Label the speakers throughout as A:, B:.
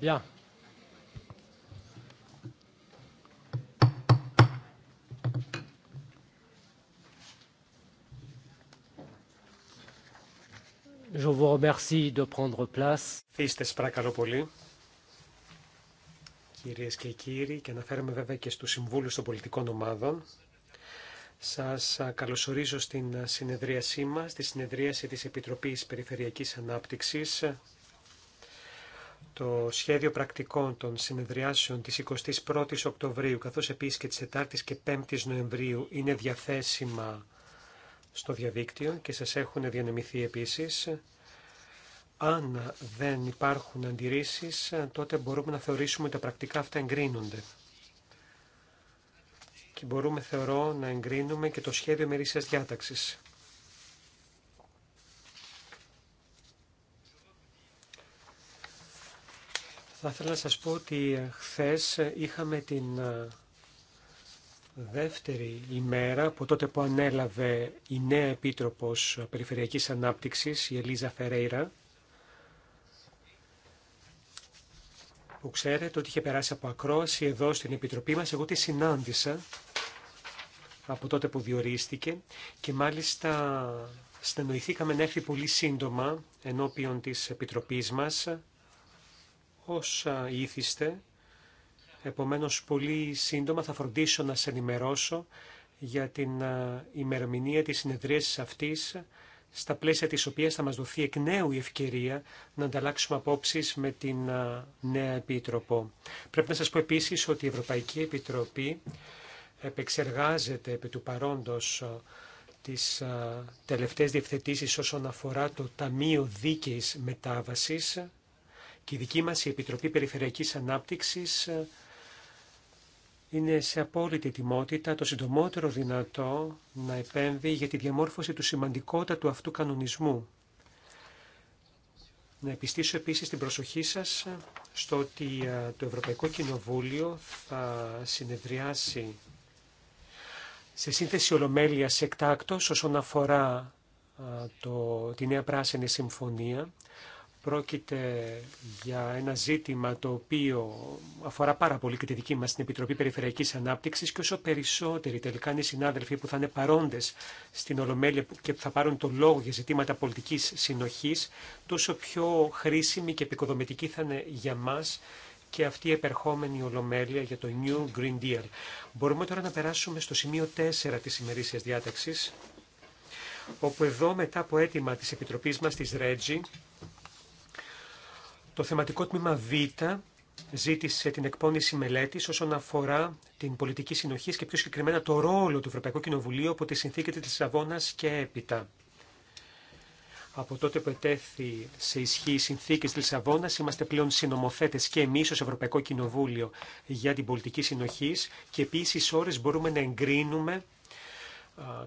A: Bien. Je vous remercie de prendre place. Είστε
B: παρακαλώ πολύ. Κυρίες και κύριοι, και αναφέρομαι βέβαια και στους συμβούλους των πολιτικών ομάδων, σας καλωσορίζω στην συνεδρίασή μας, τη συνεδρίαση της Επιτροπής Περιφερειακής Ανάπτυξης. Το σχέδιο πρακτικών των συνεδριάσεων της 21ης Οκτωβρίου, καθώς επίσης και της 4ης και 5ης Νοεμβρίου, είναι διαθέσιμα στο διαδίκτυο και σας έχουν διανεμηθεί επίσης. Αν δεν υπάρχουν αντιρρήσεις, τότε μπορούμε να θεωρήσουμε ότι τα πρακτικά αυτά εγκρίνονται και μπορούμε θεωρώ να εγκρίνουμε και το σχέδιο μερίσιας διάταξης. Θα ήθελα να σας πω ότι ε, χθες ε, είχαμε την ε, δεύτερη ημέρα από τότε που ανέλαβε η νέα Επίτροπος Περιφερειακής Ανάπτυξης, η Ελίζα Φερέιρα, που ξέρετε ότι είχε περάσει από ακρόαση εδώ στην Επιτροπή μας. Εγώ τη συνάντησα από τότε που διορίστηκε και μάλιστα στενοηθήκαμε να έρθει πολύ σύντομα ενώπιον της Επιτροπής μας όσα ήθιστε. Επομένως, πολύ σύντομα θα φροντίσω να σε ενημερώσω για την ημερομηνία της συνεδρίασης αυτής, στα πλαίσια της οποίας θα μας δοθεί εκ νέου η ευκαιρία να ανταλλάξουμε απόψεις με την νέα Επίτροπο. Πρέπει να σας πω επίσης ότι η Ευρωπαϊκή Επιτροπή επεξεργάζεται επί του παρόντος ε, τις ε, τελευταίες διευθετήσεις όσον αφορά το Ταμείο Δίκαιης Μετάβασης και η δική μας Επιτροπή Περιφερειακής Ανάπτυξης ε, είναι σε απόλυτη ετοιμότητα το συντομότερο δυνατό να επέμβει για τη διαμόρφωση του σημαντικότατου αυτού κανονισμού. Να επιστήσω επίσης την προσοχή σας στο ότι το Ευρωπαϊκό Κοινοβούλιο θα συνεδριάσει σε σύνθεση ολομέλεια εκτάκτο όσον αφορά το, τη Νέα Πράσινη Συμφωνία. Πρόκειται για ένα ζήτημα το οποίο αφορά πάρα πολύ και τη δική μας την Επιτροπή Περιφερειακής Ανάπτυξης και όσο περισσότεροι τελικά είναι οι συνάδελφοι που θα είναι παρόντες στην Ολομέλεια και που θα πάρουν το λόγο για ζητήματα πολιτικής συνοχής, τόσο πιο χρήσιμη και επικοδομητική θα είναι για μας και αυτή η επερχόμενη ολομέλεια για το New Green Deal. Μπορούμε τώρα να περάσουμε στο σημείο 4 της ημερήσιας διάταξης, όπου εδώ μετά από αίτημα της Επιτροπής μας της Ρέτζη, το θεματικό τμήμα Β ζήτησε την εκπόνηση μελέτη όσον αφορά την πολιτική συνοχή και πιο συγκεκριμένα το ρόλο του Ευρωπαϊκού Κοινοβουλίου από τη συνθήκη τη Λισαβόνα και έπειτα. Από τότε που ετέθη σε ισχύ η συνθήκη τη Λισαβόνα, είμαστε πλέον συνομοθέτε και εμεί ω Ευρωπαϊκό Κοινοβούλιο για την πολιτική συνοχή και επίση ώρε μπορούμε να εγκρίνουμε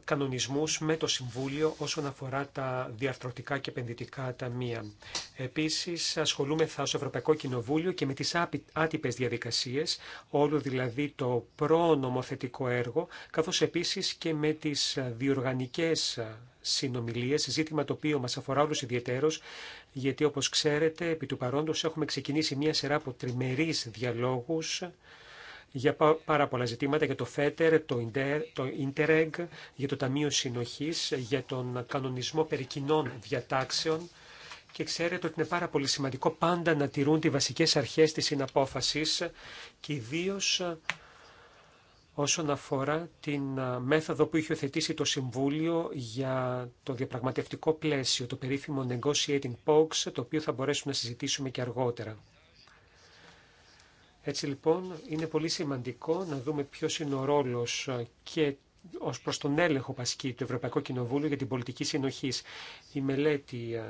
B: κανονισμούς με το Συμβούλιο όσον αφορά τα διαρθρωτικά και επενδυτικά ταμεία. Επίσης, ασχολούμεθα ως Ευρωπαϊκό Κοινοβούλιο και με τις άτυπες διαδικασίες, όλο δηλαδή το προνομοθετικό έργο, καθώς επίσης και με τις διοργανικές συνομιλίες, ζήτημα το οποίο μας αφορά όλους ιδιαιτέρως, γιατί όπως ξέρετε, επί του παρόντος έχουμε ξεκινήσει μία σειρά από τριμερείς διαλόγους, για πάρα πολλά ζητήματα, για το ΦΕΤΕΡ, το, Ιντερεγ, για το Ταμείο Συνοχής, για τον κανονισμό περί κοινών διατάξεων και ξέρετε ότι είναι πάρα πολύ σημαντικό πάντα να τηρούν τις βασικές αρχές της συναπόφασης και ιδίω ε, όσον αφορά την ε, μέθοδο που είχε οθετήσει το Συμβούλιο για το διαπραγματευτικό πλαίσιο, το περίφημο negotiating box, το οποίο θα μπορέσουμε να συζητήσουμε και αργότερα. Έτσι λοιπόν είναι πολύ σημαντικό να δούμε ποιο είναι ο ρόλο και ω προ τον έλεγχο πασκή του Ευρωπαϊκού Κοινοβούλου για την πολιτική συνοχή. Η μελέτη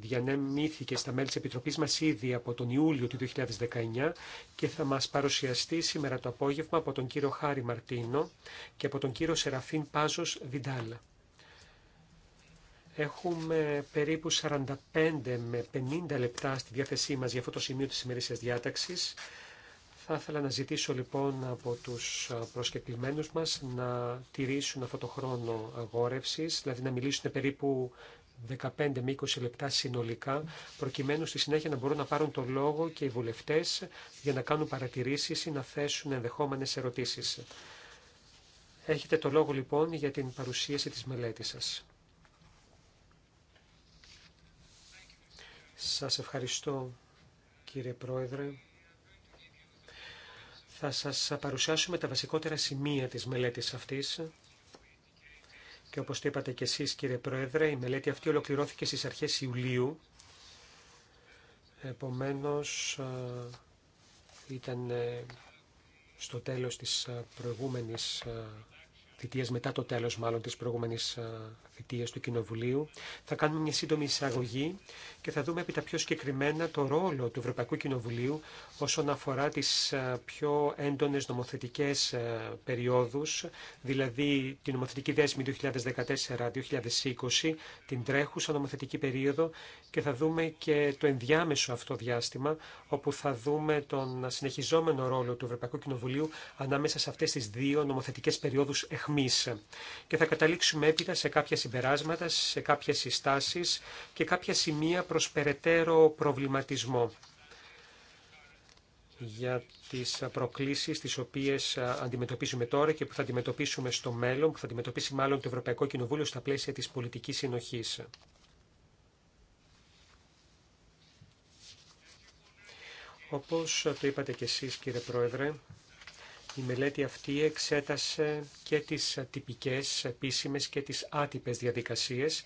B: διανεμήθηκε στα μέλη τη Επιτροπή μα ήδη από τον Ιούλιο του 2019 και θα μα παρουσιαστεί σήμερα το απόγευμα από τον κύριο Χάρη Μαρτίνο και από τον κύριο Σεραφίν Πάζο Βιντάλα. Έχουμε περίπου 45 με 50 λεπτά στη διάθεσή μας για αυτό το σημείο της ημερήσιας διάταξης. Θα ήθελα να ζητήσω λοιπόν από τους προσκεκλημένους μας να τηρήσουν αυτό το χρόνο αγόρευσης, δηλαδή να μιλήσουν περίπου 15 με 20 λεπτά συνολικά, προκειμένου στη συνέχεια να μπορούν να πάρουν το λόγο και οι βουλευτές για να κάνουν παρατηρήσεις ή να θέσουν ενδεχόμενες ερωτήσεις. Έχετε το λόγο λοιπόν για την παρουσίαση της μελέτης σας. Σας ευχαριστώ κύριε Πρόεδρε. Θα σας παρουσιάσουμε τα βασικότερα σημεία της μελέτης αυτής. Και όπως το είπατε και εσείς κύριε Πρόεδρε, η μελέτη αυτή ολοκληρώθηκε στις αρχές Ιουλίου. Επομένως, ε, ήταν ε, στο τέλος της ε, προηγούμενης θητείας, μετά το τέλος μάλλον της προηγούμενης ε, θητείας του Κοινοβουλίου. Θα κάνουμε μια σύντομη εισαγωγή και θα δούμε τα πιο συγκεκριμένα το ρόλο του Ευρωπαϊκού Κοινοβουλίου όσον αφορά τις ε, πιο έντονες νομοθετικές ε, περιόδους, δηλαδή την νομοθετική δέσμη 2014-2020, την τρέχουσα νομοθετική περίοδο και θα δούμε και το ενδιάμεσο αυτό διάστημα, όπου θα δούμε τον συνεχιζόμενο ρόλο του Ευρωπαϊκού Κοινοβουλίου ανάμεσα σε αυτές τις δύο νομοθετικές περιόδους εχ και θα καταλήξουμε έπειτα σε κάποια συμπεράσματα, σε κάποιε συστάσεις και κάποια σημεία προς περαιτέρω προβληματισμό για τις προκλήσεις τις οποίες αντιμετωπίζουμε τώρα και που θα αντιμετωπίσουμε στο μέλλον, που θα αντιμετωπίσει μάλλον το Ευρωπαϊκό Κοινοβούλιο στα πλαίσια της πολιτικής συνοχής. Όπως το είπατε και εσείς κύριε Πρόεδρε, η μελέτη αυτή εξέτασε και τις τυπικές, επίσημες και τις άτυπες διαδικασίες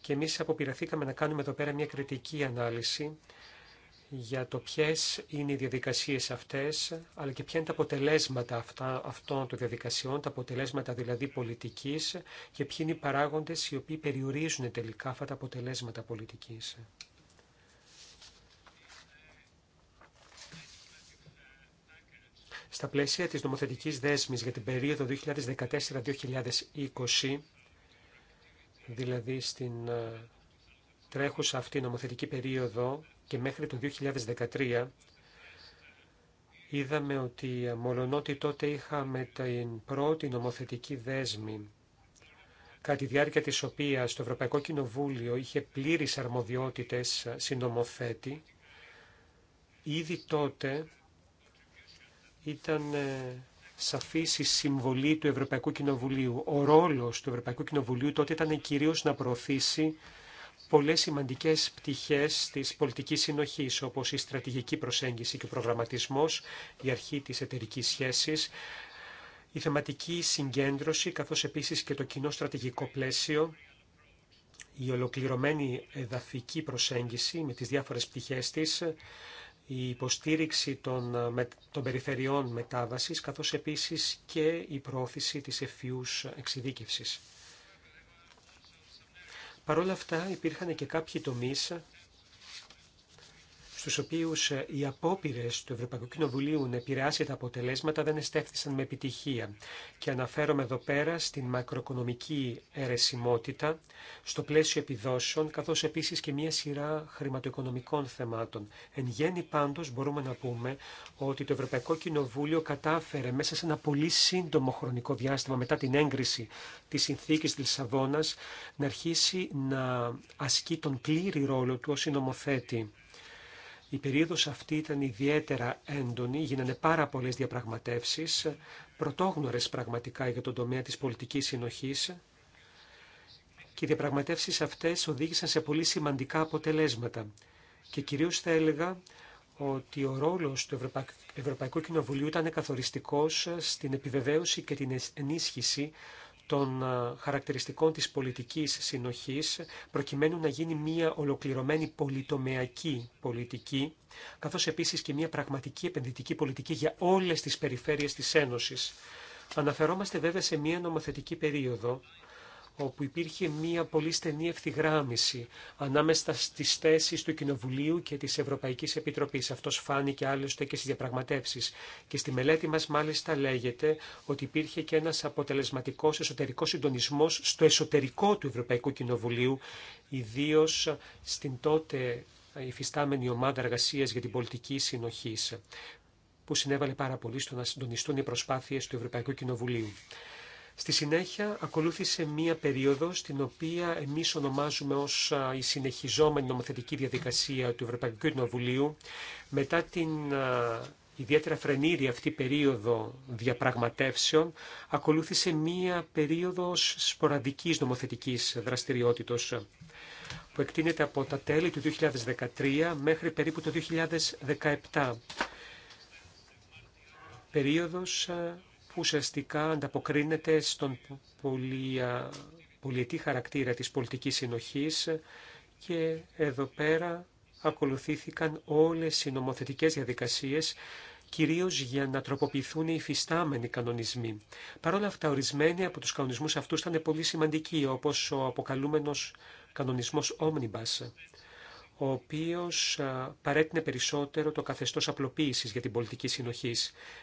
B: και εμείς αποπειραθήκαμε να κάνουμε εδώ πέρα μια κριτική ανάλυση για το ποιες είναι οι διαδικασίες αυτές, αλλά και ποια είναι τα αποτελέσματα αυτά, αυτών των διαδικασιών, τα αποτελέσματα δηλαδή πολιτικής και ποιοι είναι οι παράγοντες οι οποίοι περιορίζουν τελικά αυτά τα αποτελέσματα πολιτικής. Στα πλαίσια της νομοθετικής δέσμης για την περίοδο 2014-2020, δηλαδή στην ε, τρέχουσα αυτή νομοθετική περίοδο και μέχρι το 2013, είδαμε ότι ε, μολονότι τότε είχαμε την πρώτη νομοθετική δέσμη κατά τη διάρκεια της οποίας το Ευρωπαϊκό Κοινοβούλιο είχε πλήρεις αρμοδιότητες ε, συνομοθέτη, ήδη τότε ήταν ε, σαφής η συμβολή του Ευρωπαϊκού Κοινοβουλίου. Ο ρόλος του Ευρωπαϊκού Κοινοβουλίου τότε ήταν κυρίως να προωθήσει πολλές σημαντικές πτυχές της πολιτικής συνοχής, όπως η στρατηγική προσέγγιση και ο προγραμματισμός, η αρχή της εταιρική σχέσης, η θεματική συγκέντρωση, καθώς επίσης και το κοινό στρατηγικό πλαίσιο, η ολοκληρωμένη εδαφική προσέγγιση με τις διάφορες πτυχές της, η υποστήριξη των, ε, των περιφερειών μετάβασης, καθώς επίσης και η πρόθεση της ευφυούς εξειδίκευσης. Παρ' όλα αυτά υπήρχαν και κάποιοι τομείς στους οποίους ε, οι απόπειρε του Ευρωπαϊκού Κοινοβουλίου να επηρεάσει τα αποτελέσματα δεν εστέφθησαν με επιτυχία. Και αναφέρομαι εδώ πέρα στην μακροοικονομική αιρεσιμότητα, στο πλαίσιο επιδόσεων, καθώς επίσης και μία σειρά χρηματοοικονομικών θεμάτων. Εν γέννη πάντως μπορούμε να πούμε ότι το Ευρωπαϊκό Κοινοβούλιο κατάφερε μέσα σε ένα πολύ σύντομο χρονικό διάστημα μετά την έγκριση της συνθήκης της Λισαβόνας να αρχίσει να ασκεί τον πλήρη ρόλο του ως συνομοθέτη. Η περίοδος αυτή ήταν ιδιαίτερα έντονη, γίνανε πάρα πολλές διαπραγματεύσεις, πρωτόγνωρες πραγματικά για τον τομέα της πολιτικής συνοχής και οι διαπραγματεύσεις αυτές οδήγησαν σε πολύ σημαντικά αποτελέσματα. Και κυρίως θα έλεγα ότι ο ρόλος του Ευρωπαϊκού Κοινοβουλίου ήταν καθοριστικός στην επιβεβαίωση και την ενίσχυση των ε, χαρακτηριστικών της πολιτικής συνοχής προκειμένου να γίνει μια ολοκληρωμένη πολυτομεακή πολιτική καθώς επίσης και μια πραγματική επενδυτική πολιτική για όλες τις περιφέρειες της Ένωσης. Αναφερόμαστε βέβαια σε μια νομοθετική περίοδο όπου υπήρχε μία πολύ στενή ευθυγράμμιση ανάμεσα στις θέσεις του Κοινοβουλίου και της Ευρωπαϊκής Επιτροπής. Αυτό φάνηκε άλλωστε και στις διαπραγματεύσεις. Και στη μελέτη μας μάλιστα λέγεται ότι υπήρχε και ένας αποτελεσματικός εσωτερικός συντονισμός στο εσωτερικό του Ευρωπαϊκού Κοινοβουλίου, ιδίω στην τότε υφιστάμενη ομάδα εργασία για την πολιτική συνοχή, που συνέβαλε πάρα πολύ στο να συντονιστούν οι προσπάθειες του Ευρωπαϊκού Κοινοβουλίου. Στη συνέχεια ακολούθησε μία περίοδος την οποία εμείς ονομάζουμε ως η συνεχιζόμενη νομοθετική διαδικασία του Ευρωπαϊκού Κοινοβουλίου μετά την ιδιαίτερα φρενήρη αυτή περίοδο διαπραγματεύσεων ακολούθησε μία περίοδος σποραδικής νομοθετικής δραστηριότητος που εκτείνεται από τα τέλη του 2013 μέχρι περίπου το 2017. Περίοδος που ουσιαστικά ανταποκρίνεται στον πολιτική χαρακτήρα της πολιτικής συνοχής και εδώ πέρα ακολουθήθηκαν όλες οι νομοθετικές διαδικασίες κυρίως για να τροποποιηθούν οι υφιστάμενοι κανονισμοί. Παρ' όλα αυτά, ορισμένοι από τους κανονισμούς αυτούς ήταν πολύ σημαντικοί, όπως ο αποκαλούμενος κανονισμός Omnibus ο οποίος παρέτεινε περισσότερο το καθεστώς απλοποίησης για την πολιτική συνοχή.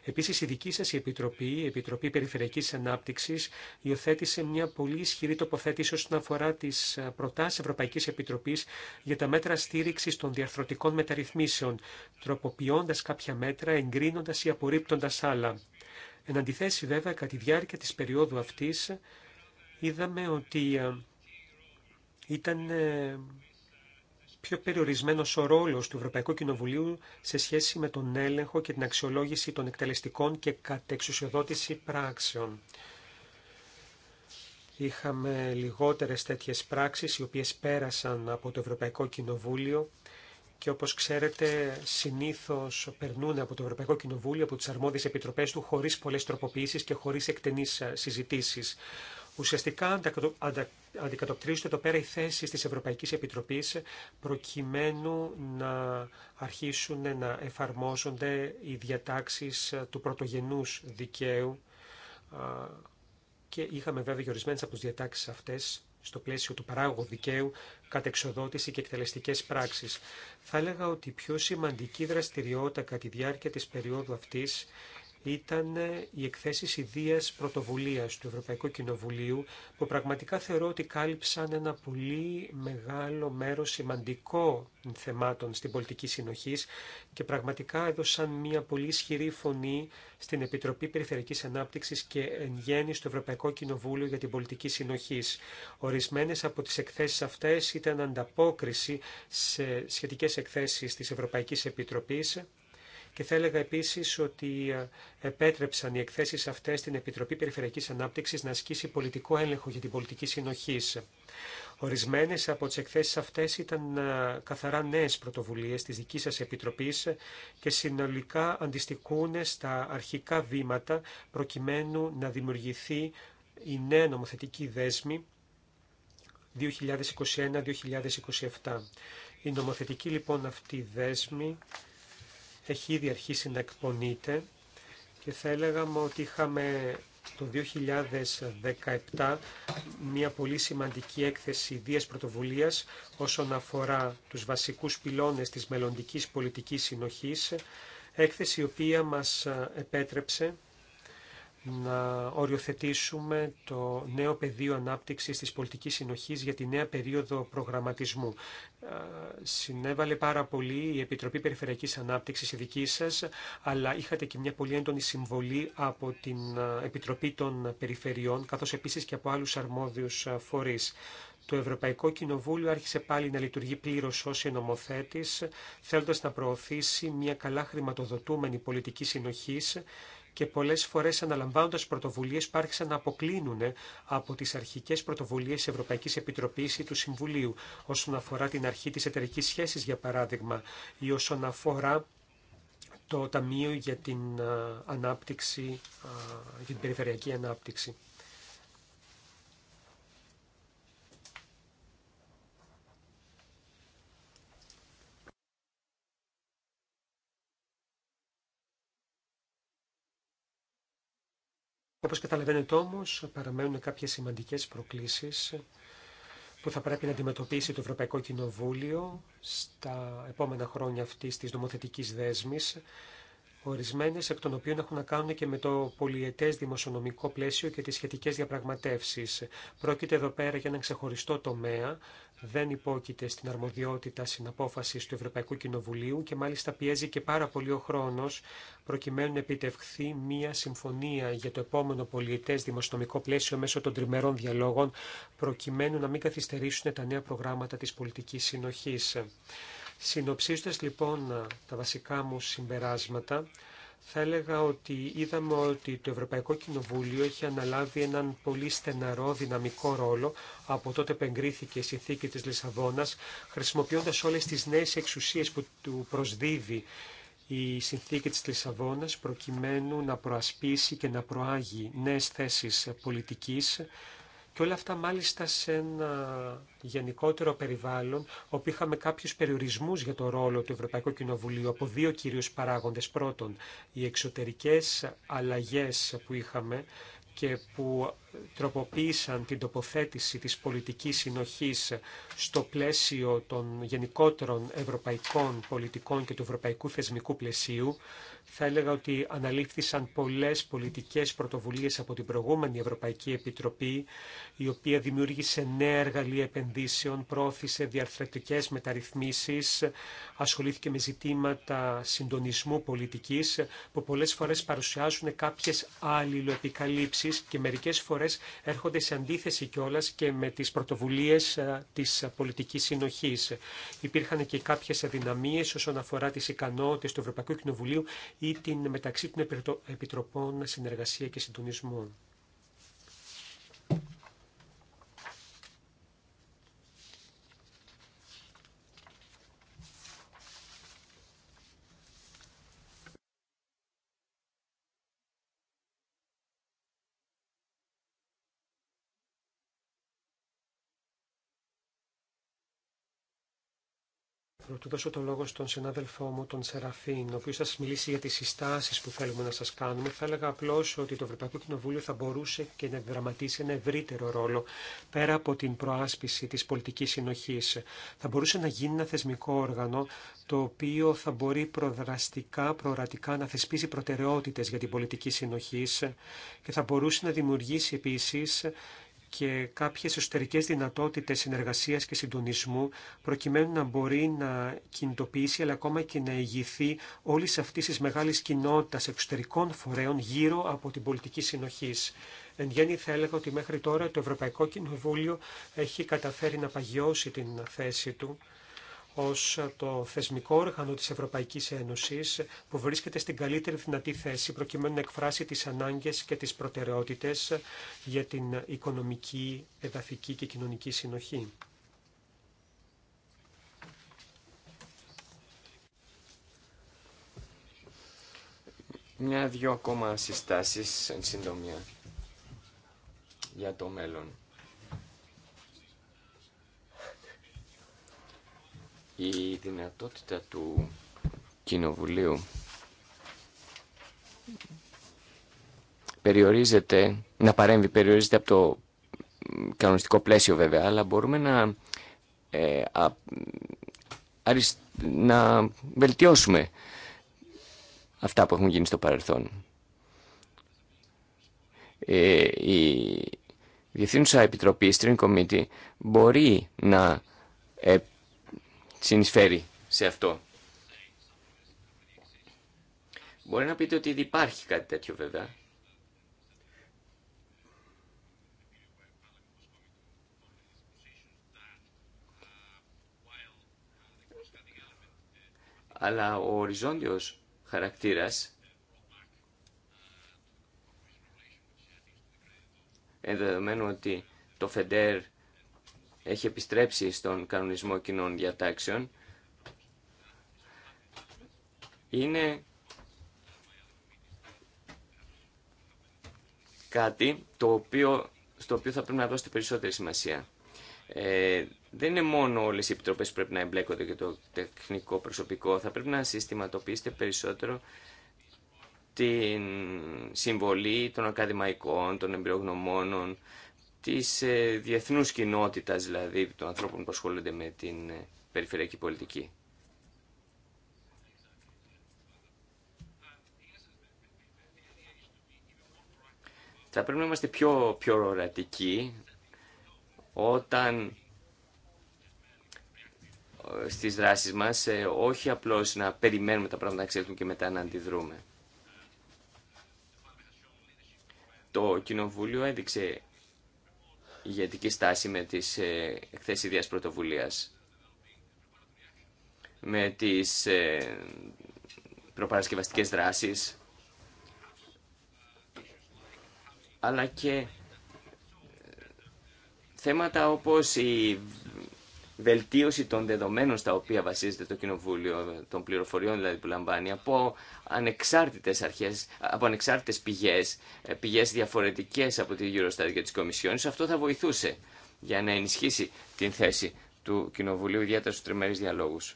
B: Επίσης, η δική σας Επιτροπή, η Επιτροπή Περιφερειακής Ανάπτυξης, υιοθέτησε μια πολύ ισχυρή τοποθέτηση όσον αφορά τις προτάσεις Ευρωπαϊκής Επιτροπής για τα μέτρα στήριξης των διαρθρωτικών μεταρρυθμίσεων, τροποποιώντας κάποια μέτρα, εγκρίνοντας ή απορρίπτοντας άλλα. Εν αντιθέσει, βέβαια, κατά τη διάρκεια της περίοδου αυτής, είδαμε ότι ήταν ε, πιο περιορισμένος ο ρόλος του Ευρωπαϊκού Κοινοβουλίου σε σχέση με τον έλεγχο και την αξιολόγηση των εκτελεστικών και κατεξουσιοδότηση πράξεων. Είχαμε λιγότερες τέτοιε πράξεις οι οποίες πέρασαν από το Ευρωπαϊκό Κοινοβούλιο και όπως ξέρετε συνήθως περνούν από το Ευρωπαϊκό Κοινοβούλιο, από τις αρμόδιες επιτροπές του χωρίς πολλές τροποποιήσεις και χωρίς εκτενείς συζητήσεις. Ουσιαστικά αντικατοπτρίζεται το πέρα οι θέσει της Ευρωπαϊκής Επιτροπής προκειμένου να αρχίσουν να εφαρμόζονται οι διατάξεις ε, του πρωτογενού δικαίου και είχαμε βέβαια και από τι διατάξει αυτές στο πλαίσιο του παράγωγου δικαίου, κατεξοδότηση και εκτελεστικές πράξεις. Θα έλεγα ότι η πιο σημαντική δραστηριότητα κατά τη διάρκεια της περίοδου αυτή ήταν οι εκθέσεις ιδίας πρωτοβουλίας του Ευρωπαϊκού Κοινοβουλίου που πραγματικά θεωρώ ότι κάλυψαν ένα πολύ μεγάλο μέρος σημαντικό θεμάτων στην πολιτική συνοχή και πραγματικά έδωσαν μια πολύ ισχυρή φωνή στην Επιτροπή Περιφερειακής Ανάπτυξης και εν γέννη στο Ευρωπαϊκό Κοινοβούλιο για την πολιτική συνοχή. Ορισμένες από τις εκθέσεις αυτές ήταν ανταπόκριση σε σχετικές εκθέσεις της Ευρωπαϊκής Επιτροπής και θα έλεγα επίσης ότι ε, επέτρεψαν οι εκθέσεις αυτές στην Επιτροπή Περιφερειακής Ανάπτυξης να ασκήσει πολιτικό έλεγχο για την πολιτική συνοχή. Ορισμένες από τις εκθέσεις αυτές ήταν ε, καθαρά νέες πρωτοβουλίες της δική σα επιτροπή και συνολικά αντιστοιχούν στα αρχικά βήματα προκειμένου να δημιουργηθεί η νέα νομοθετική δέσμη 2021-2027. Η νομοθετική λοιπόν αυτή δέσμη έχει ήδη αρχίσει να εκπονείται και θα έλεγαμε ότι είχαμε το 2017 μια πολύ σημαντική έκθεση ιδίας πρωτοβουλίας όσον αφορά τους βασικούς πυλώνες της μελλοντικής πολιτικής συνοχής, έκθεση η οποία μας επέτρεψε να οριοθετήσουμε το νέο πεδίο ανάπτυξης της πολιτικής συνοχής για τη νέα περίοδο προγραμματισμού. Ε, συνέβαλε πάρα πολύ η Επιτροπή Περιφερειακής Ανάπτυξης η δική σας, αλλά είχατε και μια πολύ έντονη συμβολή από την ε, Επιτροπή των Περιφερειών, καθώς επίσης και από άλλους αρμόδιους ε, φορείς. Το Ευρωπαϊκό Κοινοβούλιο άρχισε πάλι να λειτουργεί πλήρω ω ενωμοθέτη, θέλοντα να προωθήσει μια καλά χρηματοδοτούμενη πολιτική συνοχή και πολλές φορές αναλαμβάνοντας πρωτοβουλίες άρχισαν να αποκλίνουν ε, από τις αρχικές πρωτοβουλίες της Ευρωπαϊκής Επιτροπής ή του Συμβουλίου όσον αφορά την αρχή της εταιρική σχέσης για παράδειγμα ή όσον αφορά το Ταμείο για την, ε, ανάπτυξη, ε, για την Περιφερειακή Ανάπτυξη. Όπως καταλαβαίνετε όμως, παραμένουν κάποιες σημαντικές προκλήσεις που θα πρέπει να αντιμετωπίσει το Ευρωπαϊκό Κοινοβούλιο στα επόμενα χρόνια αυτής της νομοθετικής δέσμης ορισμένες εκ των οποίων έχουν να κάνουν και με το πολιετές δημοσιονομικό πλαίσιο και τις σχετικές διαπραγματεύσεις. Πρόκειται εδώ πέρα για έναν ξεχωριστό τομέα, δεν υπόκειται στην αρμοδιότητα συναπόφασης του Ευρωπαϊκού Κοινοβουλίου και μάλιστα πιέζει και πάρα πολύ ο χρόνος προκειμένου να επιτευχθεί μια συμφωνία για το επόμενο πολιετές δημοσιονομικό πλαίσιο μέσω των τριμερών διαλόγων προκειμένου να μην καθυστερήσουν τα νέα προγράμματα της πολιτικής συνοχής. Συνοψίζοντας λοιπόν ε, τα βασικά μου συμπεράσματα, θα έλεγα ότι είδαμε ότι το Ευρωπαϊκό Κοινοβούλιο έχει αναλάβει έναν πολύ στεναρό δυναμικό ρόλο από τότε που η συνθήκη της Λισαβόνας, χρησιμοποιώντας όλες τις νέες εξουσίες που του προσδίδει η συνθήκη της Λισαβόνας προκειμένου να προασπίσει και να προάγει νέες θέσεις πολιτικής και όλα αυτά μάλιστα σε ένα γενικότερο περιβάλλον, όπου είχαμε κάποιους περιορισμούς για το ρόλο του Ευρωπαϊκού Κοινοβουλίου από δύο κυρίους παράγοντες. Πρώτον, οι εξωτερικές αλλαγές που είχαμε και που τροποποίησαν την τοποθέτηση της πολιτικής συνοχής στο πλαίσιο των γενικότερων ευρωπαϊκών πολιτικών και του ευρωπαϊκού θεσμικού πλαισίου, θα έλεγα ότι αναλήφθησαν πολλές πολιτικές πρωτοβουλίες από την προηγούμενη Ευρωπαϊκή Επιτροπή, η οποία δημιούργησε νέα εργαλεία επενδύσεων, πρόωθησε διαρθρακτικές μεταρρυθμίσεις, ασχολήθηκε με ζητήματα συντονισμού πολιτικής, που πολλές φορές παρουσιάζουν κάποιες αλληλοεπικαλύψεις και μερικές φορές έρχονται σε αντίθεση κιόλας και με τις πρωτοβουλίες ε, της πολιτικής συνοχής. Υπήρχαν και κάποιες αδυναμίες όσον αφορά τις ικανότητες του Ευρωπαϊκού Κοινοβουλίου ή την μεταξύ των Επιτροπών Συνεργασία και Συντονισμού. του δώσω το λόγο στον συνάδελφό μου, τον Σεραφίν, ο οποίο θα σα μιλήσει για τι συστάσει που θέλουμε να σα κάνουμε, θα έλεγα απλώ ότι το Ευρωπαϊκό Κοινοβούλιο θα μπορούσε και να δραματίσει ένα ευρύτερο ρόλο πέρα από την προάσπιση τη πολιτική συνοχή. Θα μπορούσε να γίνει ένα θεσμικό όργανο το οποίο θα μπορεί προδραστικά, προορατικά να θεσπίζει προτεραιότητε για την πολιτική συνοχή και θα μπορούσε να δημιουργήσει επίση και κάποιες εσωτερικές δυνατότητες συνεργασίας και συντονισμού προκειμένου να μπορεί να κινητοποιήσει αλλά ακόμα και να ηγηθεί όλης αυτής της μεγάλης κοινότητας εξωτερικών φορέων γύρω από την πολιτική συνοχής. Εν γέννη θα έλεγα ότι μέχρι τώρα το Ευρωπαϊκό Κοινοβούλιο έχει καταφέρει να παγιώσει την θέση του ως το θεσμικό όργανο της Ευρωπαϊκής Ένωσης που βρίσκεται στην καλύτερη δυνατή θέση προκειμένου να εκφράσει τις ανάγκες και τις προτεραιότητες για την οικονομική, εδαφική και κοινωνική συνοχή.
C: Μια-δυο ακόμα συστάσεις εν συντομία για το μέλλον. Η δυνατότητα του Κοινοβουλίου περιορίζεται, να παρέμβει περιορίζεται από το κανονιστικό πλαίσιο βέβαια, αλλά μπορούμε να, ε, αρισ, να βελτιώσουμε αυτά που έχουν γίνει στο παρελθόν. Ε, η Διευθύνουσα Επιτροπή, η String Committee, μπορεί να ε, συνεισφέρει σε αυτό. Μπορεί να πείτε ότι υπάρχει κάτι τέτοιο βέβαια. Αλλά ο οριζόντιος χαρακτήρας ενδεδομένου ότι το ΦΕΝΤΕΡ έχει επιστρέψει στον κανονισμό κοινών διατάξεων είναι κάτι το οποίο, στο οποίο θα πρέπει να δώσετε περισσότερη σημασία. Ε, δεν είναι μόνο όλες οι επιτροπές που πρέπει να εμπλέκονται και το τεχνικό προσωπικό. Θα πρέπει να συστηματοποιήσετε περισσότερο την συμβολή των ακαδημαϊκών, των εμπειρογνωμόνων, της ε, διεθνούς κοινότητας, δηλαδή των ανθρώπων που ασχολούνται με την ε, περιφερειακή πολιτική. Θα πρέπει να είμαστε πιο, πιο ορατικοί όταν ε, στις δράσεις μας, όχι απλώς να περιμένουμε τα πράγματα να ξέρουν και μετά να αντιδρούμε. Το Κοινοβούλιο έδειξε ηγετική στάση με τις ε, εκθέσεις ιδίας πρωτοβουλίας, με τις ε, προπαρασκευαστικές δράσεις, αλλά και ε, θέματα όπως η βελτίωση των δεδομένων στα οποία βασίζεται το Κοινοβούλιο, των πληροφοριών δηλαδή που λαμβάνει, από ανεξάρτητες αρχές, από ανεξάρτητες πηγές, ε, πηγές διαφορετικές από τη Eurostat και της Κομισιόν, αυτό θα βοηθούσε για να ενισχύσει την θέση του Κοινοβουλίου, ιδιαίτερα στους τριμερείς διαλόγους.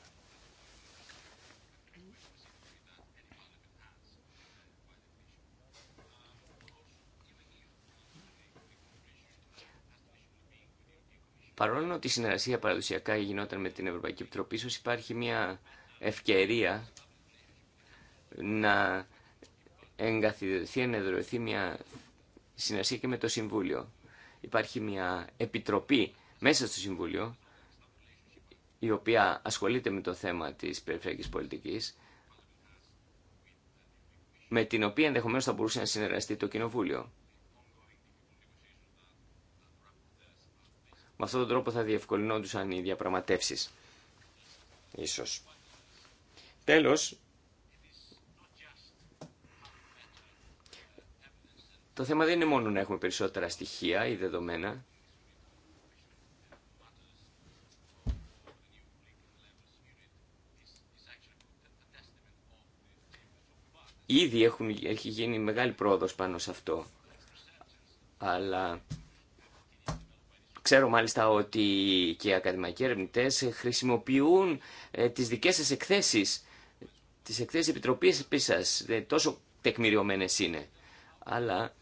C: Παρόλο ότι η συνεργασία παραδοσιακά γινόταν με την Ευρωπαϊκή Επιτροπή, ίσω υπάρχει μια ευκαιρία να εγκαθιδευτεί, να μια συνεργασία και με το Συμβούλιο. Υπάρχει μια επιτροπή μέσα στο Συμβούλιο, η οποία ασχολείται με το θέμα της περιφερειακής πολιτικής, με την οποία ενδεχομένως θα μπορούσε να συνεργαστεί το Κοινοβούλιο. Με αυτόν τον τρόπο θα διευκολυνόντουσαν οι διαπραγματεύσει. Ίσως. Τέλο, το θέμα δεν είναι μόνο να έχουμε περισσότερα στοιχεία ή δεδομένα. Ήδη έχουν, έχει γίνει μεγάλη πρόοδος πάνω σε αυτό. Αλλά Ξέρω μάλιστα ότι και οι ακαδημαϊκοί ερευνητέ χρησιμοποιούν ε, τις δικές σας εκθέσεις, τις εκθέσεις επιτροπής σας, ε, τόσο τεκμηριωμένες είναι. Αλλά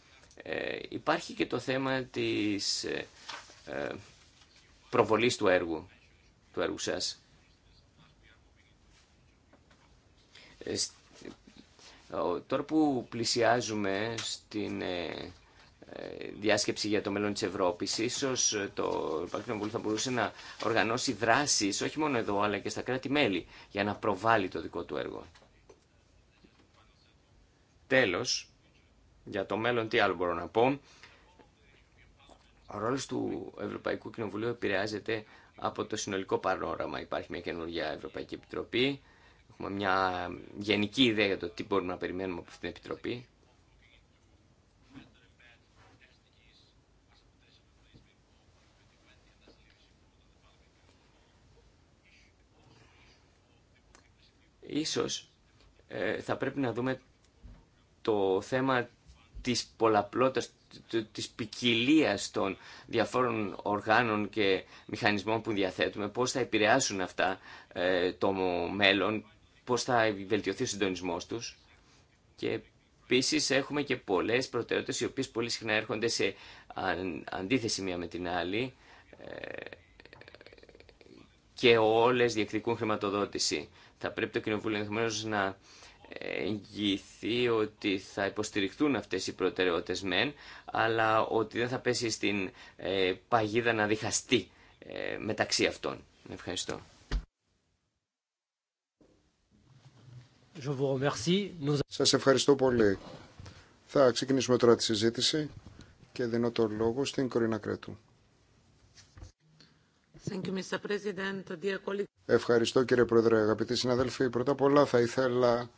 C: ε, υπάρχει και το θέμα της ε, προβολής του έργου, του έργου σας. τώρα που πλησιάζουμε στην διάσκεψη για το μέλλον της Ευρώπης. Ίσως το Ευρωπαϊκό Κοινοβούλιο θα μπορούσε να οργανώσει δράσεις, όχι μόνο εδώ, αλλά και στα κράτη-μέλη, για να προβάλλει το δικό του έργο. Τέλος, για το μέλλον τι άλλο μπορώ να πω. Ο ρόλος του Ευρωπαϊκού Κοινοβουλίου επηρεάζεται από το συνολικό παρόραμα. Υπάρχει μια καινούργια Ευρωπαϊκή Επιτροπή. Έχουμε μια γενική ιδέα για το τι μπορούμε να περιμένουμε από αυτήν την Επιτροπή. Ίσως ε, θα πρέπει να δούμε το θέμα της πολλαπλότητας, της ποικιλία των διαφόρων οργάνων και μηχανισμών που διαθέτουμε, πώς θα επηρεάσουν αυτά ε, το μέλλον, πώς θα βελτιωθεί ο συντονισμός τους. Και επίση έχουμε και πολλές προτεραιότητες, οι οποίες πολύ συχνά έρχονται σε αντίθεση μία με την άλλη, ε, και όλες διεκδικούν χρηματοδότηση. Θα πρέπει το Κοινοβούλιο ενδεχομένω να εγγυηθεί ότι θα υποστηριχθούν αυτές οι προτεραιότητες μεν, αλλά ότι δεν θα πέσει στην ε, παγίδα να διχαστεί ε, μεταξύ αυτών. Ευχαριστώ.
D: Σας ευχαριστώ πολύ. Θα ξεκινήσουμε τώρα τη συζήτηση και δίνω το λόγο στην Κορίνα Κρέτου. Ευχαριστώ κύριε Πρόεδρε, αγαπητοί συναδέλφοι. Πρώτα απ' όλα θα ήθελα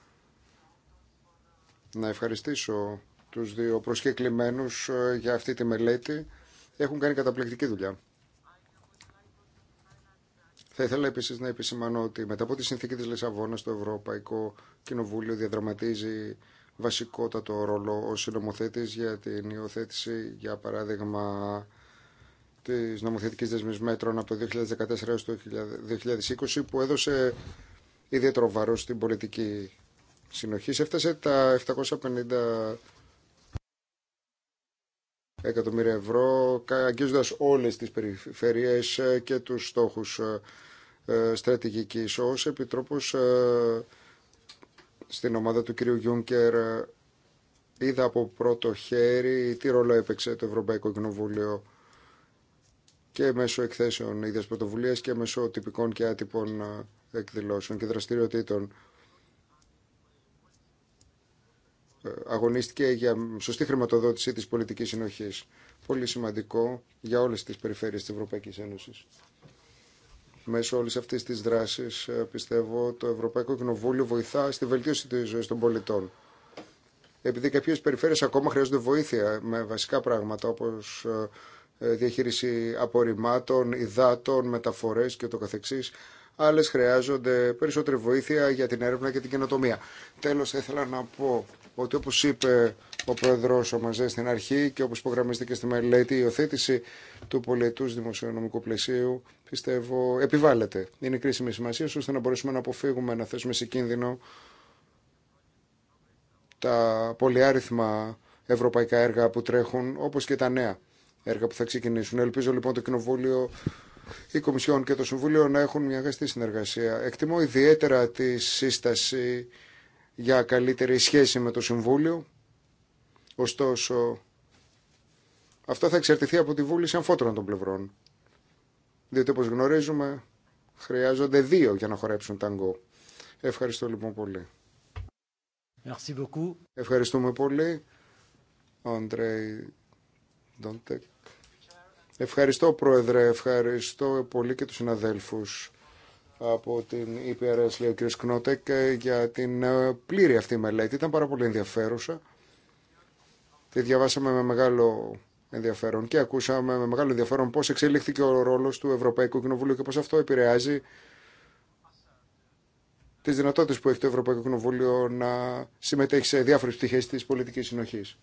D: να ευχαριστήσω τους δύο προσκεκλημένους ε, για αυτή τη μελέτη. Έχουν κάνει καταπληκτική δουλειά. Θα ήθελα επίσης να επισημανώ ότι μετά από τη συνθήκη της Λισαβόνας το Ευρωπαϊκό Κοινοβούλιο διαδραματίζει βασικότατο ρόλο ως συνομοθέτης για την υιοθέτηση, για παράδειγμα, της νομοθετική δεσμής μέτρων από το 2014 έω το 2020 που έδωσε ιδιαίτερο βαρός στην πολιτική συνοχή. Έφτασε τα 750 εκατομμύρια ευρώ, αγγίζοντα όλες τις περιφερειές ε, και τους στόχους ε, ε, στρατηγικής. Ω επιτρόπο, στην ομάδα του κ. Γιούνκερ είδα από πρώτο χέρι τι ρόλο έπαιξε το Ευρωπαϊκό Κοινοβούλιο και μέσω εκθέσεων ίδιας πρωτοβουλίας και μέσω τυπικών και άτυπων ε, εκδηλώσεων και δραστηριοτήτων. Ε, αγωνίστηκε για σωστή χρηματοδότηση της πολιτικής συνοχής. Πολύ σημαντικό για όλες τις περιφέρειες της Ευρωπαϊκής Ένωσης. Μέσω όλης αυτής της δράσης, ε, πιστεύω, το Ευρωπαϊκό Κοινοβούλιο βοηθά στη βελτίωση της ζωής των πολιτών. Επειδή κάποιες περιφέρειες ακόμα χρειάζονται βοήθεια με βασικά πράγματα, όπως ε, διαχείριση απορριμμάτων, υδάτων, μεταφορές και το καθεξής. Άλλες χρειάζονται περισσότερη βοήθεια για την έρευνα και την καινοτομία. Τέλος, θα ήθελα να πω ότι όπως είπε ο Πρόεδρος ο Μαζέ στην αρχή και όπως υπογραμμίστηκε στη μελέτη, η υιοθέτηση του πολιετού δημοσιονομικού πλαισίου πιστεύω επιβάλλεται. Είναι κρίσιμη σημασία ώστε να μπορέσουμε να αποφύγουμε να θέσουμε σε κίνδυνο τα πολυάριθμα ευρωπαϊκά έργα που τρέχουν όπως και τα νέα έργα που θα ξεκινήσουν. Ελπίζω λοιπόν το Κοινοβούλιο, η Κομισιόν και το Συμβούλιο να έχουν μια γαστή συνεργασία. Εκτιμώ ιδιαίτερα τη σύσταση για καλύτερη σχέση με το Συμβούλιο. Ωστόσο, αυτό θα εξαρτηθεί από τη βούληση αμφότερων των πλευρών. Διότι όπως γνωρίζουμε, χρειάζονται δύο για να χορέψουν ταγκό. Ευχαριστώ λοιπόν πολύ.
A: Merci beaucoup.
D: Ευχαριστούμε πολύ. Αντρέι Ντόντεκ. Ευχαριστώ Πρόεδρε, ευχαριστώ πολύ και τους συναδέλφους από την EPRS, λέει ο κ. Κνότεκ, για την ε, πλήρη αυτή μελέτη. Ήταν πάρα πολύ ενδιαφέρουσα. Τη διαβάσαμε με μεγάλο ενδιαφέρον και ακούσαμε με μεγάλο ενδιαφέρον πώς εξελίχθηκε ο ρόλος του Ευρωπαϊκού Κοινοβουλίου και πώς αυτό επηρεάζει τις δυνατότητες που έχει το Ευρωπαϊκό Κοινοβούλιο να συμμετέχει σε διάφορες πτυχές της πολιτικής συνοχής.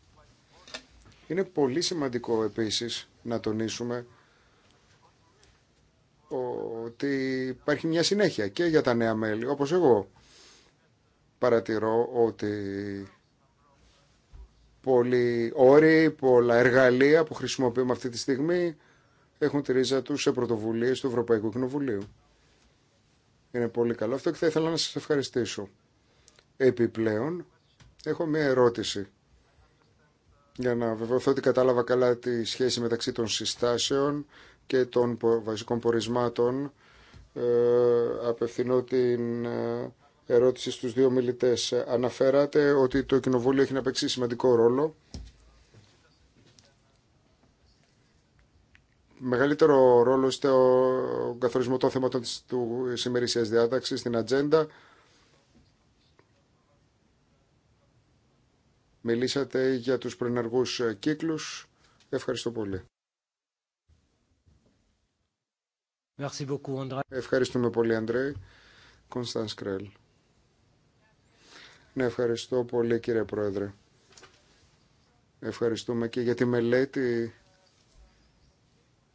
D: Είναι πολύ σημαντικό επίσης να τονίσουμε ότι υπάρχει μια συνέχεια και για τα νέα μέλη, όπως εγώ παρατηρώ ότι πολλοί όροι, πολλά εργαλεία που χρησιμοποιούμε αυτή τη στιγμή έχουν τη ρίζα τους σε πρωτοβουλίες του Ευρωπαϊκού Κοινοβουλίου. Είναι πολύ καλό αυτό και θα ήθελα να σας ευχαριστήσω. Επιπλέον, έχω μια ερώτηση για να βεβαιωθώ ότι κατάλαβα καλά τη σχέση μεταξύ των συστάσεων και των βασικών πορισμάτων, ε, απευθυνώ την ε, ερώτηση στους δύο μιλητές. Αναφέρατε ότι το Κοινοβούλιο έχει να παίξει σημαντικό ρόλο. Μεγαλύτερο ρόλο στο καθορισμό των θέματων της, του σημερισίας διάταξης, στην ατζέντα. Μιλήσατε για τους προενεργούς ε, κύκλους. Ευχαριστώ πολύ. Ευχαριστούμε πολύ, Αντρέ. Κωνσταν Σκρέλ. Ναι, ευχαριστώ πολύ, κύριε Πρόεδρε. Ευχαριστούμε και για τη μελέτη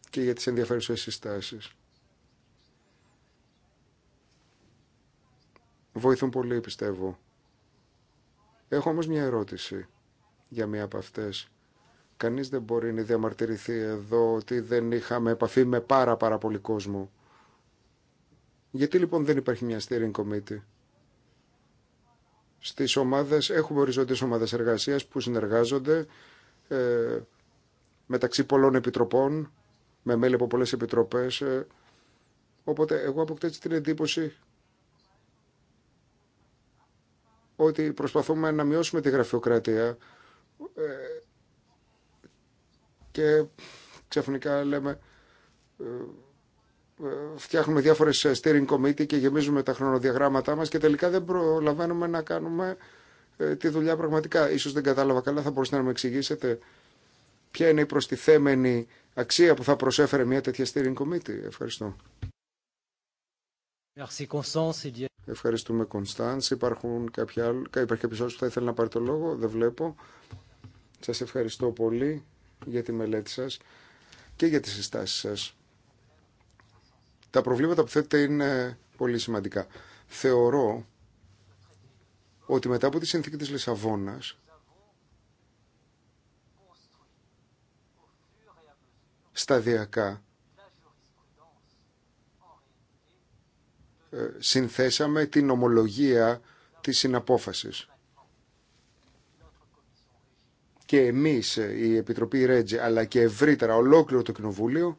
D: και για τις ενδιαφέρουσες συστάσεις. Βοηθούν πολύ, πιστεύω. Έχω όμως μια ερώτηση για μία από αυτές. Κανείς δεν μπορεί να διαμαρτυρηθεί εδώ ότι δεν είχαμε επαφή με πάρα πάρα πολύ κόσμο. Γιατί λοιπόν δεν υπάρχει μια steering committee. Στις ομάδες έχουμε οριζόντιες ομάδες εργασίας που συνεργάζονται ε, μεταξύ πολλών επιτροπών, με μέλη από πολλές επιτροπές. Ε, οπότε εγώ αποκτώ την εντύπωση ότι προσπαθούμε να μειώσουμε τη γραφειοκρατία ε, και ξαφνικά λέμε ε, ε, φτιάχνουμε διάφορες steering committee και γεμίζουμε τα χρονοδιαγράμματά μας και τελικά δεν προλαβαίνουμε να κάνουμε τη δουλειά πραγματικά. Ίσως δεν κατάλαβα καλά, θα μπορούσατε να με εξηγήσετε ποια είναι η προστιθέμενη αξία που θα προσέφερε μια τέτοια steering committee. Ευχαριστώ.
A: Merci,
D: Ευχαριστούμε Κωνσταντς. Υπάρχουν κάποια, υπάρχει κάποιος που θα ήθελε να πάρει το λόγο. Δεν βλέπω. Σας ευχαριστώ πολύ για τη μελέτη σας και για τις συστάσεις σας. Τα προβλήματα που θέτετε είναι πολύ σημαντικά. Θεωρώ ότι μετά από τη συνθήκη της Λισαβόνας σταδιακά Ε, συνθέσαμε την ομολογία της συναπόφασης. Και εμείς, ε, η Επιτροπή Ρέτζη, αλλά και ευρύτερα ολόκληρο το Κοινοβούλιο,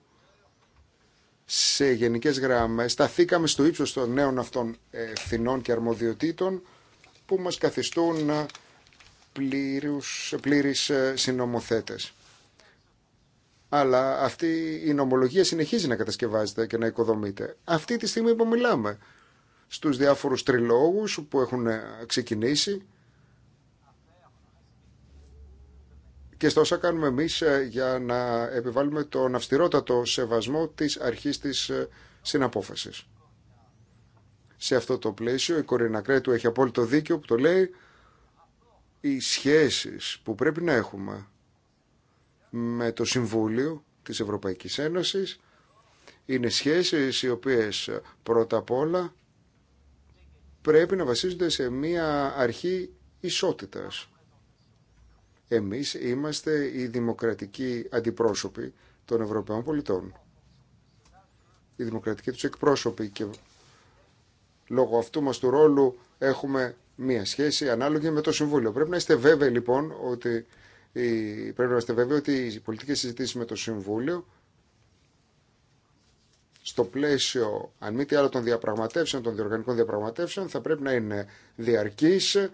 D: σε γενικές γραμμές, σταθήκαμε στο ύψος των νέων αυτών ε, ευθυνών και αρμοδιοτήτων που μας καθιστούν πλήρους, πλήρης συνομοθέτες αλλά αυτή η νομολογία συνεχίζει να κατασκευάζεται και να οικοδομείται. Αυτή τη στιγμή που μιλάμε στους διάφορους τριλόγους που έχουν ξεκινήσει και στο όσα κάνουμε εμείς ε, για να επιβάλλουμε τον αυστηρότατο σεβασμό της αρχής της ε, συναπόφασης. Σε αυτό το πλαίσιο η Κορίνα Κρέτου έχει απόλυτο δίκιο που το λέει οι σχέσεις που πρέπει να έχουμε με το Συμβούλιο της Ευρωπαϊκής Ένωσης. Είναι σχέσεις οι οποίες πρώτα απ' όλα πρέπει να βασίζονται σε μία αρχή ισότητας. Εμείς είμαστε οι δημοκρατικοί αντιπρόσωποι των Ευρωπαίων πολιτών. Οι δημοκρατικοί τους εκπρόσωποι και λόγω αυτού μας του ρόλου έχουμε μία σχέση ανάλογη με το Συμβούλιο. Πρέπει να είστε βέβαιοι λοιπόν ότι πρέπει να είμαστε βέβαιοι ότι οι πολιτικέ συζητήσει με το Συμβούλιο στο πλαίσιο, αν μη τι άλλο, των διαπραγματεύσεων, των διοργανικών διαπραγματεύσεων, θα πρέπει να είναι διαρκής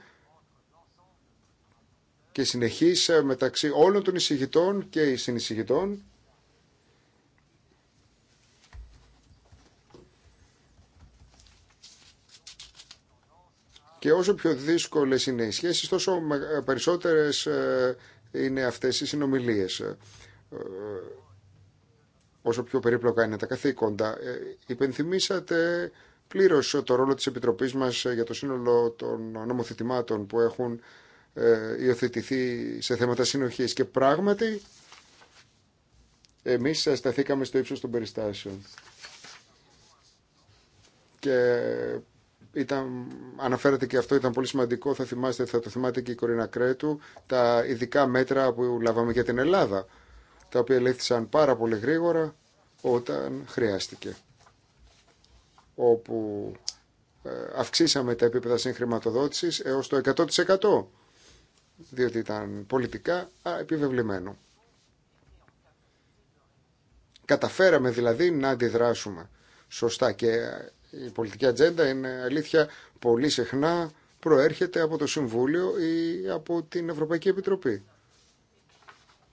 D: και συνεχής μεταξύ όλων των εισηγητών και συνεισηγητών Και όσο πιο δύσκολες είναι οι σχέσεις, τόσο περισσότερες ε, είναι αυτές οι συνομιλίες. Ε, όσο πιο περίπλοκα είναι τα καθήκοντα. Ε, υπενθυμίσατε πλήρως το ρόλο της Επιτροπής μας για το σύνολο των νομοθετημάτων που έχουν ε, υιοθετηθεί σε θέματα συνοχής και πράγματι εμείς σταθήκαμε στο ύψος των περιστάσεων και ήταν, αναφέρατε και αυτό, ήταν πολύ σημαντικό, θα θυμάστε, θα το θυμάται και η Κορίνα Κρέτου, τα ειδικά μέτρα που λάβαμε για την Ελλάδα, τα οποία λήφθησαν πάρα πολύ γρήγορα όταν χρειάστηκε. Όπου ε, αυξήσαμε τα επίπεδα συγχρηματοδότησης έως το 100% διότι ήταν πολιτικά αεπιβεβλημένο. Καταφέραμε δηλαδή να αντιδράσουμε σωστά και η πολιτική ατζέντα είναι αλήθεια πολύ συχνά προέρχεται από το Συμβούλιο ή από την Ευρωπαϊκή Επιτροπή.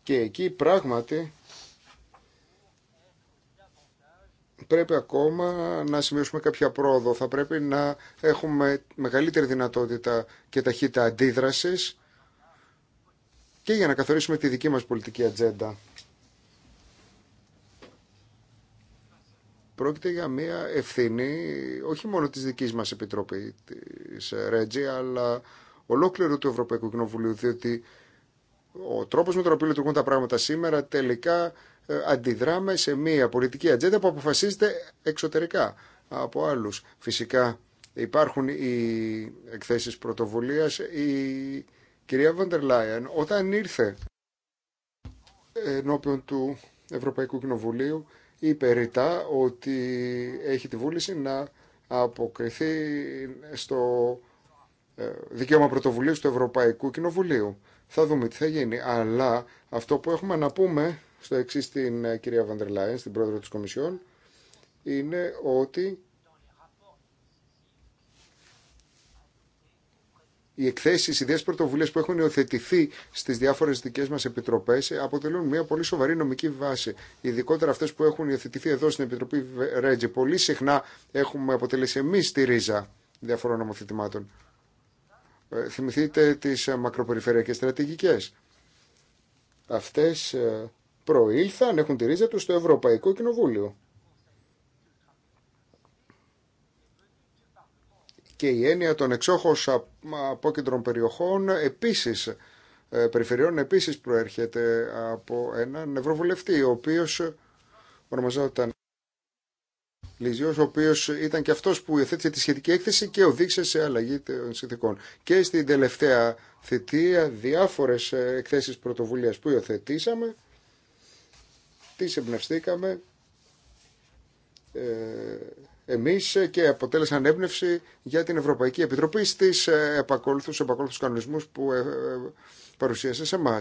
D: Και εκεί πράγματι πρέπει ακόμα να σημειώσουμε κάποια πρόοδο. Θα πρέπει να έχουμε μεγαλύτερη δυνατότητα και ταχύτητα αντίδρασης και για να καθορίσουμε τη δική μας πολιτική ατζέντα. Πρόκειται για μια ευθύνη όχι μόνο της δικής μας Επιτροπής, της ε, Ρέτζη, αλλά ολόκληρου του Ευρωπαϊκού Κοινοβουλίου, διότι ο τρόπος με τον οποίο λειτουργούν τα πράγματα σήμερα τελικά ε, αντιδράμε σε μια πολιτική ατζέντα που αποφασίζεται εξωτερικά από άλλους. Φυσικά υπάρχουν οι εκθέσεις πρωτοβουλίας. Η κυρία Βαντερ Λάιεν όταν ήρθε ε, ενώπιον του Ευρωπαϊκού Κοινοβουλίου είπε ρητά ότι έχει τη βούληση να αποκριθεί στο ε, δικαίωμα πρωτοβουλίου του Ευρωπαϊκού Κοινοβουλίου. Θα δούμε τι θα γίνει. Αλλά αυτό που έχουμε να πούμε στο εξή στην ε, κυρία Βαντερλάιν, στην πρόεδρο της Κομισιόν, είναι ότι οι εκθέσει, οι ιδέε πρωτοβουλίε που έχουν υιοθετηθεί στι διάφορε δικέ μα επιτροπέ ε, αποτελούν μια πολύ σοβαρή νομική βάση. Ειδικότερα αυτέ που έχουν υιοθετηθεί εδώ στην Επιτροπή Ρέτζι. Πολύ συχνά έχουμε αποτελέσει εμεί τη ρίζα διαφορών νομοθετημάτων. Ε, θυμηθείτε τι ε, μακροπεριφερειακέ στρατηγικέ. Αυτέ προήλθαν, έχουν τη ρίζα του στο Ευρωπαϊκό Κοινοβούλιο. και η έννοια των εξόχως απόκεντρων περιοχών επίσης ε, περιφερειών επίσης προέρχεται από έναν ευρωβουλευτή ο οποίος ονομαζόταν Λιζιός, ο οποίος ήταν και αυτός που υιοθέτησε τη σχετική έκθεση και οδήγησε σε αλλαγή των συνθήκων. Και στην τελευταία θητεία διάφορες ε, εκθέσεις πρωτοβουλίας που υιοθετήσαμε, τις εμπνευστήκαμε, ε, εμείς ε, και αποτέλεσαν έμπνευση για την Ευρωπαϊκή Επιτροπή στις ε, επακόλουθους, επακόλουθους κανονισμούς που ε, παρουσίασε σε εμά.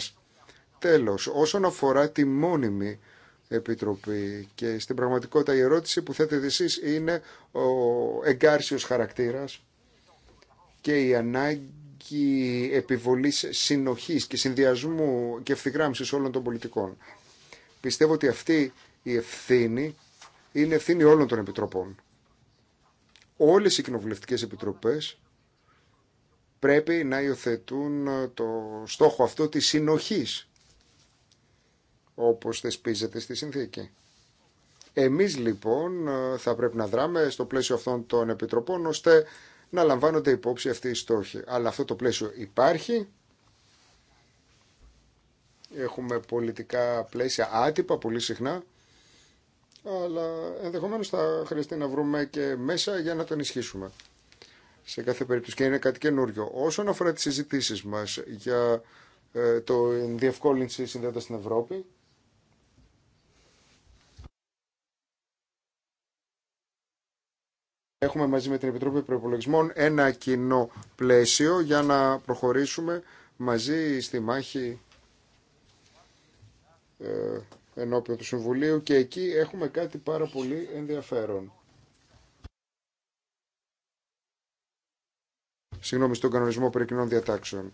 D: Τέλος, όσον αφορά τη μόνιμη Επιτροπή και στην πραγματικότητα η ερώτηση που θέτετε εσείς είναι ο εγκάρσιος χαρακτήρας και η ανάγκη επιβολής συνοχής και συνδυασμού και ευθυγράμμισης όλων των πολιτικών. Πιστεύω ότι αυτή η ευθύνη είναι ευθύνη όλων των επιτροπών όλες οι κοινοβουλευτικές επιτροπές πρέπει να υιοθετούν ε, το στόχο αυτό της συνοχής όπως θεσπίζεται στη συνθήκη. Εμείς λοιπόν ε, θα πρέπει να δράμε στο πλαίσιο αυτών των επιτροπών ώστε να λαμβάνονται υπόψη αυτοί οι στόχοι. Αλλά αυτό το πλαίσιο υπάρχει. Έχουμε πολιτικά πλαίσια άτυπα πολύ συχνά αλλά ενδεχομένως θα χρειαστεί να βρούμε και μέσα για να τον ενισχύσουμε. Σε κάθε περίπτωση και είναι κάτι καινούριο. Όσον αφορά τις συζητήσεις μας για ε, το διευκόλυνση συνδέοντας στην Ευρώπη, Έχουμε μαζί με την Επιτροπή Προπολογισμών ένα κοινό πλαίσιο για να προχωρήσουμε μαζί στη μάχη ε, ενώπιον του Συμβουλίου και εκεί έχουμε κάτι πάρα πολύ ενδιαφέρον. Συγγνώμη, στον κανονισμό περί κοινών διατάξεων.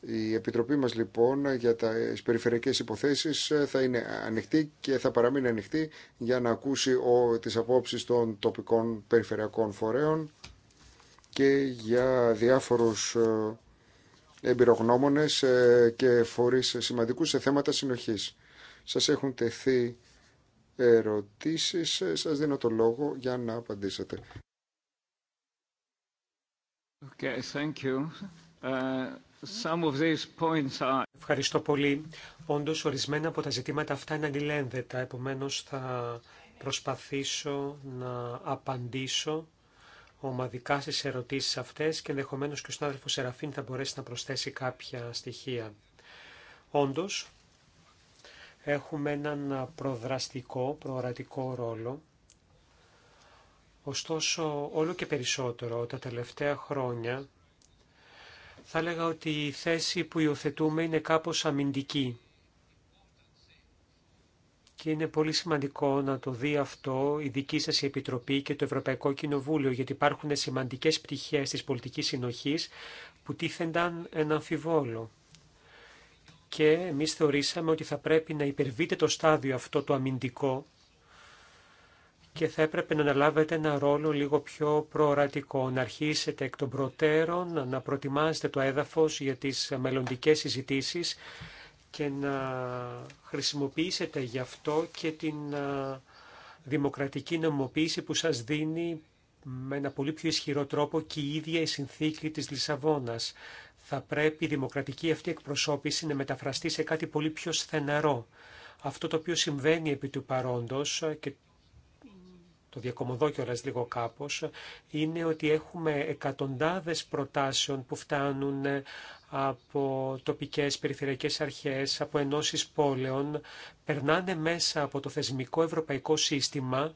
D: Η Επιτροπή μας λοιπόν για τις περιφερειακές υποθέσεις ε, θα είναι ανοιχτή και θα παραμείνει ανοιχτή για να ακούσει ο, τις απόψεις των τοπικών περιφερειακών φορέων και για διάφορους ε, εμπειρογνώμονες ε, και φορείς σημαντικούς σε θέματα συνοχής. Σας έχουν τεθεί ερωτήσεις. Ε, σας δίνω το λόγο για να απαντήσετε. Okay, thank you.
B: Uh... Some of these points are... Ευχαριστώ πολύ. Όντως, ορισμένα από τα ζητήματα αυτά είναι αντιλένδετα. Επομένως, θα προσπαθήσω να απαντήσω ομαδικά στις ερωτήσεις αυτές και ενδεχομένως και ο συνάδελφος Σεραφίν θα μπορέσει να προσθέσει κάποια στοιχεία. Όντως, έχουμε έναν προδραστικό, προορατικό ρόλο. Ωστόσο, όλο και περισσότερο τα τελευταία χρόνια, θα έλεγα ότι η θέση που υιοθετούμε είναι κάπως αμυντική. Και είναι πολύ σημαντικό να το δει αυτό η δική σας η Επιτροπή και το Ευρωπαϊκό Κοινοβούλιο, γιατί υπάρχουν σημαντικές πτυχές της πολιτικής συνοχής που τίθενταν ένα αμφιβόλο και εμείς θεωρήσαμε ότι θα πρέπει να υπερβείτε το στάδιο αυτό το αμυντικό και θα έπρεπε να αναλάβετε ένα ρόλο λίγο πιο προορατικό, να αρχίσετε εκ των προτέρων, να προτιμάσετε το έδαφος για τις μελλοντικές συζητήσεις και να χρησιμοποιήσετε γι' αυτό και την δημοκρατική νομοποίηση που σας δίνει με ένα πολύ πιο ισχυρό τρόπο και η ίδια η συνθήκη της Λισαβόνας θα πρέπει η δημοκρατική αυτή εκπροσώπηση να μεταφραστεί σε κάτι πολύ πιο στεναρό. Αυτό το οποίο συμβαίνει επί του παρόντος και το διακομωδώ κιόλας λίγο κάπως, είναι ότι έχουμε εκατοντάδες προτάσεων που φτάνουν από τοπικές περιφερειακές αρχές, από ενώσεις πόλεων, περνάνε μέσα από το θεσμικό ευρωπαϊκό σύστημα,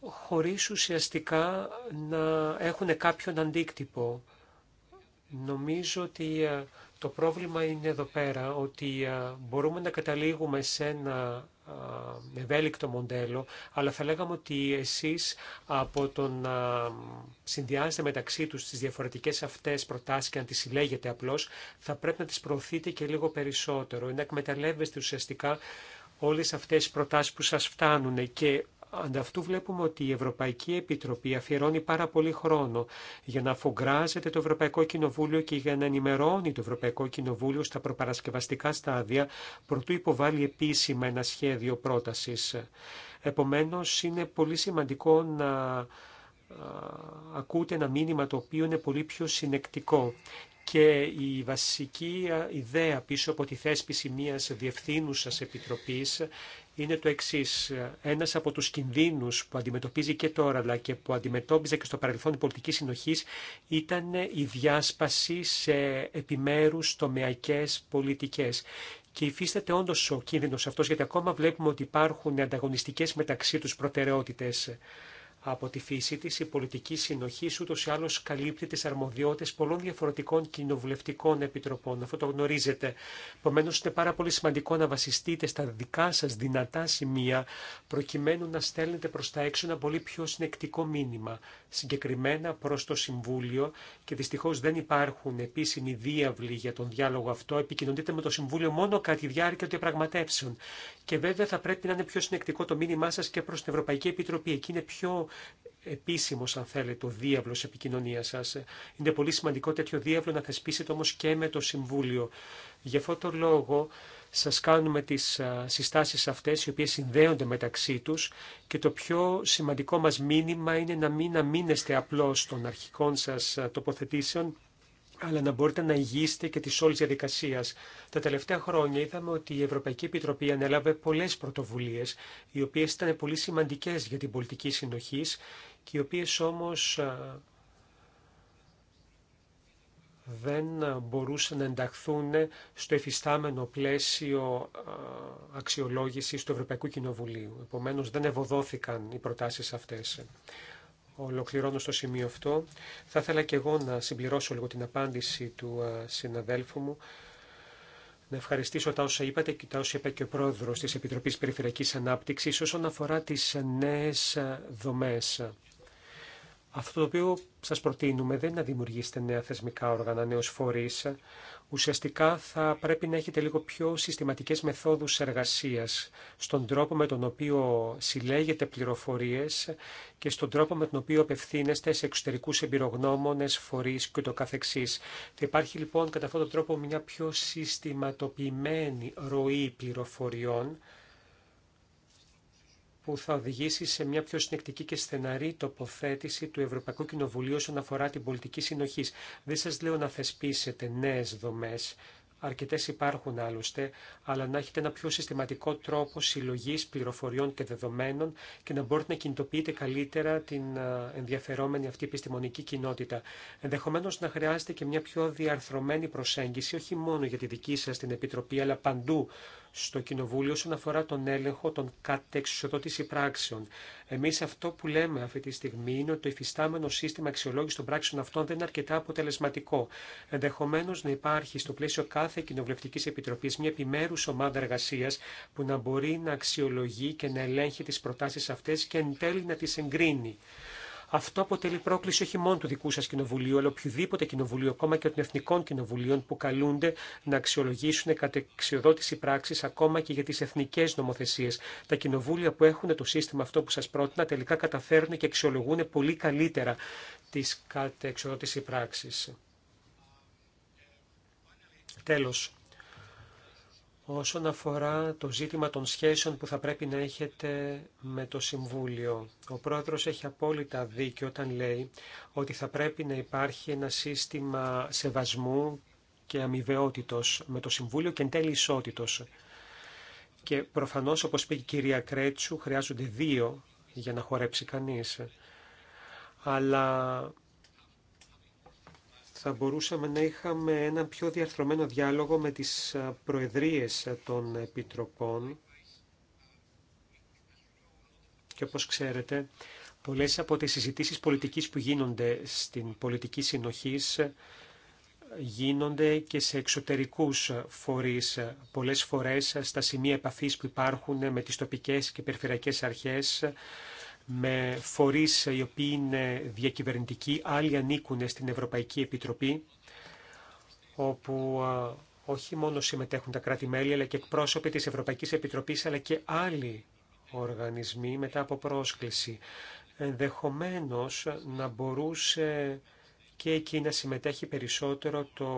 B: χωρίς ουσιαστικά να έχουν κάποιον αντίκτυπο. Νομίζω ότι ε, το πρόβλημα είναι εδώ πέρα, ότι ε, μπορούμε να καταλήγουμε σε ένα ε, ευέλικτο μοντέλο, αλλά θα λέγαμε ότι εσείς από το να συνδυάζετε μεταξύ τους τις διαφορετικές αυτές προτάσεις και να τις συλλέγετε απλώς, θα πρέπει να τις προωθείτε και λίγο περισσότερο, να εκμεταλλεύεστε ουσιαστικά όλες αυτές τις προτάσεις που σας φτάνουν και Ανταυτού βλέπουμε ότι η Ευρωπαϊκή Επιτροπή αφιερώνει πάρα πολύ χρόνο για να αφογκράζεται το Ευρωπαϊκό Κοινοβούλιο και για να ενημερώνει το Ευρωπαϊκό Κοινοβούλιο στα προπαρασκευαστικά στάδια, προτού υποβάλει επίσημα ένα σχέδιο πρότασης. Επομένως, είναι πολύ σημαντικό να ακούτε ένα μήνυμα το οποίο είναι πολύ πιο συνεκτικό και η βασική ιδέα πίσω από τη θέσπιση μιας διευθύνουσας επιτροπής είναι το εξή. Ένα από του κινδύνου που αντιμετωπίζει και τώρα, αλλά και που αντιμετώπιζε και στο παρελθόν η πολιτική συνοχή, ήταν η διάσπαση σε επιμέρου τομεακέ πολιτικέ. Και υφίσταται όντω ο κίνδυνο αυτό, γιατί ακόμα βλέπουμε ότι υπάρχουν ανταγωνιστικέ μεταξύ του προτεραιότητε. Από τη φύση της, η πολιτική συνοχή ούτως ή άλλως καλύπτει τις αρμοδιότητες πολλών διαφορετικών κοινοβουλευτικών επιτροπών. Αυτό το γνωρίζετε. Επομένω, είναι πάρα πολύ σημαντικό να βασιστείτε στα δικά σας δυνατά σημεία, προκειμένου να στέλνετε προς τα έξω ένα πολύ πιο συνεκτικό μήνυμα, συγκεκριμένα προς το Συμβούλιο και δυστυχώς δεν υπάρχουν επίσημοι διάβλοι για τον διάλογο αυτό. Επικοινωνείτε με το Συμβούλιο μόνο κατά τη διάρκεια των διαπραγματεύσεων. Και βέβαια θα πρέπει να είναι πιο συνεκτικό το μήνυμά σας και προς την Ευρωπαϊκή Επιτροπή. Εκεί είναι πιο επίσημο, αν θέλετε, ο διάβλο επικοινωνία σα. Είναι πολύ σημαντικό τέτοιο διάβλο να θεσπίσετε όμω και με το Συμβούλιο. Γι' αυτό το λόγο σα κάνουμε τι συστάσει αυτέ, οι οποίε συνδέονται μεταξύ του και το πιο σημαντικό μα μήνυμα είναι να μην αμήνεστε απλώ των αρχικών σα τοποθετήσεων αλλά να μπορείτε να υγείστε και τη όλη διαδικασία. Τα τελευταία χρόνια είδαμε ότι η Ευρωπαϊκή Επιτροπή ανέλαβε πολλέ πρωτοβουλίε, οι οποίε ήταν πολύ σημαντικέ για την πολιτική συνοχή και οι οποίε όμω δεν μπορούσαν να ενταχθούν στο εφιστάμενο πλαίσιο αξιολόγησης του Ευρωπαϊκού Κοινοβουλίου. Επομένως δεν ευωδόθηκαν οι προτάσεις αυτές. Ολοκληρώνω στο σημείο αυτό. Θα ήθελα και εγώ να συμπληρώσω λίγο την απάντηση του ε, συναδέλφου μου. Να ευχαριστήσω τα όσα είπατε και τα όσα είπε και ο πρόεδρος της Επιτροπής Περιφερειακής Ανάπτυξης όσον αφορά τις νέες ε, δομές. Αυτό το οποίο σας προτείνουμε δεν είναι να δημιουργήσετε νέα θεσμικά όργανα, νέου φορεί. Ουσιαστικά θα πρέπει να έχετε λίγο πιο συστηματικές μεθόδους εργασίας στον τρόπο με τον οποίο συλλέγετε πληροφορίες και στον τρόπο με τον οποίο απευθύνεστε σε εξωτερικούς εμπειρογνώμονε φορείς και το καθεξής. Θα υπάρχει λοιπόν κατά αυτόν τον τρόπο μια πιο συστηματοποιημένη ροή πληροφοριών που θα οδηγήσει σε μια πιο συνεκτική και στεναρή τοποθέτηση του Ευρωπαϊκού Κοινοβουλίου όσον αφορά την πολιτική συνοχή. Δεν σα λέω να θεσπίσετε νέε δομέ. Αρκετέ υπάρχουν άλλωστε, αλλά να έχετε ένα πιο συστηματικό τρόπο συλλογή πληροφοριών και δεδομένων και να μπορείτε να κινητοποιείτε καλύτερα την ενδιαφερόμενη αυτή επιστημονική κοινότητα. Ενδεχομένω να χρειάζεται και μια πιο διαρθρωμένη προσέγγιση, όχι μόνο για τη δική σα την Επιτροπή, αλλά παντού στο Κοινοβούλιο όσον αφορά τον έλεγχο των κατεξουσιοδότηση πράξεων. Εμεί αυτό που λέμε αυτή τη στιγμή είναι ότι το υφιστάμενο σύστημα αξιολόγηση των πράξεων αυτών δεν είναι αρκετά αποτελεσματικό. Ενδεχομένω να υπάρχει στο πλαίσιο κάθε κοινοβουλευτική επιτροπή μια επιμέρου ομάδα εργασία που να μπορεί να αξιολογεί και να ελέγχει τι προτάσει αυτέ και εν τέλει να τι εγκρίνει. Αυτό αποτελεί πρόκληση όχι μόνο του δικού σα κοινοβουλίου, αλλά οποιοδήποτε κοινοβουλίου, ακόμα και των εθνικών κοινοβουλίων που καλούνται να αξιολογήσουν εξοδότηση πράξη ακόμα και για τι εθνικέ νομοθεσίε. Τα κοινοβούλια που έχουν το σύστημα αυτό που σα πρότεινα τελικά καταφέρνουν και αξιολογούν πολύ καλύτερα τι εξοδότηση πράξη. Τέλος, όσον αφορά το ζήτημα των σχέσεων που θα πρέπει να έχετε με το Συμβούλιο. Ο πρόεδρος έχει απόλυτα δίκιο όταν λέει ότι θα πρέπει να υπάρχει ένα σύστημα σεβασμού και αμοιβαιότητος με το Συμβούλιο και εν τέλει ισότητος. Και προφανώς, όπως πήγε η κυρία Κρέτσου, χρειάζονται δύο για να χορέψει κανείς. Αλλά θα μπορούσαμε να είχαμε έναν πιο διαρθρωμένο διάλογο με τις προεδρίες των επιτροπών και όπως ξέρετε πολλές από τις συζητήσεις πολιτικής που γίνονται στην πολιτική συνοχής ε, γίνονται και σε εξωτερικούς φορείς, πολλές φορές ε, στα σημεία επαφής που υπάρχουν με τις τοπικές και περιφερειακές αρχές, με φορείς οι οποίοι είναι διακυβερνητικοί, άλλοι ανήκουν στην Ευρωπαϊκή Επιτροπή, όπου όχι μόνο συμμετέχουν τα κράτη-μέλη, αλλά και εκπρόσωποι της Ευρωπαϊκής Επιτροπής, αλλά και άλλοι οργανισμοί μετά από πρόσκληση. Ενδεχομένως να μπορούσε και εκεί να συμμετέχει περισσότερο το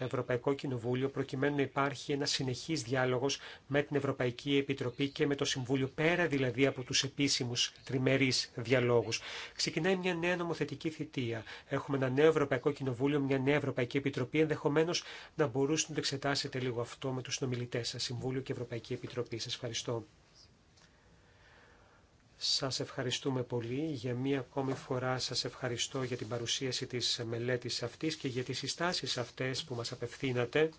B: Ευρωπαϊκό Κοινοβούλιο προκειμένου να υπάρχει ένα συνεχής διάλογος με την Ευρωπαϊκή Επιτροπή και με το Συμβούλιο πέρα δηλαδή από τους επίσημους τριμερείς διαλόγους. Ξεκινάει μια νέα νομοθετική θητεία. Έχουμε ένα νέο Ευρωπαϊκό Κοινοβούλιο, μια νέα Ευρωπαϊκή Επιτροπή, ενδεχομένω να μπορούσατε να εξετάσετε λίγο αυτό με τους συνομιλητές σας, Συμβούλιο και Ευρωπαϊκή Επιτροπή. Σας ευχαριστώ. Σας ευχαριστούμε πολύ. Για μία ακόμη φορά σας ευχαριστώ για την παρουσίαση της μελέτης αυτής και για τις συστάσεις αυτές που μας απευθύνατε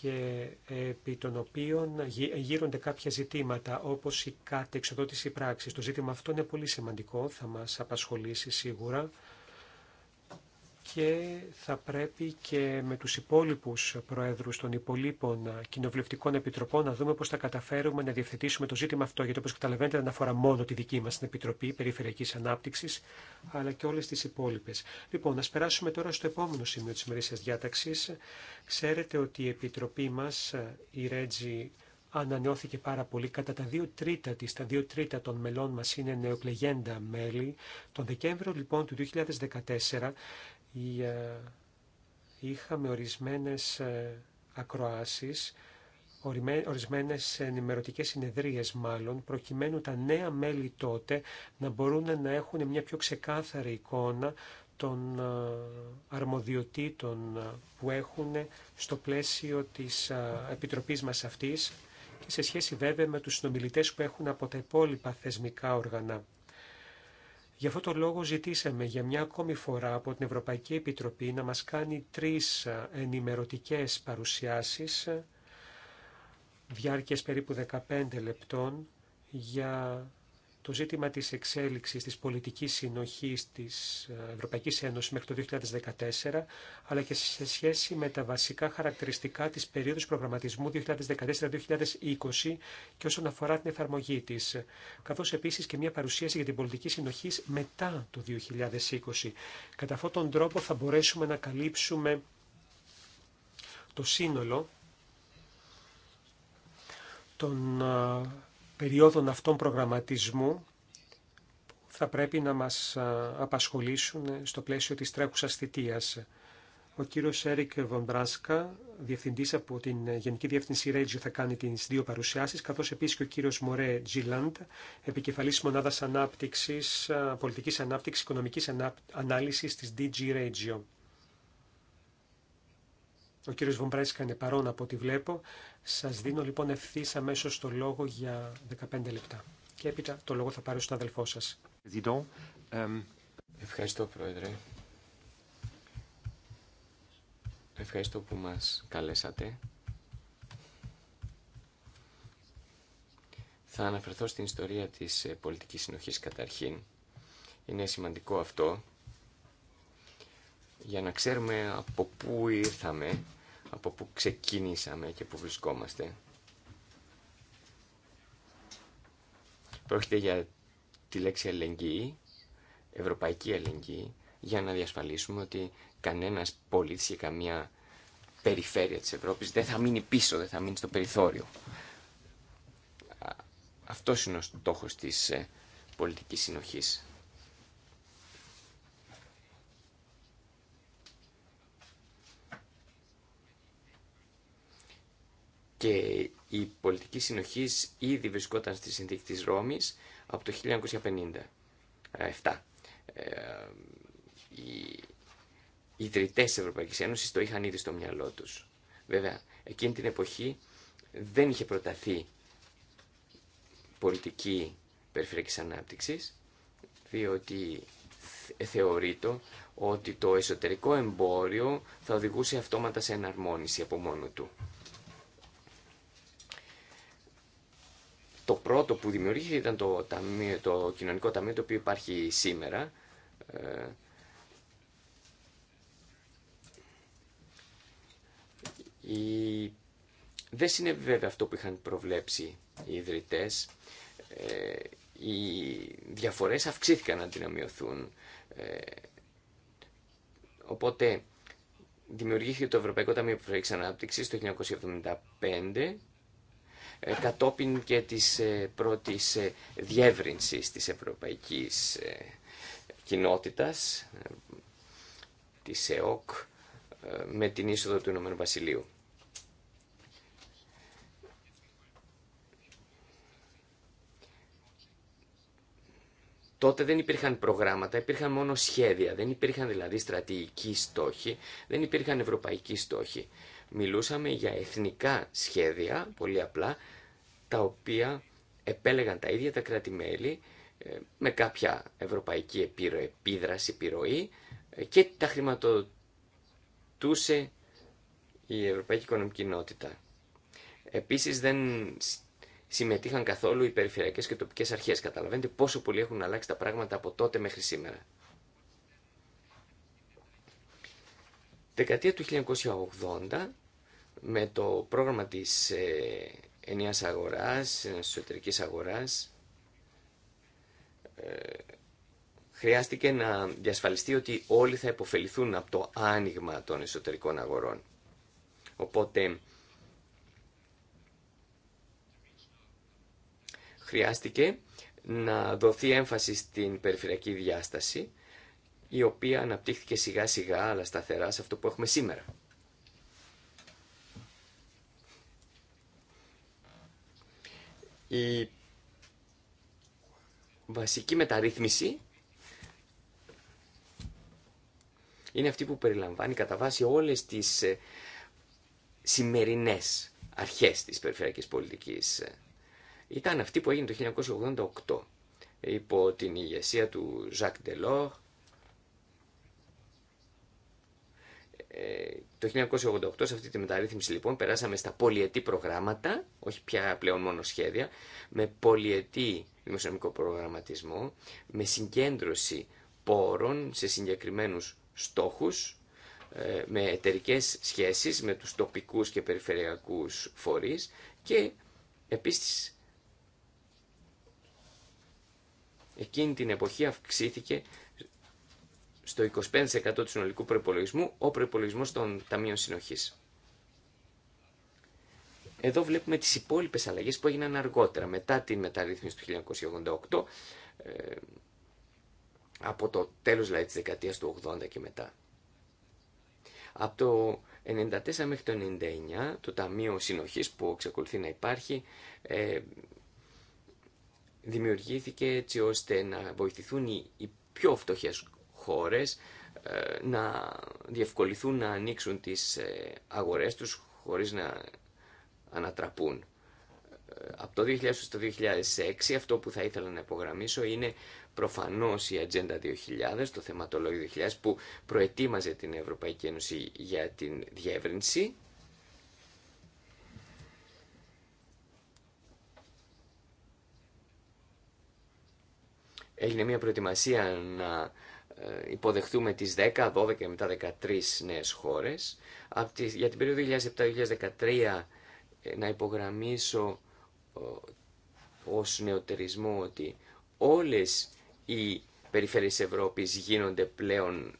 B: και επί των οποίων γύρονται κάποια ζητήματα όπως η κατεξοδότηση πράξης. Το ζήτημα αυτό είναι πολύ σημαντικό, θα μας απασχολήσει σίγουρα και θα πρέπει και με τους υπόλοιπους προέδρους των υπολείπων κοινοβουλευτικών επιτροπών να δούμε πώς θα καταφέρουμε να διευθετήσουμε το ζήτημα αυτό, γιατί όπως καταλαβαίνετε δεν αφορά μόνο τη δική μας την Επιτροπή Περιφερειακής Ανάπτυξης, αλλά και όλες τις υπόλοιπες. Λοιπόν, να περάσουμε τώρα στο επόμενο σημείο της μερίσιας διάταξης. Ξέρετε ότι η Επιτροπή μας, η Ρέτζη, ανανεώθηκε πάρα πολύ. Κατά τα δύο τρίτα της, τα δύο τρίτα των μελών μας είναι νεοπλεγέντα μέλη. Τον Δεκέμβριο λοιπόν του 2014 είχαμε ορισμένες ε, ακροάσεις, ορισμένες ενημερωτικές συνεδρίες μάλλον, προκειμένου τα νέα μέλη τότε να μπορούν να έχουν μια πιο ξεκάθαρη εικόνα των ε, αρμοδιοτήτων ε, που έχουν στο πλαίσιο της Επιτροπής μας αυτής και σε σχέση βέβαια με τους συνομιλητές που έχουν από τα υπόλοιπα θεσμικά όργανα. Γι' αυτό το λόγο ζητήσαμε για μια ακόμη φορά από την Ευρωπαϊκή Επιτροπή να μας κάνει τρεις ε, ενημερωτικές παρουσιάσεις, ε, διάρκειες περίπου 15 λεπτών, για το ζήτημα της εξέλιξης της πολιτικής συνοχής της ε, Ευρωπαϊκής Ένωσης μέχρι το 2014, αλλά και σε σχέση με τα βασικά χαρακτηριστικά της περίοδου προγραμματισμού 2014-2020 και όσον αφορά την εφαρμογή της, καθώς επίσης και μια παρουσίαση για την πολιτική συνοχή μετά το 2020. Κατά αυτόν τον τρόπο θα μπορέσουμε να καλύψουμε το σύνολο των ε, περιόδων αυτών προγραμματισμού θα πρέπει να μας απασχολήσουν στο πλαίσιο της τρέχουσας θητείας. Ο κύριος Έρικ Βοντράσκα, διευθυντής από την Γενική Διεύθυνση Ρέτζιο, θα κάνει τις δύο παρουσιάσεις, καθώς επίσης και ο κύριος Μωρέ Τζίλαντ, επικεφαλής μονάδας ανάπτυξης, πολιτικής ανάπτυξης, οικονομικής ανάλυσης της DG Regio. Ο κύριο Βομπρέσκα είναι παρόν από ό,τι βλέπω. Σας δίνω λοιπόν ευθύ αμέσω το λόγο για 15 λεπτά. Και έπειτα το λόγο θα πάρω στον αδελφό σα. Ευχαριστώ Πρόεδρε.
C: Ευχαριστώ που μας καλέσατε. Θα αναφερθώ στην ιστορία της ε, πολιτικής συνοχής καταρχήν. Είναι σημαντικό αυτό για να ξέρουμε από πού ήρθαμε από που ξεκινήσαμε και που βρισκόμαστε. Πρόκειται για τη λέξη ελεγγύη, ευρωπαϊκή ελεγγύη, για να διασφαλίσουμε ότι κανένας πολίτης και καμία περιφέρεια της Ευρώπης δεν θα μείνει πίσω, δεν θα μείνει στο περιθώριο. Αυτό είναι ο στόχος της ε, πολιτικής συνοχής. και η πολιτική συνοχή ήδη βρισκόταν στη συνθήκη της Ρώμης από το 1957. Ε, ε, οι ιδρυτές της Ευρωπαϊκής Ένωσης το είχαν ήδη στο μυαλό τους. Βέβαια, εκείνη την εποχή δεν είχε προταθεί πολιτική περιφερειακής ανάπτυξης, διότι θεωρείτο ότι το εσωτερικό εμπόριο θα οδηγούσε αυτόματα σε εναρμόνιση από μόνο του. Το πρώτο που δημιουργήθηκε ήταν το, το κοινωνικό ταμείο το οποίο υπάρχει σήμερα. Ε, δεν συνέβη βέβαια αυτό που είχαν προβλέψει οι ιδρυτές. Ε, οι διαφορές αυξήθηκαν αντί να μειωθούν. Ε, οπότε δημιουργήθηκε το Ευρωπαϊκό Ταμείο Περιφερειακής Ανάπτυξης το 1975 ε, κατόπιν και της ε, πρώτης ε, διεύρυνσης της ευρωπαϊκής κοινότητας, της ΕΟΚ, με την είσοδο του Ηνωμένου Βασιλείου. Τότε δεν υπήρχαν προγράμματα, υπήρχαν μόνο σχέδια, δεν υπήρχαν δηλαδή στρατηγικοί στόχοι, δεν υπήρχαν ευρωπαϊκοί στόχοι. Μιλούσαμε για εθνικά σχέδια, πολύ απλά, τα οποία επέλεγαν τα ίδια τα κράτη-μέλη ε, με κάποια ευρωπαϊκή επίδραση, επιρροή ε, και τα χρηματοδοτούσε η Ευρωπαϊκή Οικονομική Κοινότητα. Επίσης δεν συμμετείχαν καθόλου οι περιφερειακές και τοπικές αρχές. Καταλαβαίνετε πόσο πολύ έχουν αλλάξει τα πράγματα από τότε μέχρι σήμερα. δεκαετία του 1980 με το πρόγραμμα της ε, ενιαίας αγοράς, εσωτερικής αγοράς ε, χρειάστηκε να διασφαλιστεί ότι όλοι θα υποφεληθούν από το άνοιγμα των εσωτερικών αγορών. Οπότε χρειάστηκε να δοθεί έμφαση στην περιφερειακή διάσταση η οποία αναπτύχθηκε σιγά σιγά αλλά σταθερά σε αυτό που έχουμε σήμερα. Η βασική μεταρρύθμιση είναι αυτή που περιλαμβάνει κατά βάση όλες τις ε, σημερινές αρχές της περιφερειακής πολιτικής. Ήταν αυτή που έγινε το 1988 υπό την ηγεσία του Ζακ Ντελόρ Ε, το 1988 σε αυτή τη μεταρρύθμιση λοιπόν περάσαμε στα πολιετή προγράμματα, όχι πια πλέον μόνο σχέδια, με πολιετή δημοσιονομικό προγραμματισμό, με συγκέντρωση πόρων σε συγκεκριμένους στόχους, ε, με εταιρικέ σχέσεις με τους τοπικούς και περιφερειακούς φορείς και επίσης εκείνη την εποχή αυξήθηκε στο 25% του συνολικού προπολογισμού ο προπολογισμό των Ταμείων Συνοχή. Εδώ βλέπουμε τις υπόλοιπες αλλαγές που έγιναν αργότερα, μετά την μεταρρύθμιση του 1988, ε, από το τέλος δηλαδή της δεκαετίας του 80 και μετά. Από το 94 μέχρι το 99, το Ταμείο Συνοχής που εξακολουθεί να υπάρχει, ε, δημιουργήθηκε έτσι ώστε να βοηθηθούν οι, πιο φτωχές χώρες ε, να διευκολυθούν να ανοίξουν τις ε, αγορές τους χωρίς να ανατραπούν. Ε, από το 2000 στο 2006 αυτό που θα ήθελα να υπογραμμίσω είναι προφανώς η Ατζέντα 2000, το θεματολόγιο 2000 που προετοίμαζε την Ευρωπαϊκή Ένωση για την διεύρυνση έγινε μια προετοιμασία να ε, υποδεχθούμε τις 10, 12 και μετά 13 νέες χώρες. για την περίοδο 2007-2013 ε, να υπογραμμίσω ε, ως νεοτερισμό ότι όλες οι περιφέρειες Ευρώπης γίνονται πλέον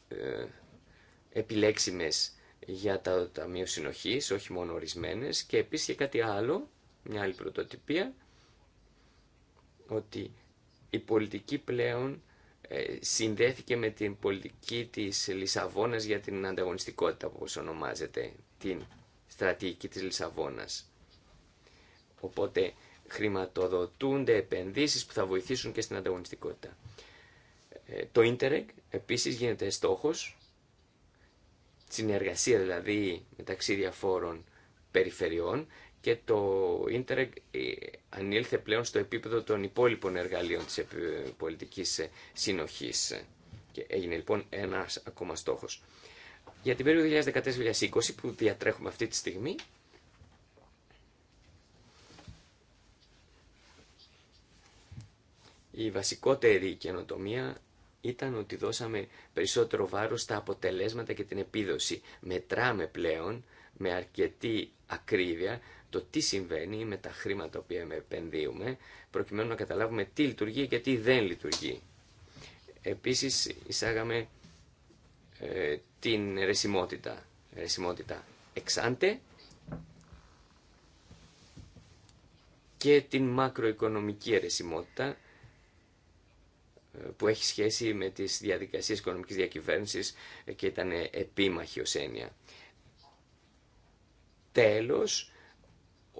C: επιλέξιμες για τα ταμείο συνοχής, όχι μόνο ορισμένε. και επίσης και κάτι άλλο, μια άλλη πρωτοτυπία, ότι η πολιτική πλέον ε, συνδέθηκε με την πολιτική της Λισαβόνας για την ανταγωνιστικότητα, όπως ονομάζεται, την στρατηγική της Λισαβόνας. Οπότε χρηματοδοτούνται επενδύσεις που θα βοηθήσουν και στην ανταγωνιστικότητα. Ε, το Ίντερεκ επίσης γίνεται στόχος, συνεργασία δηλαδή μεταξύ διαφόρων περιφερειών, και το Ίντερεγ ανήλθε πλέον στο επίπεδο των υπόλοιπων εργαλείων της πολιτικής ε, συνοχής και έγινε λοιπόν ένας ακόμα στόχος. Για την περίοδο 2014-2020 που διατρέχουμε αυτή τη στιγμή, η βασικότερη καινοτομία ήταν ότι δώσαμε περισσότερο βάρος στα αποτελέσματα και την επίδοση. Μετράμε πλέον με αρκετή ακρίβεια το τι συμβαίνει με τα χρήματα τα επενδύουμε, προκειμένου να καταλάβουμε τι λειτουργεί και τι δεν λειτουργεί. Επίσης εισάγαμε ε, την ρεσιμότητα, ρεσιμότητα εξάντε και την μακροοικονομική ρεσιμότητα ε, που έχει σχέση με τις διαδικασίες οικονομικής διακυβέρνησης και ήταν επίμαχη ως έννοια. Τέλος,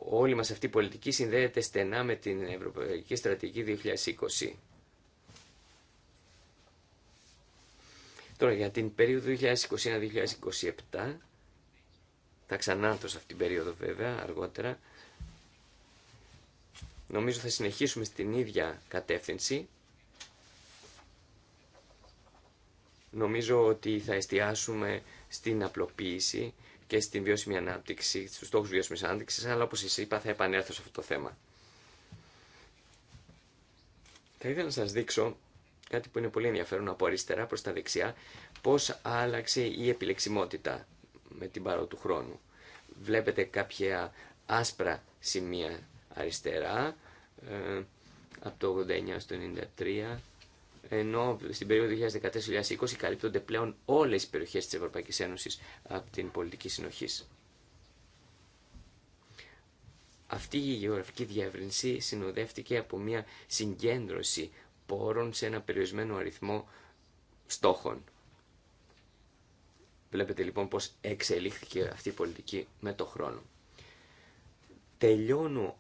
C: όλη μας αυτή η πολιτική συνδέεται στενά με την Ευρωπαϊκή Στρατηγική 2020. Τώρα για την περίοδο 2021-2027, θα ξανάρθω σε αυτήν την περίοδο βέβαια αργότερα, νομίζω θα συνεχίσουμε στην ίδια κατεύθυνση. Νομίζω ότι θα εστιάσουμε στην απλοποίηση και στην βιώσιμη ανάπτυξη, στους στόχους βιώσιμης ανάπτυξης, αλλά όπως είπα θα επανέλθω σε αυτό το θέμα. Θα ήθελα να σας δείξω κάτι που είναι πολύ ενδιαφέρον από αριστερά προς τα δεξιά, πώς άλλαξε η επιλεξιμότητα με την παρό του χρόνου. Βλέπετε κάποια άσπρα σημεία αριστερά, ε, από το 89 στο 93, ενώ στην περίοδο 2014-2020 καλύπτονται πλέον όλες οι περιοχές της Ευρωπαϊκής Ένωσης από την πολιτική συνοχής. Αυτή η γεωγραφική διεύρυνση συνοδεύτηκε από μια συγκέντρωση πόρων σε ένα περιορισμένο αριθμό στόχων. Βλέπετε λοιπόν πώς εξελίχθηκε αυτή η πολιτική με το χρόνο. Τελειώνω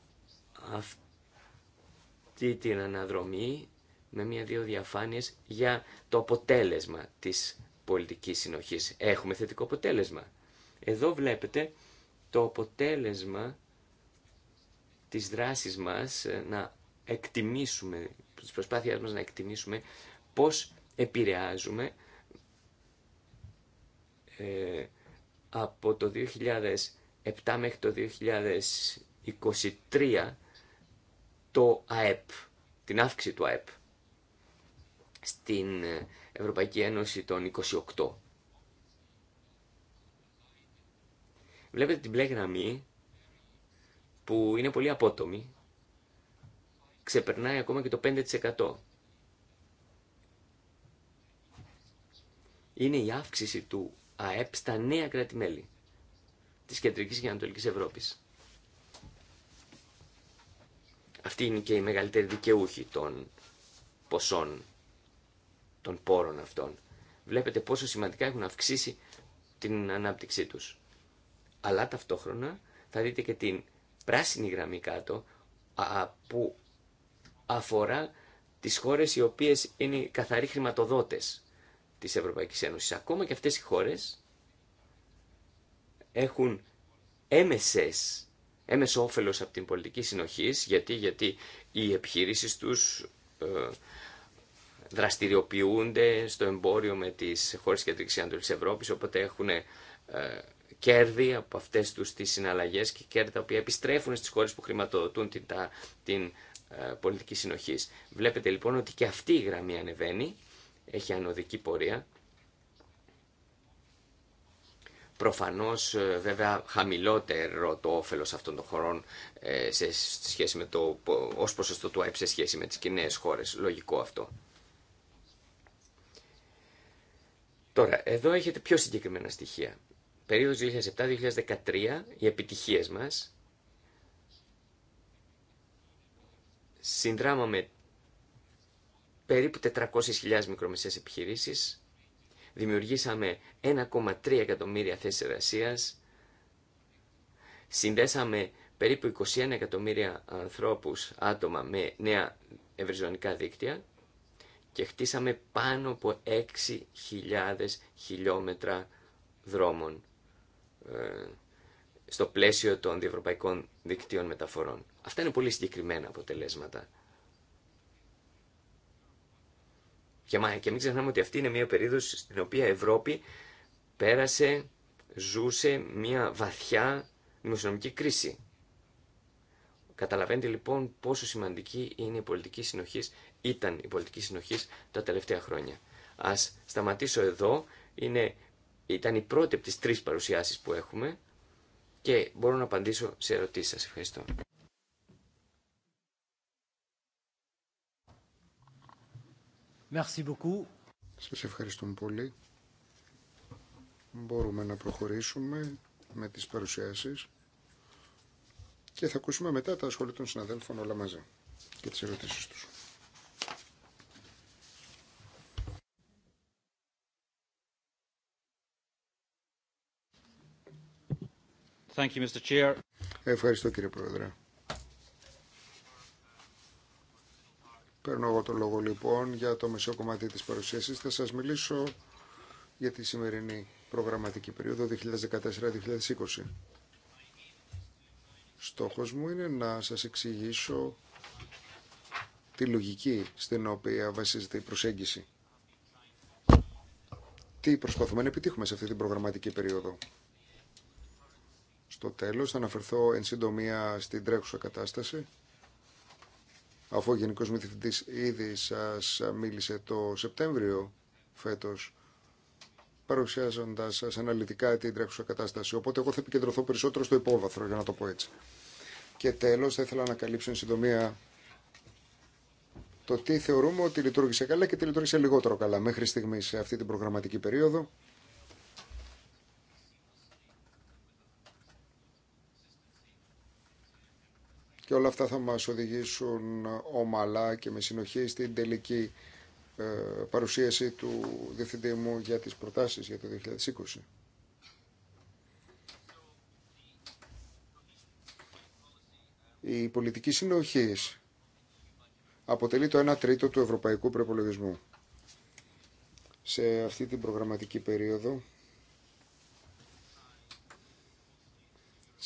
C: αυτή την αναδρομή με μία-δύο διαφάνειες για το αποτέλεσμα της πολιτικής συνοχής. Έχουμε θετικό αποτέλεσμα. Εδώ βλέπετε το αποτέλεσμα της δράσης μας ε, να εκτιμήσουμε, της προσπάθειάς μας να εκτιμήσουμε πώς επηρεάζουμε ε, από το 2007 μέχρι το 2023 το ΑΕΠ, την αύξηση του ΑΕΠ στην Ευρωπαϊκή Ένωση των 28. Βλέπετε την μπλε γραμμή που είναι πολύ απότομη. Ξεπερνάει ακόμα και το 5%. Είναι η αύξηση του ΑΕΠ στα νέα κράτη-μέλη της Κεντρικής και Ανατολικής Ευρώπης. Αυτή είναι και η μεγαλύτερη δικαιούχη των ποσών των πόρων αυτών. Βλέπετε πόσο σημαντικά έχουν αυξήσει την ανάπτυξή τους. Αλλά ταυτόχρονα θα δείτε και την πράσινη γραμμή κάτω που αφορά τις χώρες οι οποίες είναι καθαροί χρηματοδότες της Ευρωπαϊκής Ένωσης. Ακόμα και αυτές οι χώρες έχουν έμεσες, έμεσο όφελος από την πολιτική συνοχής, γιατί, γιατί οι επιχειρήσεις τους ε, δραστηριοποιούνται στο εμπόριο με τις χώρες κεντρικής Ανατολής Ευρώπης, οπότε έχουν ε, κέρδη από αυτές τους τις συναλλαγές και κέρδη τα οποία επιστρέφουν στις χώρες που χρηματοδοτούν την, την ε, πολιτική συνοχής. Βλέπετε λοιπόν ότι και αυτή η γραμμή ανεβαίνει, έχει ανωδική πορεία. Προφανώς ε, βέβαια χαμηλότερο το όφελος αυτών των χωρών σε, σχέση με το, ως ποσοστό του ΑΕΠ σε σχέση με τις κοινέ χώρες. Λογικό αυτό. Τώρα, εδώ έχετε πιο συγκεκριμένα στοιχεία. Περίοδος 2007-2013, οι επιτυχίες μας. Συνδράμαμε περίπου 400.000 μικρομεσαίες επιχειρήσεις. Δημιουργήσαμε 1,3 εκατομμύρια θέσεις εργασίας. Συνδέσαμε περίπου 21 εκατομμύρια ανθρώπους, άτομα με νέα ευρυζωνικά δίκτυα και χτίσαμε πάνω από 6.000 χιλιόμετρα δρόμων ε, στο πλαίσιο των διευρωπαϊκών δικτύων μεταφορών. Αυτά είναι πολύ συγκεκριμένα αποτελέσματα. Και, και μην ξεχνάμε ότι αυτή είναι μια περίοδος στην οποία η Ευρώπη πέρασε, ζούσε μια βαθιά δημοσιονομική κρίση. Καταλαβαίνετε λοιπόν πόσο σημαντική είναι η πολιτική συνοχής ήταν η πολιτική συνοχή τα τελευταία χρόνια. Α σταματήσω εδώ. Είναι, ήταν η πρώτη από τι τρει παρουσιάσει που έχουμε και μπορώ να απαντήσω σε ερωτήσει
D: σα. Ευχαριστώ. Merci Σας ευχαριστούμε πολύ. Μπορούμε να προχωρήσουμε με τις παρουσιάσεις και θα ακούσουμε μετά τα σχόλια των συναδέλφων όλα μαζί και τις ερωτήσεις τους. Ευχαριστώ κύριε Πρόεδρε. Παίρνω εγώ τον λόγο λοιπόν για το μεσό κομμάτι της παρουσίασης. Θα σας μιλήσω για τη σημερινή προγραμματική περίοδο 2014-2020. Στόχος μου είναι να σας εξηγήσω τη λογική στην οποία βασίζεται η προσέγγιση. Τι προσπαθούμε να επιτύχουμε σε αυτή την προγραμματική περίοδο στο τέλος. Θα αναφερθώ εν συντομία στην τρέχουσα κατάσταση. Αφού ο Γενικός Μηθυντής ήδη σας μίλησε το Σεπτέμβριο φέτος, παρουσιάζοντας σας αναλυτικά την τρέχουσα κατάσταση. Οπότε εγώ θα επικεντρωθώ περισσότερο στο υπόβαθρο, για να το πω έτσι. Και τέλος θα ήθελα να καλύψω εν συντομία το τι θεωρούμε ότι λειτουργήσε καλά και τι λειτουργήσε λιγότερο καλά μέχρι στιγμή σε αυτή την προγραμματική περίοδο. και όλα αυτά θα μας οδηγήσουν ομαλά και με συνοχή στην τελική ε, παρουσίαση του Διευθυντή μου για τις προτάσεις για το 2020. Η πολιτική συνοχή αποτελεί το 1 τρίτο του ευρωπαϊκού προπολογισμού. Σε αυτή την προγραμματική περίοδο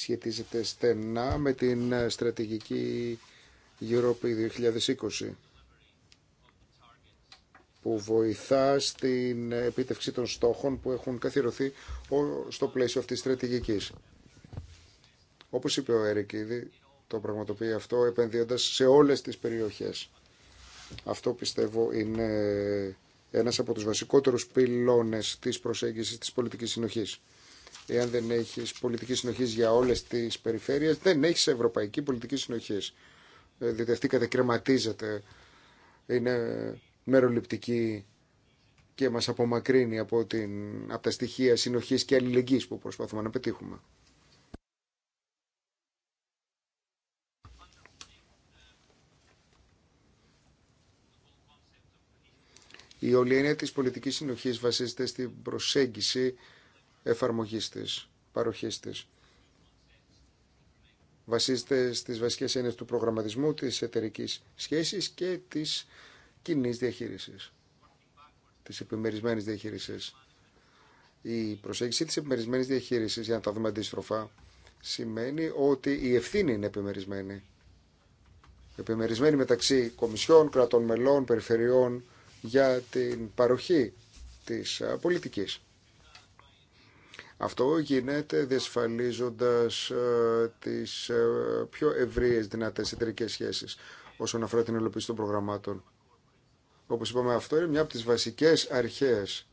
D: σχετίζεται στενά με την ε, στρατηγική Ευρώπη 2020 που βοηθά στην επίτευξη των στόχων που έχουν καθιερωθεί στο πλαίσιο αυτής της στρατηγικής. Όπως είπε ο Έρικ ήδη, το πραγματοποιεί αυτό επενδύοντας σε όλες τις περιοχές. Αυτό πιστεύω είναι ένας από τους βασικότερους πυλώνες της προσέγγισης της πολιτικής συνοχής. Εάν δεν έχει πολιτική συνοχή για όλε τι περιφέρειες, δεν έχει ευρωπαϊκή πολιτική συνοχή. Ε, Διότι αυτή κατεκρεματίζεται, είναι μεροληπτική και μας απομακρύνει από, την, από τα στοιχεία συνοχή και αλληλεγγύη που προσπαθούμε να πετύχουμε. Η όλη έννοια της πολιτικής συνοχής βασίζεται στην προσέγγιση εφαρμογής της, παροχής της. Βασίζεται στις βασικές έννοιες του προγραμματισμού, της εταιρική σχέσης και της κοινή διαχείρισης, της επιμερισμένης διαχείρισης. Η προσέγγιση της επιμερισμένης διαχείρισης, για να τα δούμε αντίστροφα, σημαίνει ότι η ευθύνη είναι επιμερισμένη. Επιμερισμένη μεταξύ κομισιών, κρατών μελών, περιφερειών για την παροχή της ε, πολιτικής. Αυτό γίνεται διασφαλίζοντας ε, τις ε, πιο ευρείες δυνατές εταιρικέ σχέσεις όσον αφορά την υλοποίηση των προγραμμάτων. Όπως είπαμε, αυτό είναι μια από τις βασικές αρχές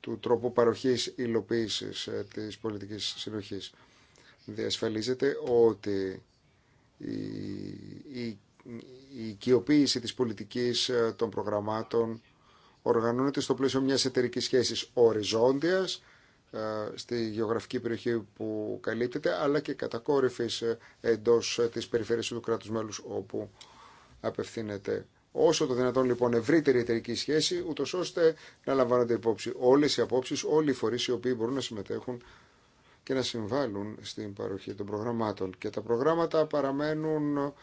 D: του τρόπου παροχής υλοποίησης ε, της πολιτικής συνοχής. Διασφαλίζεται ότι η, η, η οικειοποίηση της πολιτικής των προγραμμάτων οργανώνεται στο πλαίσιο μιας εταιρικής σχέσης οριζόντιας ε, στη γεωγραφική περιοχή που καλύπτεται, αλλά και κατακόρυφης ε, εντός ε, της περιφέρειας του κράτους μέλους όπου απευθύνεται. Όσο το δυνατόν λοιπόν ευρύτερη εταιρική σχέση, ούτως ώστε να λαμβάνονται υπόψη όλες οι απόψεις, όλοι οι φορείς οι οποίοι μπορούν να συμμετέχουν και να συμβάλλουν στην παροχή των προγραμμάτων. Και τα προγράμματα παραμένουν ο,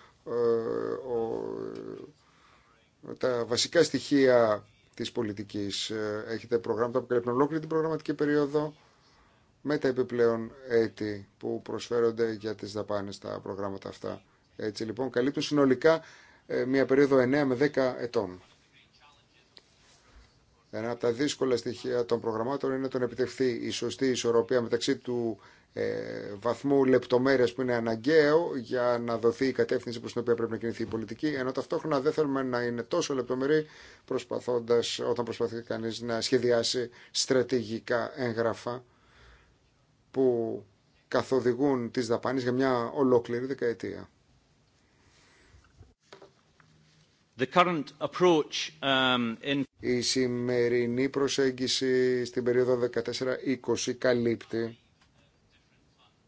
D: τα βασικά στοιχεία της πολιτικής. Ε, έχετε προγράμματα που καλύπτουν ολόκληρη την προγραμματική περίοδο με τα επιπλέον έτη που προσφέρονται για τις δαπάνε τα προγράμματα αυτά. Έτσι λοιπόν καλύπτουν συνολικά ε, μια περίοδο 9 με 10 ετών. Ένα από τα δύσκολα στοιχεία των προγραμμάτων είναι το να επιτευχθεί η σωστή ισορροπία μεταξύ του ε, βαθμού λεπτομέρεια που είναι αναγκαίο για να δοθεί η κατεύθυνση προ την οποία πρέπει να κινηθεί η πολιτική, ενώ ταυτόχρονα δεν θέλουμε να είναι τόσο λεπτομερή προσπαθώντας, όταν προσπαθεί κανεί να σχεδιάσει στρατηγικά έγγραφα που καθοδηγούν τις δαπάνες για μια ολόκληρη δεκαετία. The current approach, um, in... Η σημερινή προσέγγιση στην περίοδο 14-20 καλύπτει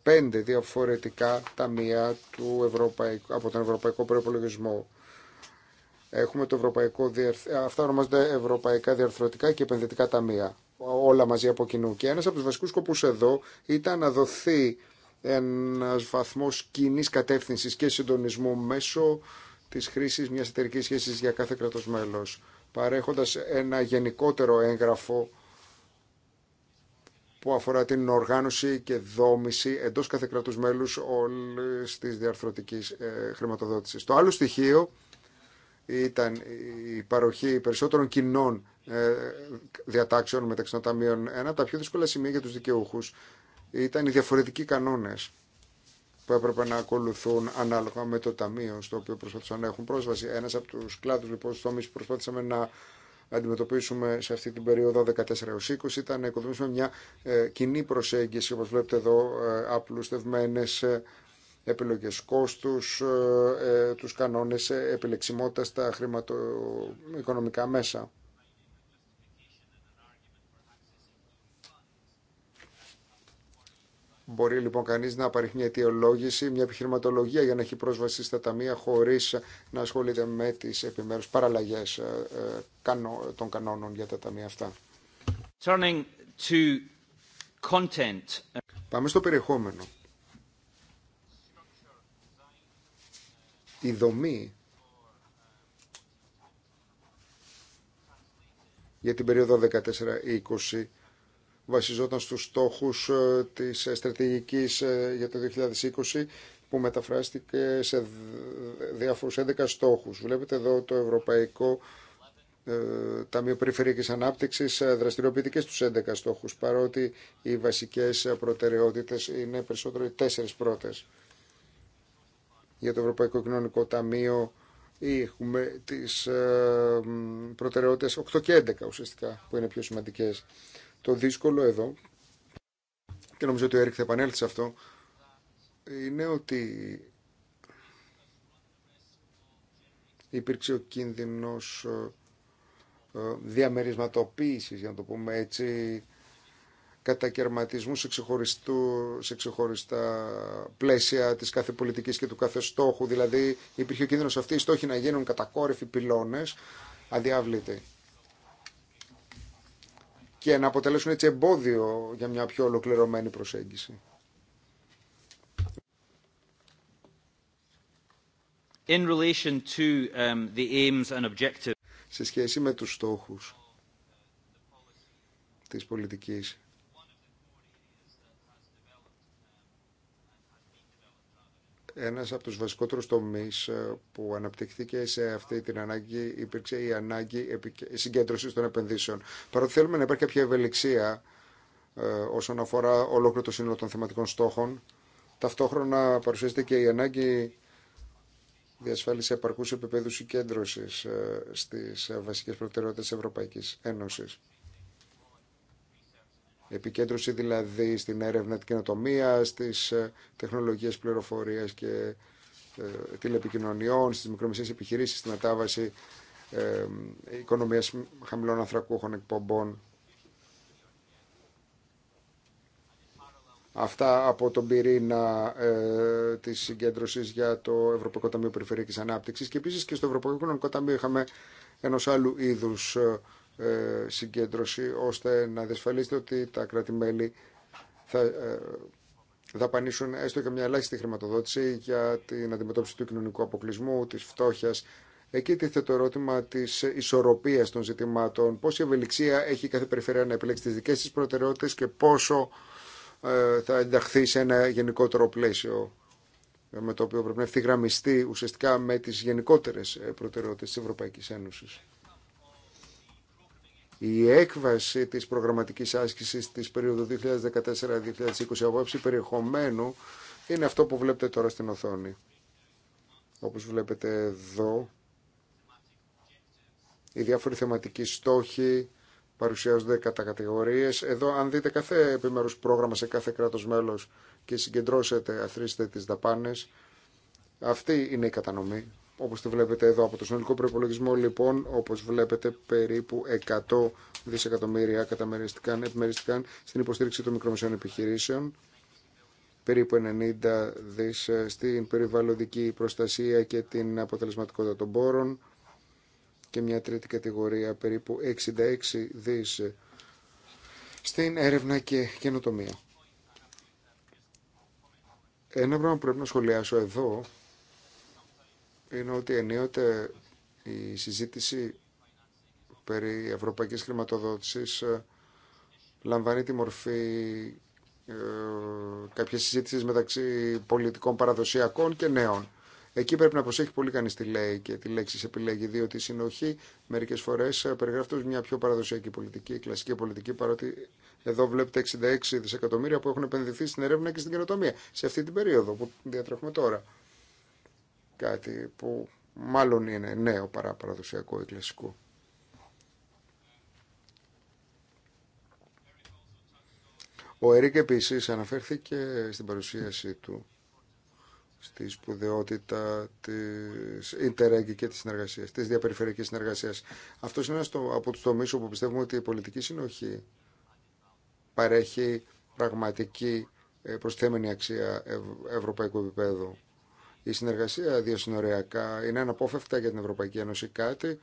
D: πέντε διαφορετικά ταμεία του από τον Ευρωπαϊκό Προπολογισμό. Έχουμε το Ευρωπαϊκό Αυτά ονομάζονται Ευρωπαϊκά Διαρθρωτικά και Επενδυτικά Ταμεία. Όλα μαζί από κοινού. Και ένα από του βασικού σκοπού εδώ ήταν να δοθεί ένα βαθμό κοινή κατεύθυνση και συντονισμού μέσω τη χρήση μια εταιρική σχέση για κάθε κράτο μέλο, παρέχοντα ένα γενικότερο έγγραφο που αφορά την οργάνωση και δόμηση εντός κάθε κράτους μέλους όλης της διαρθρωτικής ε, χρηματοδότησης. Το άλλο στοιχείο ήταν η παροχή περισσότερων κοινών ε, διατάξεων μεταξύ των ταμείων. Ένα από τα πιο δύσκολα σημεία για τους δικαιούχους ήταν οι διαφορετικοί κανόνες που έπρεπε να ακολουθούν ανάλογα με το ταμείο στο οποίο προσπαθούσαν να έχουν πρόσβαση. Ένα από του κλάδου λοιπόν στου τομεί που προσπαθήσαμε να αντιμετωπίσουμε σε αυτή την περίοδο 14 20 ήταν να οικοδομήσουμε μια ε, κοινή προσέγγιση, όπως βλέπετε εδώ, ε, απλουστευμένες ε, επιλογές κόστους, τους κανόνες επιλεξιμότητας στα χρηματοοικονομικά μέσα. Μπορεί λοιπόν κανεί να παρέχει μια αιτιολόγηση, μια επιχειρηματολογία για να έχει πρόσβαση στα ταμεία χωρί να ασχολείται με τι επιμέρου παραλλαγέ ε, ε, των κανόνων για τα ταμεία αυτά. Πάμε στο περιεχόμενο. Η δομή για την περίοδο 14-20 βασιζόταν στους στόχους ε, της στρατηγικής ε, για το 2020 που μεταφράστηκε σε διάφορους 11 στόχους. Βλέπετε εδώ το Ευρωπαϊκό ε, Ταμείο Περιφερειακής Ανάπτυξης δραστηριοποιητικέ στους 11 στόχους, παρότι οι βασικές προτεραιότητες είναι περισσότερο οι τέσσερις πρώτες. Για το Ευρωπαϊκό Κοινωνικό Ταμείο έχουμε τις προτεραιότητες 8 και 11 ουσιαστικά, που είναι πιο σημαντικές. Το δύσκολο εδώ, και νομίζω ότι ο Έρικ θα επανέλθει σε αυτό, είναι ότι υπήρξε ο κίνδυνος ε, ε, διαμερισματοποίησης, για να το πούμε έτσι, κατακαιρματισμού σε, σε ξεχωριστά πλαίσια της κάθε πολιτικής και του κάθε στόχου. Δηλαδή υπήρχε ο κίνδυνος αυτή, οι στόχοι να γίνουν κατακόρυφοι πυλώνες αδιάβλητοι και να αποτελέσουν έτσι εμπόδιο για μια πιο ολοκληρωμένη προσέγγιση. In relation to, um, the aims and objectives. Σε σχέση με τους στόχους της πολιτικής ένας από τους βασικότερους τομείς ε, που αναπτυχθήκε σε αυτή την ανάγκη υπήρξε η ανάγκη συγκέντρωσης των επενδύσεων. Παρότι θέλουμε να υπάρχει κάποια ευελιξία ε, όσον αφορά ολόκληρο το σύνολο των θεματικών στόχων, ταυτόχρονα παρουσιάζεται και η ανάγκη διασφάλιση επαρκούς επίπεδου συγκέντρωσης ε, στις βασικές προτεραιότητες της Ευρωπαϊκής Ένωσης. Επικέντρωση δηλαδή στην έρευνα, της καινοτομία, στις ε, τεχνολογίες πληροφορίας και ε, τηλεπικοινωνιών, στις μικρομεσαίες επιχειρήσεις, στην μετάβαση ε, οικονομίας χαμηλών ανθρακούχων εκπομπών. Αυτά από τον πυρήνα ε, της συγκέντρωσης για το Ευρωπαϊκό Ταμείο Περιφερειακής Ανάπτυξης και επίσης και στο Ευρωπαϊκό Κοινωνικό Ταμείο είχαμε ενό άλλου είδους ε, ε, συγκέντρωση ώστε να διασφαλίσετε ότι τα κράτη-μέλη θα ε, πανίσουν έστω και μια ελάχιστη χρηματοδότηση για την αντιμετώπιση του κοινωνικού αποκλεισμού, της φτώχειας. Εκεί τίθεται το ερώτημα τη ισορροπία των ζητημάτων. Πόση ευελιξία έχει κάθε περιφέρεια να επιλέξει τι δικέ τη προτεραιότητε και πόσο ε, θα ενταχθεί σε ένα γενικότερο πλαίσιο με το οποίο πρέπει να ευθυγραμμιστεί ουσιαστικά με τις γενικότερες προτεραιότητες τη Ευρωπαϊκής Ένωσης. Η έκβαση της προγραμματικής άσκησης της περίοδου 2014-2020 έψη περιεχομένου είναι αυτό που βλέπετε τώρα στην οθόνη. Όπως βλέπετε εδώ, οι διάφοροι θεματικοί στόχοι παρουσιάζονται κατά κατηγορίες. Εδώ αν δείτε κάθε επιμέρους πρόγραμμα σε κάθε κράτος μέλος και συγκεντρώσετε, αθροίστε τις δαπάνες, αυτή είναι η κατανομή όπως το βλέπετε εδώ από το συνολικό προπολογισμό λοιπόν όπως βλέπετε περίπου 100 δισεκατομμύρια καταμεριστηκαν, επιμεριστικά στην υποστήριξη των μικρομεσαίων επιχειρήσεων περίπου 90 δις ε, στην περιβαλλοντική προστασία και την αποτελεσματικότητα των πόρων και μια τρίτη κατηγορία περίπου 66 δις ε, στην έρευνα και καινοτομία. Ένα πράγμα που πρέπει να σχολιάσω εδώ είναι ότι ενίοτε η συζήτηση περί ευρωπαϊκής χρηματοδότησης ε, λαμβάνει τη μορφή ε, κάποια συζήτηση μεταξύ πολιτικών παραδοσιακών και νέων. Εκεί πρέπει να προσέχει πολύ κανεί τι λέει και τι λέξει επιλέγει, διότι η συνοχή μερικέ φορέ ε, περιγράφεται μια πιο παραδοσιακή πολιτική, κλασική πολιτική, παρότι εδώ βλέπετε 66 δισεκατομμύρια που έχουν επενδυθεί στην έρευνα και στην καινοτομία σε αυτή την περίοδο που διατρέχουμε τώρα κάτι που μάλλον είναι νέο παρά παραδοσιακό ή κλασικό. Ο Ερικ επίσης αναφέρθηκε στην παρουσίασή του στη σπουδαιότητα της Ιντερέγκη και της συνεργασίας, της διαπεριφερειακής συνεργασίας. Αυτό είναι ένας από τους τομείς όπου πιστεύουμε ότι η πολιτική συνοχή παρέχει πραγματική ε, προσθέμενη αξία ευρωπαϊκού επίπεδου. Η συνεργασία διασυνοριακά είναι αναπόφευκτα για την Ευρωπαϊκή Ένωση κάτι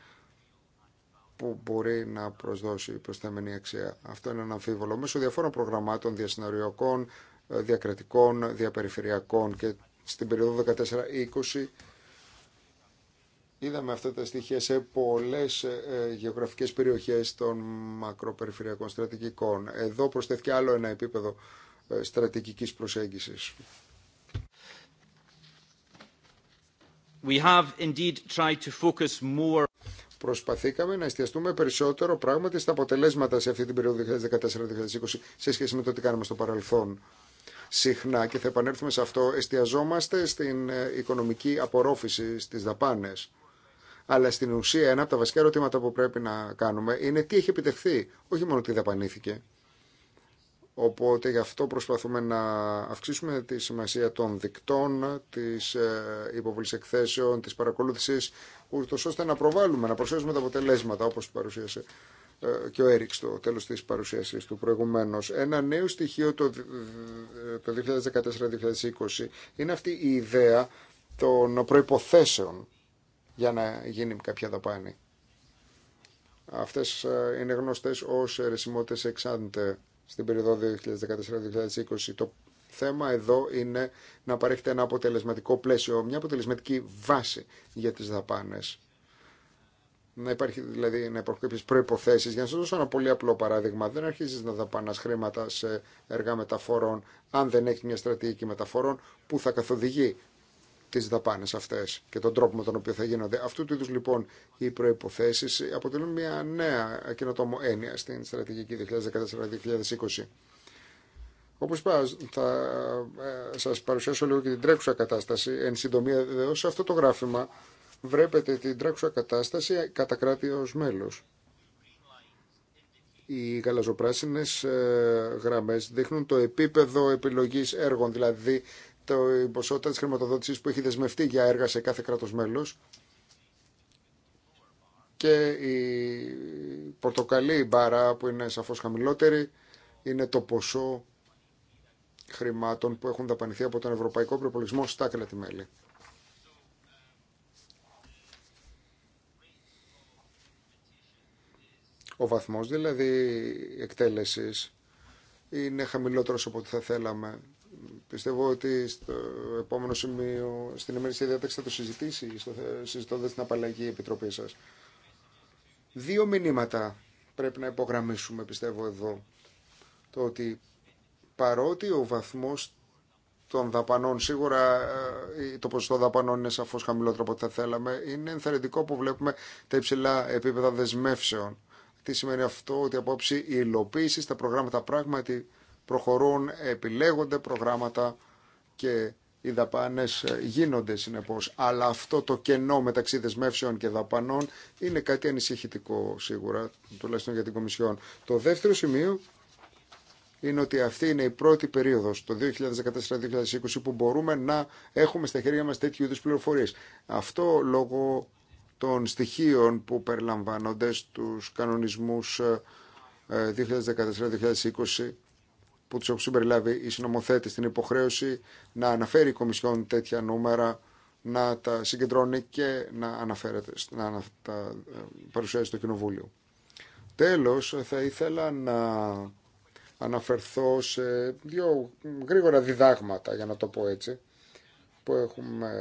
D: που μπορεί να προσδώσει προσταμένη αξία. Αυτό είναι ένα αμφίβολο. Μέσω διαφόρων προγραμμάτων διασυνοριακών, ε, διακρατικών, διαπεριφερειακών και στην περίοδο 14-20 είδαμε αυτά τα στοιχεία σε πολλές ε, ε, γεωγραφικές περιοχές των μακροπεριφερειακών στρατηγικών. Εδώ προσθέθηκε άλλο ένα επίπεδο στρατηγικής προσέγγισης. We have indeed tried to focus more. Προσπαθήκαμε να εστιαστούμε περισσότερο πράγματι στα αποτελέσματα σε αυτή την περίοδο 2014-2020 σε σχέση με το τι κάναμε στο παρελθόν. Συχνά, και θα επανέλθουμε σε αυτό, εστιαζόμαστε στην ε, οικονομική απορρόφηση στις δαπάνες. Αλλά στην ουσία ένα από τα βασικά ερωτήματα που πρέπει να κάνουμε είναι τι έχει επιτευχθεί, όχι μόνο τι δαπανήθηκε. Οπότε γι' αυτό προσπαθούμε να αυξήσουμε τη σημασία των δικτών, της ε, υποβολής εκθέσεων, της παρακολούθησης, ούτως ώστε να προβάλλουμε, να προσφέρουμε τα αποτελέσματα όπως παρουσίασε ε, και ο Έριξ στο τέλος της παρουσίασης του προηγουμένως. Ένα νέο στοιχείο το 2014-2020 είναι αυτή η ιδέα των προϋποθέσεων για να γίνει κάποια δαπάνη. Αυτές ε, είναι γνωστές ως ρεσιμότητες εξάντε στην περίοδο 2014-2020. Το θέμα εδώ είναι να παρέχεται ένα αποτελεσματικό πλαίσιο, μια αποτελεσματική βάση για τις δαπάνες. Να υπάρχει δηλαδή να υπάρχουν κάποιε προποθέσει. Για να σα δώσω ένα πολύ απλό παράδειγμα, δεν αρχίζει να δαπανά χρήματα σε έργα μεταφορών, αν δεν έχει μια στρατηγική μεταφορών που θα καθοδηγεί τις δαπάνες αυτές και τον τρόπο με τον οποίο θα γίνονται. Αυτού του είδους λοιπόν οι προϋποθέσεις αποτελούν μια νέα καινοτόμο έννοια στην στρατηγική 2014-2020. Όπω είπα, θα ε, σα παρουσιάσω λίγο και την τρέχουσα κατάσταση. Εν συντομία, βεβαίω, σε αυτό το γράφημα βλέπετε την τρέχουσα κατάσταση κατά κράτη μέλο. Οι γαλαζοπράσινες ε, γραμμές δείχνουν το επίπεδο επιλογής έργων, δηλαδή η ποσότητα τη χρηματοδότησης που έχει δεσμευτεί για έργα σε κάθε κράτος μέλος και η πορτοκαλί μπάρα που είναι σαφώς χαμηλότερη είναι το ποσό χρημάτων που έχουν δαπανηθεί από τον Ευρωπαϊκό Προπολογισμό στα κράτη-μέλη. Ο βαθμός δηλαδή εκτέλεσης είναι χαμηλότερος από ό,τι θα θέλαμε Πιστεύω ότι στο επόμενο σημείο, στην ημερήσια διάταξη θα το συζητήσει, στο, συζητώντα την απαλλαγή επιτροπή σα. Δύο μηνύματα πρέπει να υπογραμμίσουμε, πιστεύω εδώ. Το ότι παρότι ο βαθμός των δαπανών, σίγουρα ε, το ποσοστό δαπανών είναι σαφώς χαμηλότερο από ό,τι θα θέλαμε, είναι ενθαρρυντικό που βλέπουμε τα υψηλά επίπεδα δεσμεύσεων. Τι σημαίνει αυτό, ότι απόψη η υλοποίηση στα προγράμματα πράγματι προχωρούν, επιλέγονται προγράμματα και οι δαπάνε ε, γίνονται συνεπώ. Αλλά αυτό το κενό μεταξύ δεσμεύσεων και δαπανών είναι κάτι ανησυχητικό σίγουρα, τουλάχιστον για την Κομισιόν. Το δεύτερο σημείο είναι ότι αυτή είναι η πρώτη περίοδος, το 2014-2020, που μπορούμε να έχουμε στα χέρια μας τέτοιου είδους πληροφορίες. Αυτό λόγω των στοιχείων που περιλαμβάνονται στους κανονισμούς 2014-2020 ε, ε, που του έχουν συμπεριλάβει οι συνομοθέτε την υποχρέωση να αναφέρει η Κομισιόν τέτοια νούμερα, να τα συγκεντρώνει και να, να τα ε, παρουσιάζει στο Κοινοβούλιο. Τέλος, θα ήθελα να αναφερθώ σε δύο γρήγορα διδάγματα, για να το πω έτσι, που έχουμε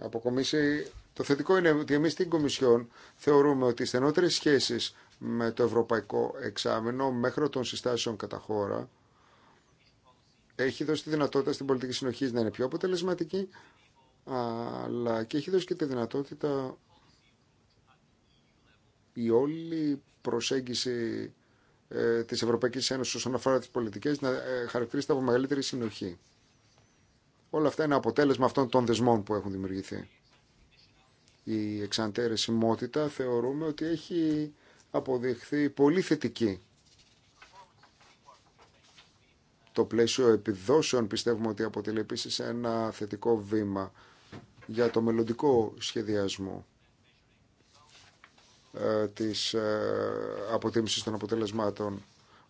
D: αποκομίσει. Το θετικό είναι ότι εμείς στην Κομισιόν θεωρούμε ότι οι στενότερες σχέσεις με το Ευρωπαϊκό Εξάμεινο μέχρι των συστάσεων κατά χώρα έχει δώσει τη δυνατότητα στην πολιτική συνοχή να είναι πιο αποτελεσματική, αλλά και έχει δώσει και τη δυνατότητα η όλη προσέγγιση ε, της Ευρωπαϊκής Ένωσης όσον αφορά τις πολιτικές να ε, χαρακτηρίζεται από μεγαλύτερη συνοχή. Όλα αυτά είναι αποτέλεσμα αυτών των δεσμών που έχουν δημιουργηθεί. Η εξαντέρεσιμότητα θεωρούμε ότι έχει αποδειχθεί πολύ θετική Το πλαίσιο επιδόσεων πιστεύουμε ότι αποτελεί επίση ένα θετικό βήμα για το μελλοντικό σχεδιασμό ε, της ε, αποτίμησης των αποτελεσμάτων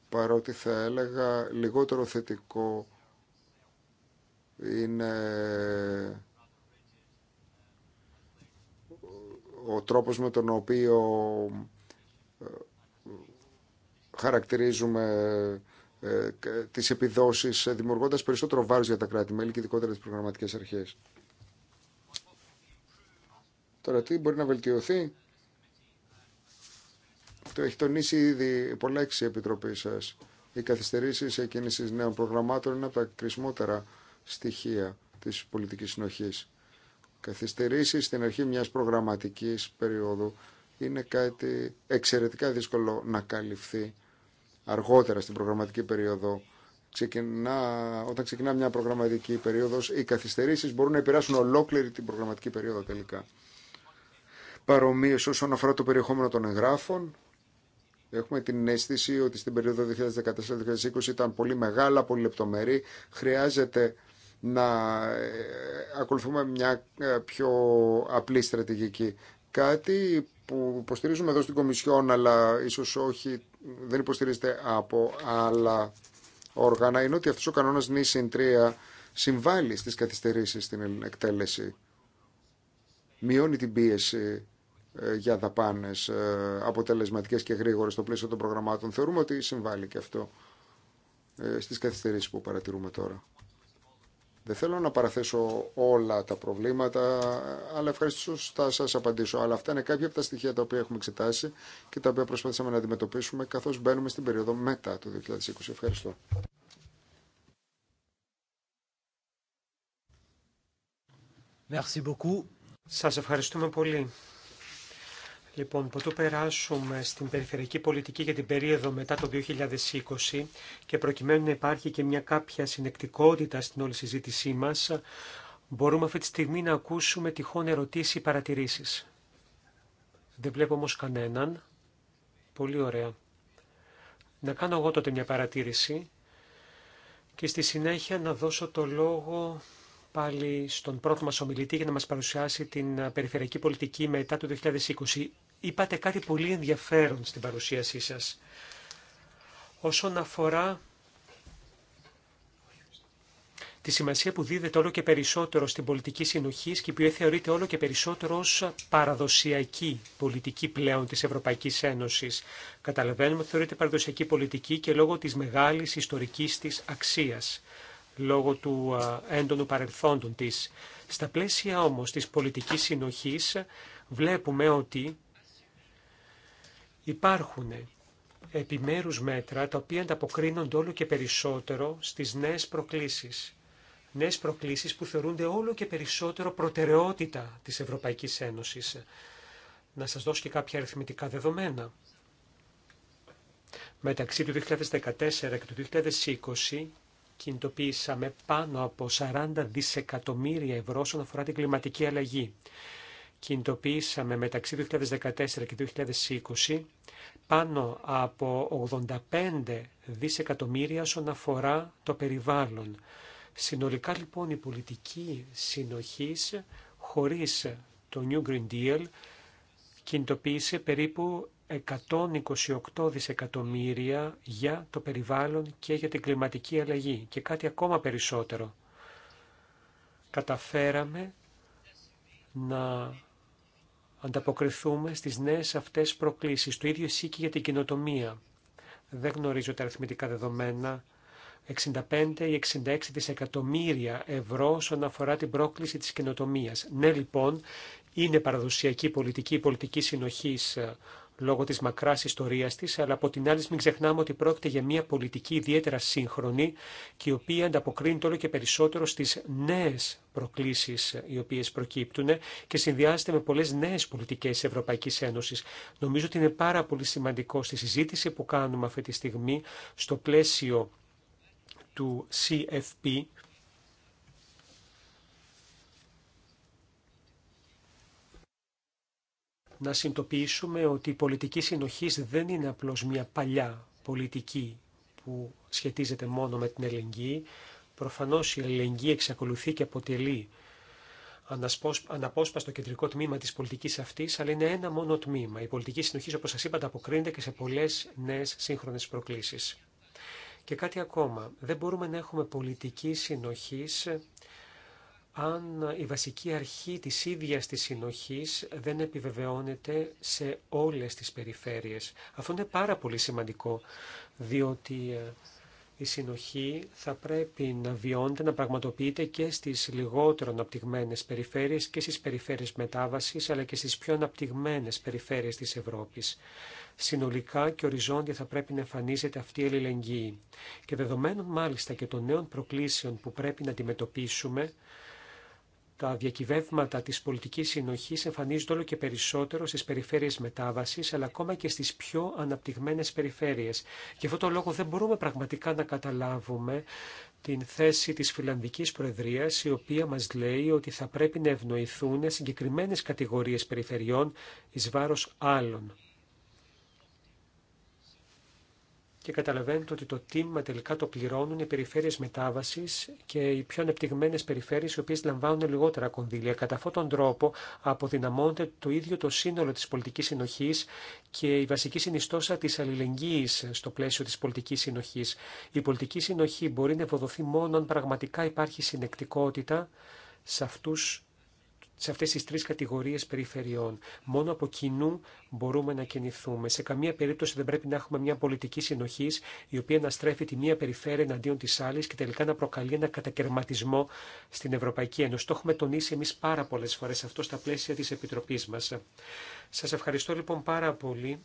D: παρότι θα έλεγα λιγότερο θετικό είναι ο τρόπος με τον οποίο ε, χαρακτηρίζουμε ε, τις επιδόσεις, ε, δημιουργώντα περισσότερο βάρος για τα κράτη-μέλη και ειδικότερα τι προγραμματικέ αρχές. Τώρα τι μπορεί να βελτιωθεί. Το έχει τονίσει ήδη πολλά έξι επιτροπή σα. Οι καθυστερήσει εκκίνηση νέων προγραμμάτων είναι από τα κρισμότερα στοιχεία τη πολιτική συνοχή. Καθυστερήσει στην αρχή μια προγραμματική περίοδου είναι κάτι εξαιρετικά δύσκολο να καλυφθεί αργότερα στην προγραμματική περίοδο. Ξεκινά, όταν ξεκινά μια προγραμματική περίοδος, οι καθυστερήσεις μπορούν να επηρεάσουν ολόκληρη την προγραμματική περίοδο τελικά. Παρομοίες όσον αφορά το περιεχόμενο των εγγράφων, Έχουμε την αίσθηση ότι στην περίοδο 2014-2020 ήταν πολύ μεγάλα, πολύ λεπτομερή. Χρειάζεται να ε, ακολουθούμε μια ε, πιο απλή στρατηγική. Κάτι που υποστηρίζουμε εδώ στην Κομισιόν, αλλά ίσως όχι, δεν υποστηρίζεται από άλλα όργανα, είναι ότι αυτό ο κανόνας νήσιν 3 συμβάλλει στις καθυστερήσεις στην εκτέλεση. Μειώνει την πίεση ε, για δαπάνες ε, αποτελεσματικές και γρήγορε στο πλαίσιο των προγραμμάτων. Θεωρούμε ότι συμβάλλει και αυτό ε, στις καθυστερήσεις που παρατηρούμε τώρα. Δεν θέλω να παραθέσω όλα τα προβλήματα, αλλά ευχαριστώ θα σα απαντήσω. Αλλά αυτά είναι κάποια από τα στοιχεία τα οποία έχουμε εξετάσει και τα οποία προσπαθήσαμε να αντιμετωπίσουμε καθώ μπαίνουμε στην περίοδο μετά το 2020. Ευχαριστώ.
A: Merci
B: Σας ευχαριστούμε πολύ. Λοιπόν, το περάσουμε στην περιφερειακή πολιτική για την περίοδο μετά το 2020 και προκειμένου να υπάρχει και μια κάποια συνεκτικότητα στην όλη συζήτησή μας, μπορούμε αυτή τη στιγμή να ακούσουμε τυχόν ερωτήσεις ή παρατηρήσεις. Δεν βλέπω όμως κανέναν. Πολύ ωραία. Να κάνω εγώ τότε μια παρατήρηση και στη συνέχεια να δώσω το λόγο πάλι στον πρώτο μας ομιλητή για να μας παρουσιάσει την περιφερειακή πολιτική μετά το 2020 είπατε κάτι πολύ ενδιαφέρον στην παρουσίασή σας. Όσον αφορά τη σημασία που δίδεται όλο και περισσότερο στην πολιτική συνοχή και που θεωρείται όλο και περισσότερο ως παραδοσιακή πολιτική πλέον της Ευρωπαϊκής Ένωσης. Καταλαβαίνουμε ότι θεωρείται παραδοσιακή πολιτική και λόγω της μεγάλης ιστορικής της αξίας, λόγω του έντονου παρελθόντων της. Στα πλαίσια όμως της πολιτικής συνοχής βλέπουμε ότι Υπάρχουν επιμέρους μέτρα τα οποία ανταποκρίνονται όλο και περισσότερο στις νέες προκλήσεις. Νέες προκλήσεις που θεωρούνται όλο και περισσότερο προτεραιότητα της Ευρωπαϊκής Ένωσης. Να σας δώσω και κάποια αριθμητικά δεδομένα. Μεταξύ του 2014 και του 2020 κινητοποίησαμε πάνω από 40 δισεκατομμύρια ευρώ όσον αφορά την κλιματική αλλαγή κινητοποιήσαμε μεταξύ 2014 και 2020 πάνω από 85 δισεκατομμύρια όσον αφορά το περιβάλλον. Συνολικά λοιπόν η πολιτική συνοχής χωρίς το New Green Deal κινητοποίησε περίπου 128 δισεκατομμύρια για το περιβάλλον και για την κλιματική αλλαγή και κάτι ακόμα περισσότερο. Καταφέραμε να ανταποκριθούμε στις νέες αυτές προκλήσεις. Το ίδιο ισχύει για την κοινοτομία. Δεν γνωρίζω τα αριθμητικά δεδομένα. 65 ή 66 δισεκατομμύρια ευρώ όσον αφορά την πρόκληση της κοινοτομίας. Ναι, λοιπόν, είναι παραδοσιακή πολιτική, πολιτική συνοχής λόγω της μακράς ιστορίας της, αλλά από την άλλη μην ξεχνάμε ότι πρόκειται για μια πολιτική ιδιαίτερα σύγχρονη και η οποία ανταποκρίνεται όλο και περισσότερο στις νέες προκλήσεις οι οποίες προκύπτουν και συνδυάζεται με πολλές νέες πολιτικές Ευρωπαϊκής Ένωσης. Νομίζω ότι είναι πάρα πολύ σημαντικό στη συζήτηση που κάνουμε αυτή τη στιγμή στο πλαίσιο του CFP να συνειδητοποιήσουμε ότι η πολιτική συνοχής δεν είναι απλώς μια παλιά πολιτική που σχετίζεται μόνο με την ελληνική. Προφανώς η ελληνική εξακολουθεί και αποτελεί αναπόσπαστο κεντρικό τμήμα της πολιτικής αυτής, αλλά είναι ένα μόνο τμήμα. Η πολιτική συνοχής, όπως σας είπα, αποκρίνεται και σε πολλές νέες σύγχρονες προκλήσεις. Και κάτι ακόμα, δεν μπορούμε να έχουμε πολιτική συνοχής αν η βασική αρχή της ίδιας της συνοχής δεν επιβεβαιώνεται σε όλες τις περιφέρειες. Αυτό είναι πάρα πολύ σημαντικό, διότι ε, η συνοχή θα πρέπει να βιώνεται, να πραγματοποιείται και στις λιγότερο αναπτυγμένες περιφέρειες και στις περιφέρειες μετάβασης, αλλά και στις πιο αναπτυγμένες περιφέρειες της Ευρώπης. Συνολικά και οριζόντια θα πρέπει να εμφανίζεται αυτή η ελληλεγγύη. Και δεδομένων μάλιστα και των νέων προκλήσεων που πρέπει να αντιμετωπίσουμε, τα διακυβεύματα της πολιτικής συνοχής εμφανίζονται όλο και περισσότερο στις περιφέρειες μετάβασης, αλλά ακόμα και στις πιο αναπτυγμένες περιφέρειες. Γι' αυτό το λόγο δεν μπορούμε πραγματικά να καταλάβουμε την θέση της Φιλανδικής Προεδρίας, η οποία μας λέει ότι θα πρέπει να ευνοηθούν συγκεκριμένες κατηγορίες περιφερειών εις βάρος άλλων. και καταλαβαίνετε ότι το τίμημα τελικά το πληρώνουν οι περιφέρειες μετάβασης και οι πιο ανεπτυγμένε περιφέρειες οι οποίες λαμβάνουν λιγότερα κονδύλια. Κατά αυτόν τον τρόπο αποδυναμώνεται το ίδιο το σύνολο της πολιτικής συνοχή και η βασική συνιστόσα της αλληλεγγύης στο πλαίσιο της πολιτικής συνοχή. Η πολιτική συνοχή μπορεί να ευοδοθεί μόνο αν πραγματικά υπάρχει συνεκτικότητα σε αυτού σε αυτές τις τρεις κατηγορίες περιφερειών. Μόνο από κοινού μπορούμε να κινηθούμε. Σε καμία περίπτωση δεν πρέπει να έχουμε μια πολιτική συνοχή η οποία να στρέφει τη μία περιφέρεια εναντίον της άλλης και τελικά να προκαλεί ένα κατακαιρματισμό στην Ευρωπαϊκή Ένωση. Το έχουμε τονίσει εμείς πάρα πολλές φορές αυτό στα πλαίσια της Επιτροπής μας. Σας ευχαριστώ λοιπόν πάρα πολύ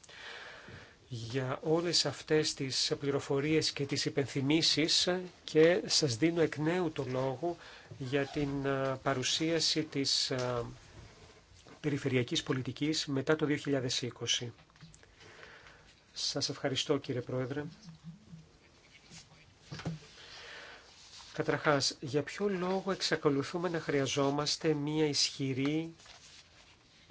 B: για όλες αυτές τις πληροφορίες και τις υπενθυμίσεις και σας δίνω εκ νέου το λόγο για την ε, παρουσίαση της ε, περιφερειακής πολιτικής μετά το 2020. Σας ευχαριστώ κύριε Πρόεδρε. Καταρχάς, για ποιο λόγο εξακολουθούμε να χρειαζόμαστε μία ισχυρή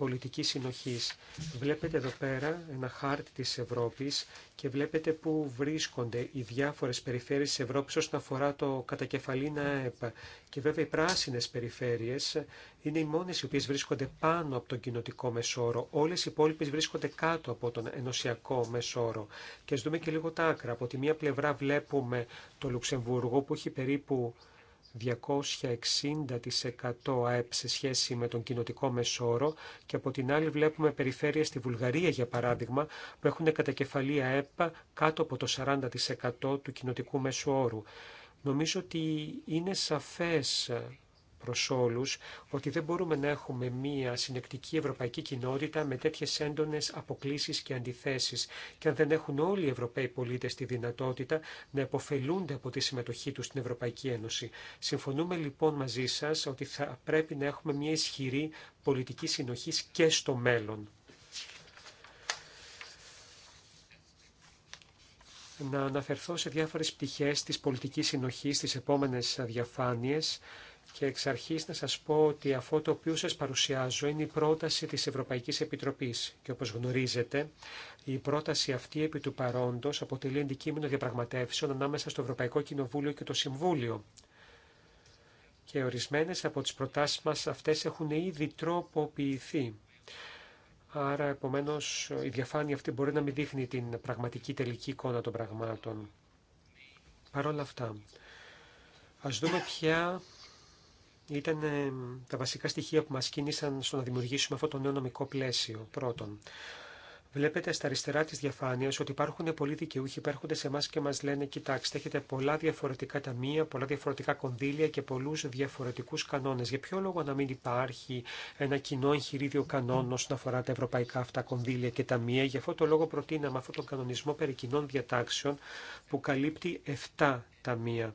B: πολιτικής συνοχής. Βλέπετε εδώ πέρα ένα χάρτη της Ευρώπης και βλέπετε πού βρίσκονται οι διάφορες περιφέρειες της Ευρώπης όσον αφορά το κατακεφαλήνα ΕΠΑ. Και βέβαια οι πράσινες περιφέρειες είναι οι μόνες οι οποίες βρίσκονται πάνω από τον κοινοτικό μεσόρο. Όλες οι υπόλοιπε βρίσκονται κάτω από τον ενωσιακό μεσόρο. Και ας δούμε και λίγο τα άκρα. Από τη μία πλευρά βλέπουμε το Λουξεμβούργο που έχει περίπου 260% ΑΕΠ σε σχέση με τον κοινοτικό μεσόρο και από την άλλη βλέπουμε περιφέρειες στη Βουλγαρία για παράδειγμα που έχουν κατακεφαλή ΑΕΠ κάτω από το 40% του κοινοτικού όρου. Νομίζω ότι είναι σαφές προ όλου ότι δεν μπορούμε να έχουμε μία συνεκτική ευρωπαϊκή κοινότητα με τέτοιε έντονε αποκλήσει και αντιθέσει. και αν δεν έχουν όλοι οι Ευρωπαίοι πολίτε τη δυνατότητα να υποφελούνται από τη συμμετοχή τους στην Ευρωπαϊκή Ένωση. Συμφωνούμε λοιπόν μαζί σα ότι θα πρέπει να έχουμε μία ισχυρή πολιτική συνοχή και στο μέλλον. να αναφερθώ σε διάφορες πτυχές της πολιτικής συνοχής στις επόμενες διαφάνειες και εξ αρχή να σα πω ότι αυτό το οποίο σα παρουσιάζω είναι η πρόταση τη Ευρωπαϊκή Επιτροπή. και όπω γνωρίζετε η πρόταση αυτή επί του παρόντο αποτελεί αντικείμενο διαπραγματεύσεων ανάμεσα στο Ευρωπαϊκό Κοινοβούλιο και το Συμβούλιο και ορισμένε από τι προτάσει μα αυτέ έχουν ήδη τροποποιηθεί. Άρα, επομένω η διαφάνεια αυτή μπορεί να μην δείχνει την πραγματική τελική εικόνα των πραγμάτων. Παρ' όλα αυτά, ας δούμε ποια ήταν ε, τα βασικά στοιχεία που μας κίνησαν στο να δημιουργήσουμε αυτό το νέο νομικό πλαίσιο. Πρώτον, Βλέπετε στα αριστερά τη διαφάνεια ότι υπάρχουν πολλοί δικαιούχοι που έρχονται σε εμά και μας λένε: Κοιτάξτε, έχετε πολλά διαφορετικά ταμεία, πολλά διαφορετικά κονδύλια και πολλούς διαφορετικούς κανόνες. Για ποιο λόγο να μην υπάρχει ένα κοινό εγχειρίδιο κανόνων όσον αφορά τα ευρωπαϊκά αυτά κονδύλια και ταμεία. Γι' αυτό το λόγο προτείναμε αυτόν τον κανονισμό περί κοινών διατάξεων που καλύπτει 7 ταμεία.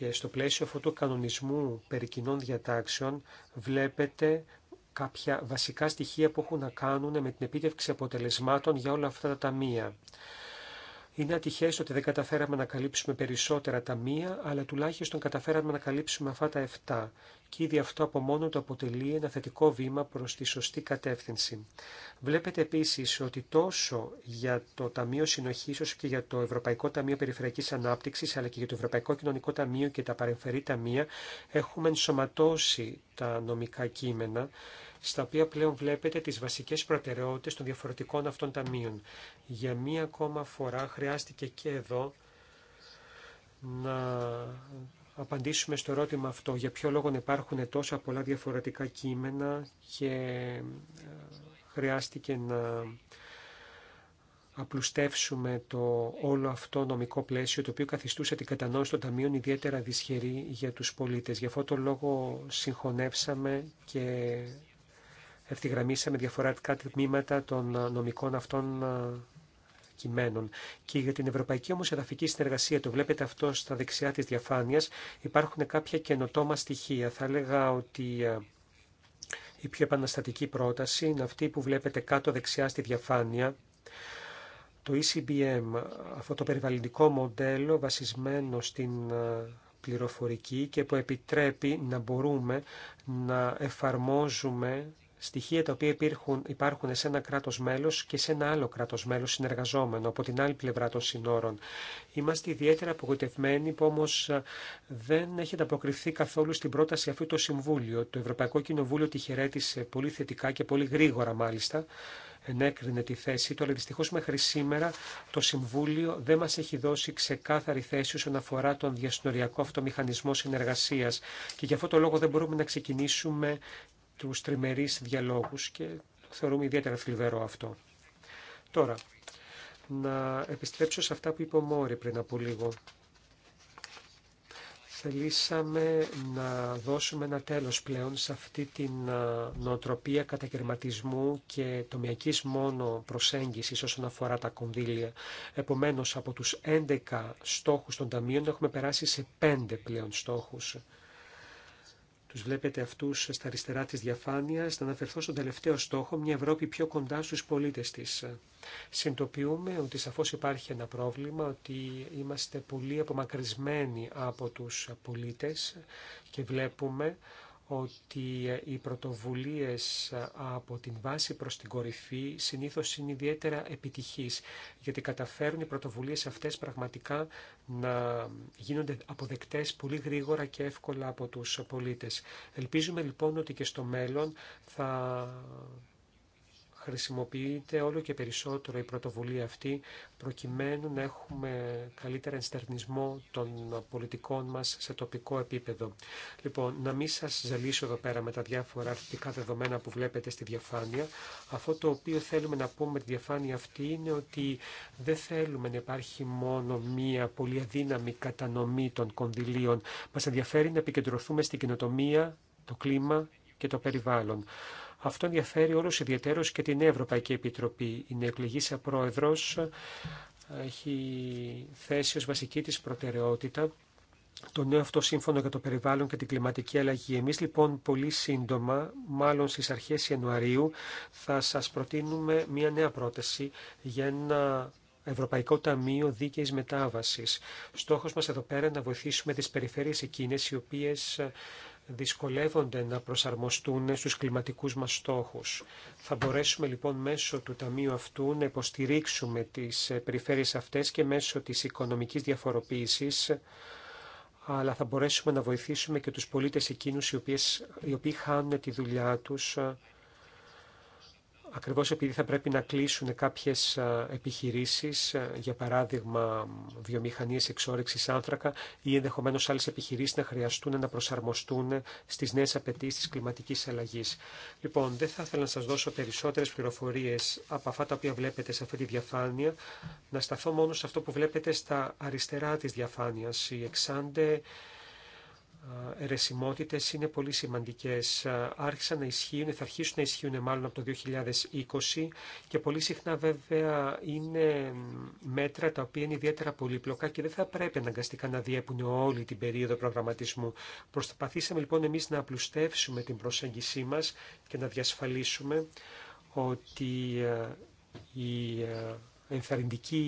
B: Και στο πλαίσιο αυτού του κανονισμού περί κοινών διατάξεων βλέπετε κάποια βασικά στοιχεία που έχουν να κάνουν με την επίτευξη αποτελεσμάτων για όλα αυτά τα ταμεία. Είναι ατυχέ ότι δεν καταφέραμε να καλύψουμε περισσότερα ταμεία, αλλά τουλάχιστον καταφέραμε να καλύψουμε αυτά τα 7 και ήδη αυτό από μόνο το αποτελεί ένα θετικό βήμα προς τη σωστή κατεύθυνση. Βλέπετε επίσης ότι τόσο για το Ταμείο Συνοχής όσο και για το Ευρωπαϊκό Ταμείο Περιφερειακή Ανάπτυξης αλλά και για το Ευρωπαϊκό Κοινωνικό Ταμείο και τα παρεμφερή ταμεία έχουμε ενσωματώσει τα νομικά κείμενα στα οποία πλέον βλέπετε τις βασικές προτεραιότητες των διαφορετικών αυτών ταμείων. Για μία ακόμα φορά χρειάστηκε και εδώ να απαντήσουμε στο ερώτημα αυτό, για ποιο λόγο υπάρχουν τόσα πολλά διαφορετικά κείμενα και ε, χρειάστηκε να απλουστεύσουμε το όλο αυτό νομικό πλαίσιο το οποίο καθιστούσε την κατανόηση των ταμείων ιδιαίτερα δυσχερή για τους πολίτες. Γι' αυτό το λόγο συγχωνεύσαμε και ευθυγραμμίσαμε διαφορετικά τμήματα των νομικών αυτών ε, κειμένων. Και για την Ευρωπαϊκή Όμως Συνεργασία, το βλέπετε αυτό στα δεξιά της διαφάνειας, υπάρχουν κάποια καινοτόμα στοιχεία. Θα έλεγα ότι ε, η πιο επαναστατική πρόταση είναι αυτή που βλέπετε κάτω δεξιά στη διαφάνεια, το ECBM, αυτό το περιβαλλοντικό μοντέλο βασισμένο στην ε, πληροφορική και που επιτρέπει να μπορούμε να εφαρμόζουμε στοιχεία τα οποία υπάρχουν σε ένα κράτος μέλος και σε ένα άλλο κράτος μέλος συνεργαζόμενο από την άλλη πλευρά των συνόρων. Είμαστε ιδιαίτερα απογοητευμένοι που όμως ε, δεν έχει ανταποκριθεί καθόλου στην πρόταση αυτού το Συμβούλιο. Το Ευρωπαϊκό Κοινοβούλιο τη χαιρέτησε πολύ θετικά και πολύ γρήγορα μάλιστα ενέκρινε τη θέση του, αλλά δυστυχώς μέχρι σήμερα το Συμβούλιο δεν μας έχει δώσει ξεκάθαρη θέση όσον αφορά τον διασυνοριακό αυτό μηχανισμό συνεργασίας και γι' αυτό το λόγο δεν μπορούμε να ξεκινήσουμε τους τριμερείς διαλόγους και θεωρούμε ιδιαίτερα θλιβερό αυτό. Τώρα, να επιστρέψω σε αυτά που είπε ο Μόρη πριν από λίγο. Θελήσαμε να δώσουμε ένα τέλος πλέον σε αυτή την νοοτροπία κατακαιρματισμού και τομιακής μόνο προσέγγισης όσον αφορά τα κονδύλια. Επομένως, από τους 11 στόχους των ταμείων έχουμε περάσει σε 5 πλέον στόχους. Τους βλέπετε αυτού στα αριστερά της διαφάνειας. Να αναφερθώ στον τελευταίο στόχο, μια Ευρώπη πιο κοντά στους πολίτες τη. Συντοποιούμε ότι σαφώς υπάρχει ένα πρόβλημα, ότι είμαστε πολύ απομακρυσμένοι από τους πολίτε και βλέπουμε ότι ε, οι πρωτοβουλίες ε, από την βάση προς την κορυφή συνήθως είναι ιδιαίτερα επιτυχείς, γιατί καταφέρουν οι πρωτοβουλίες αυτές πραγματικά να γίνονται αποδεκτές πολύ γρήγορα και εύκολα από τους πολίτες. Ελπίζουμε λοιπόν ότι και στο μέλλον θα χρησιμοποιείται όλο και περισσότερο η πρωτοβουλία αυτή προκειμένου να έχουμε καλύτερα ενστερνισμό των πολιτικών μας σε τοπικό επίπεδο. Λοιπόν, να μην σας ζαλίσω εδώ πέρα με τα διάφορα αριθμητικά δεδομένα που βλέπετε στη διαφάνεια. Αυτό το οποίο θέλουμε να πούμε με τη διαφάνεια αυτή είναι ότι δεν θέλουμε να υπάρχει μόνο μία πολύ αδύναμη κατανομή των κονδυλίων. Μας ενδιαφέρει να επικεντρωθούμε στην κοινοτομία, το κλίμα και το περιβάλλον. Αυτό ενδιαφέρει όλους ιδιαίτερως και την Ευρωπαϊκή Επιτροπή. Η εκλεγή σε πρόεδρος, ε, έχει θέσει ως βασική της προτεραιότητα το νέο αυτό σύμφωνο για το περιβάλλον και την κλιματική αλλαγή. Εμείς λοιπόν πολύ σύντομα, μάλλον στις αρχές Ιανουαρίου, θα σας προτείνουμε μια νέα πρόταση για ένα Ευρωπαϊκό Ταμείο Δίκαιη Μετάβαση. Στόχο μα εδώ πέρα είναι να βοηθήσουμε τι περιφέρειε εκείνε οι οποίε ε, δυσκολεύονται να προσαρμοστούν στους κλιματικούς μας στόχους. Θα μπορέσουμε λοιπόν μέσω του Ταμείου αυτού να υποστηρίξουμε τις περιφέρειες αυτές και μέσω της οικονομικής διαφοροποίησης αλλά θα μπορέσουμε να βοηθήσουμε και τους πολίτες εκείνους οι, οποίες, οι οποίοι χάνουν τη δουλειά τους ακριβώς επειδή θα πρέπει να κλείσουν κάποιες επιχειρήσεις, για παράδειγμα βιομηχανίες εξόρυξης άνθρακα ή ενδεχομένως άλλες επιχειρήσεις να χρειαστούν να προσαρμοστούν στις νέες απαιτήσεις της κλιματικής αλλαγής. Λοιπόν, δεν θα ήθελα να σας δώσω περισσότερες πληροφορίες από αυτά τα οποία βλέπετε σε αυτή τη διαφάνεια, να σταθώ μόνο σε αυτό που βλέπετε στα αριστερά της διαφάνειας, οι εξάντε ε, ερεσιμότητες είναι πολύ σημαντικές. Ε, άρχισαν να ισχύουν, θα αρχίσουν να ισχύουν μάλλον από το 2020 και πολύ συχνά βέβαια είναι μέτρα τα οποία είναι ιδιαίτερα πολύπλοκα και δεν θα πρέπει αναγκαστικά να διέπουν όλη την περίοδο προγραμματισμού. Προσπαθήσαμε λοιπόν εμείς να απλουστεύσουμε την προσέγγισή μας και να διασφαλίσουμε ότι οι ε,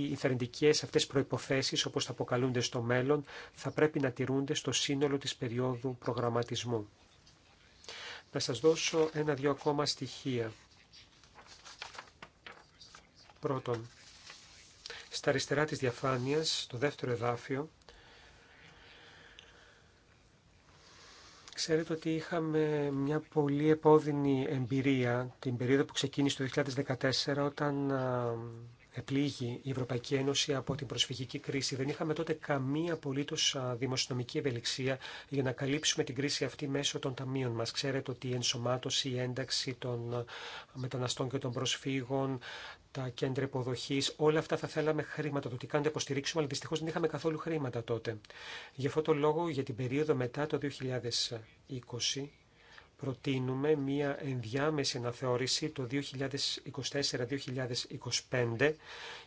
B: ενθαρρυντικέ αυτές προποθέσει όπως θα αποκαλούνται στο μέλλον, θα πρέπει να τηρούνται στο σύνολο της περίοδου προγραμματισμού. Να σας δώσω ένα-δυο ακόμα στοιχεία. Πρώτον, στα αριστερά της διαφάνειας, το δεύτερο εδάφιο, Ξέρετε ότι είχαμε μια πολύ επώδυνη εμπειρία την περίοδο που ξεκίνησε το 2014 όταν επλήγει η Ευρωπαϊκή Ένωση από την προσφυγική κρίση. Δεν είχαμε τότε καμία απολύτω δημοσιονομική ευελιξία για να καλύψουμε την κρίση αυτή μέσω των ταμείων μα. Ξέρετε ότι η ενσωμάτωση, η ένταξη των μεταναστών και των προσφύγων, τα κέντρα υποδοχή, όλα αυτά θα θέλαμε το τι κάνετε, υποστηρίξουμε, αλλά δυστυχώ δεν είχαμε καθόλου χρήματα τότε. Γι' αυτό το λόγο, για την περίοδο μετά το 2020, προτείνουμε μία ενδιάμεση αναθεώρηση το 2024-2025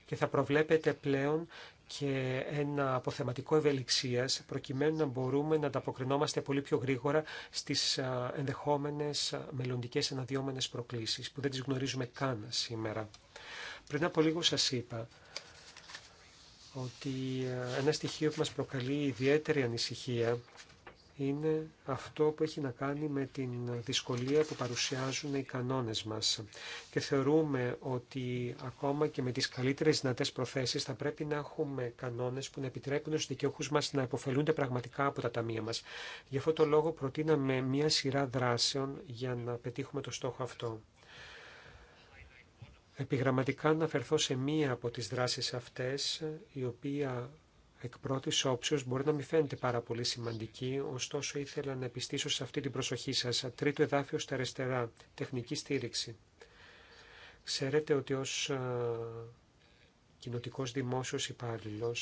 B: και θα προβλέπετε πλέον και ένα αποθεματικό ευελιξίας προκειμένου να μπορούμε να ανταποκρινόμαστε πολύ πιο γρήγορα στις ενδεχόμενες μελλοντικές αναδυόμενες προκλήσεις που δεν τις γνωρίζουμε καν σήμερα. Πριν από λίγο σας είπα ότι ένα στοιχείο που μας προκαλεί ιδιαίτερη ανησυχία είναι αυτό που έχει να κάνει με την δυσκολία που παρουσιάζουν οι κανόνες μας. Και θεωρούμε ότι ακόμα και με τις καλύτερες δυνατές προθέσεις θα πρέπει να έχουμε κανόνες που να επιτρέπουν στους δικαιούχους μας να υποφελούνται πραγματικά από τα ταμεία μας. Γι' αυτό το λόγο προτείναμε μία σειρά δράσεων για να πετύχουμε το στόχο αυτό. Επιγραμματικά να αναφερθώ σε μία από τις δράσεις αυτές, η οποία εκ πρώτη όψεω μπορεί να μην φαίνεται πάρα πολύ σημαντική, ωστόσο ήθελα να επιστήσω σε αυτή την προσοχή σας. Τρίτο εδάφιο στα αριστερά, τεχνική στήριξη. Ξέρετε ότι ως ε, κοινοτικό δημόσιος υπάλληλο,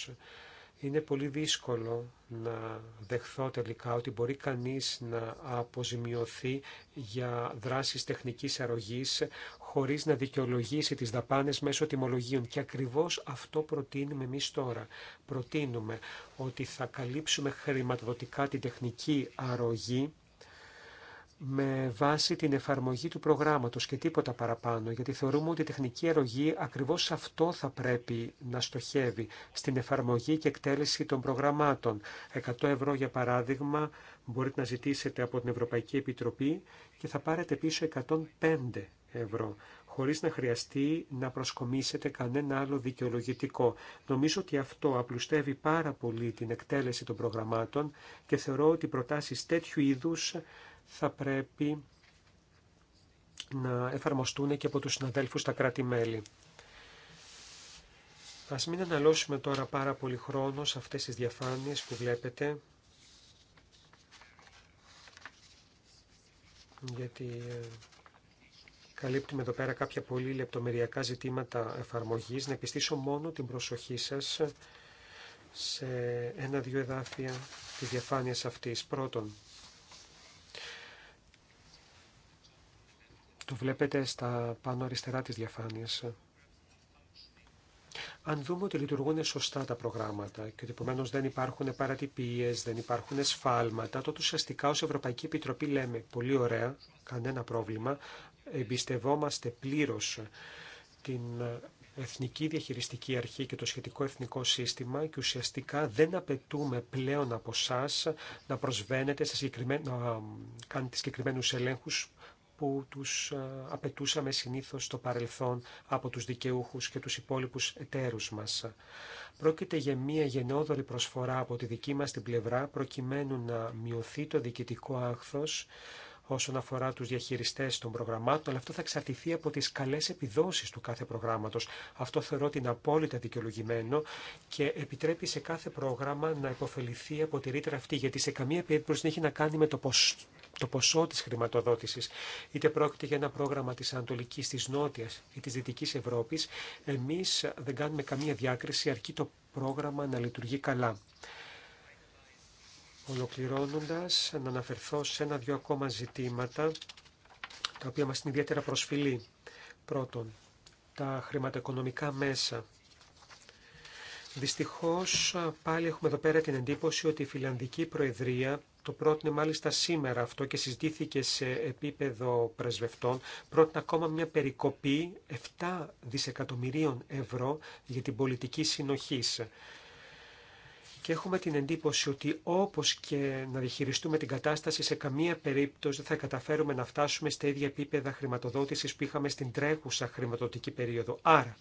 B: είναι πολύ δύσκολο να δεχθώ τελικά ότι μπορεί κανείς να αποζημιωθεί για δράσεις τεχνικής αρρωγής χωρίς να δικαιολογήσει τις δαπάνες μέσω τιμολογίων. Και ακριβώς αυτό προτείνουμε εμείς τώρα. Προτείνουμε ότι θα καλύψουμε χρηματοδοτικά την τεχνική αρρωγή με βάση την εφαρμογή του προγράμματος και τίποτα παραπάνω, γιατί θεωρούμε ότι η τεχνική αρρωγή ακριβώς αυτό θα πρέπει να στοχεύει στην εφαρμογή και εκτέλεση των προγραμμάτων. 100 ευρώ για παράδειγμα μπορείτε να ζητήσετε από την Ευρωπαϊκή Επιτροπή και θα πάρετε πίσω 105 ευρώ χωρίς να χρειαστεί να προσκομίσετε κανένα άλλο δικαιολογητικό. Νομίζω ότι αυτό απλουστεύει πάρα πολύ την εκτέλεση των προγραμμάτων και θεωρώ ότι προτάσει τέτοιου είδου, θα πρέπει να εφαρμοστούν και από τους συναδέλφους στα κράτη-μέλη. Ας μην αναλώσουμε τώρα πάρα πολύ χρόνο σε αυτές τις διαφάνειες που βλέπετε, γιατί ε, καλύπτουμε εδώ πέρα κάποια πολύ λεπτομεριακά ζητήματα εφαρμογής. Να επιστήσω μόνο την προσοχή σας σε ένα-δύο εδάφια της διαφάνειας αυτής. Πρώτον, Το βλέπετε στα πάνω αριστερά της διαφάνειας. Αν δούμε ότι λειτουργούν σωστά τα προγράμματα και ότι επομένω δεν υπάρχουν παρατυπίε, δεν υπάρχουν σφάλματα, τότε ουσιαστικά ω Ευρωπαϊκή Επιτροπή λέμε πολύ ωραία, κανένα πρόβλημα, εμπιστευόμαστε πλήρω την Εθνική Διαχειριστική Αρχή και το σχετικό εθνικό σύστημα και ουσιαστικά δεν απαιτούμε πλέον από εσά να προσβαίνετε, να κάνετε συγκεκριμένου ελέγχου που τους ε, απαιτούσαμε συνήθως στο παρελθόν από τους δικαιούχους και τους υπόλοιπους εταίρους μας. Πρόκειται για μια γενναιόδορη προσφορά από τη δική μας την πλευρά προκειμένου να μειωθεί το διοικητικό άγχος, όσον αφορά του διαχειριστέ των προγραμμάτων, αλλά αυτό θα εξαρτηθεί από τι καλέ επιδόσεις του κάθε προγράμματο. Αυτό θεωρώ ότι είναι απόλυτα δικαιολογημένο και επιτρέπει σε κάθε πρόγραμμα να υποφεληθεί από τη ρήτρα αυτή, γιατί σε καμία περίπτωση δεν έχει να κάνει με το ποσό το ποσό της χρηματοδότησης, είτε πρόκειται για ένα πρόγραμμα της Ανατολικής, της Νότιας ή της Δυτικής Ευρώπης, εμείς δεν κάνουμε καμία διάκριση αρκεί το πρόγραμμα να λειτουργεί καλά. Ολοκληρώνοντας, να αναφερθώ σε ένα-δυο ακόμα ζητήματα, τα οποία μας είναι ιδιαίτερα προσφυλή. Πρώτον, τα χρηματοοικονομικά μέσα. Δυστυχώς, πάλι έχουμε εδώ πέρα την εντύπωση ότι η Φιλανδική Προεδρία το πρότεινε μάλιστα σήμερα αυτό και συζητήθηκε σε επίπεδο πρεσβευτών. Πρότεινε ακόμα μια περικοπή 7 δισεκατομμυρίων ευρώ για την πολιτική συνοχής και έχουμε την εντύπωση ότι όπως και να διαχειριστούμε την κατάσταση σε καμία περίπτωση δεν θα καταφέρουμε να φτάσουμε στα ίδια επίπεδα χρηματοδότησης που είχαμε στην τρέχουσα χρηματοδοτική περίοδο. Άρα,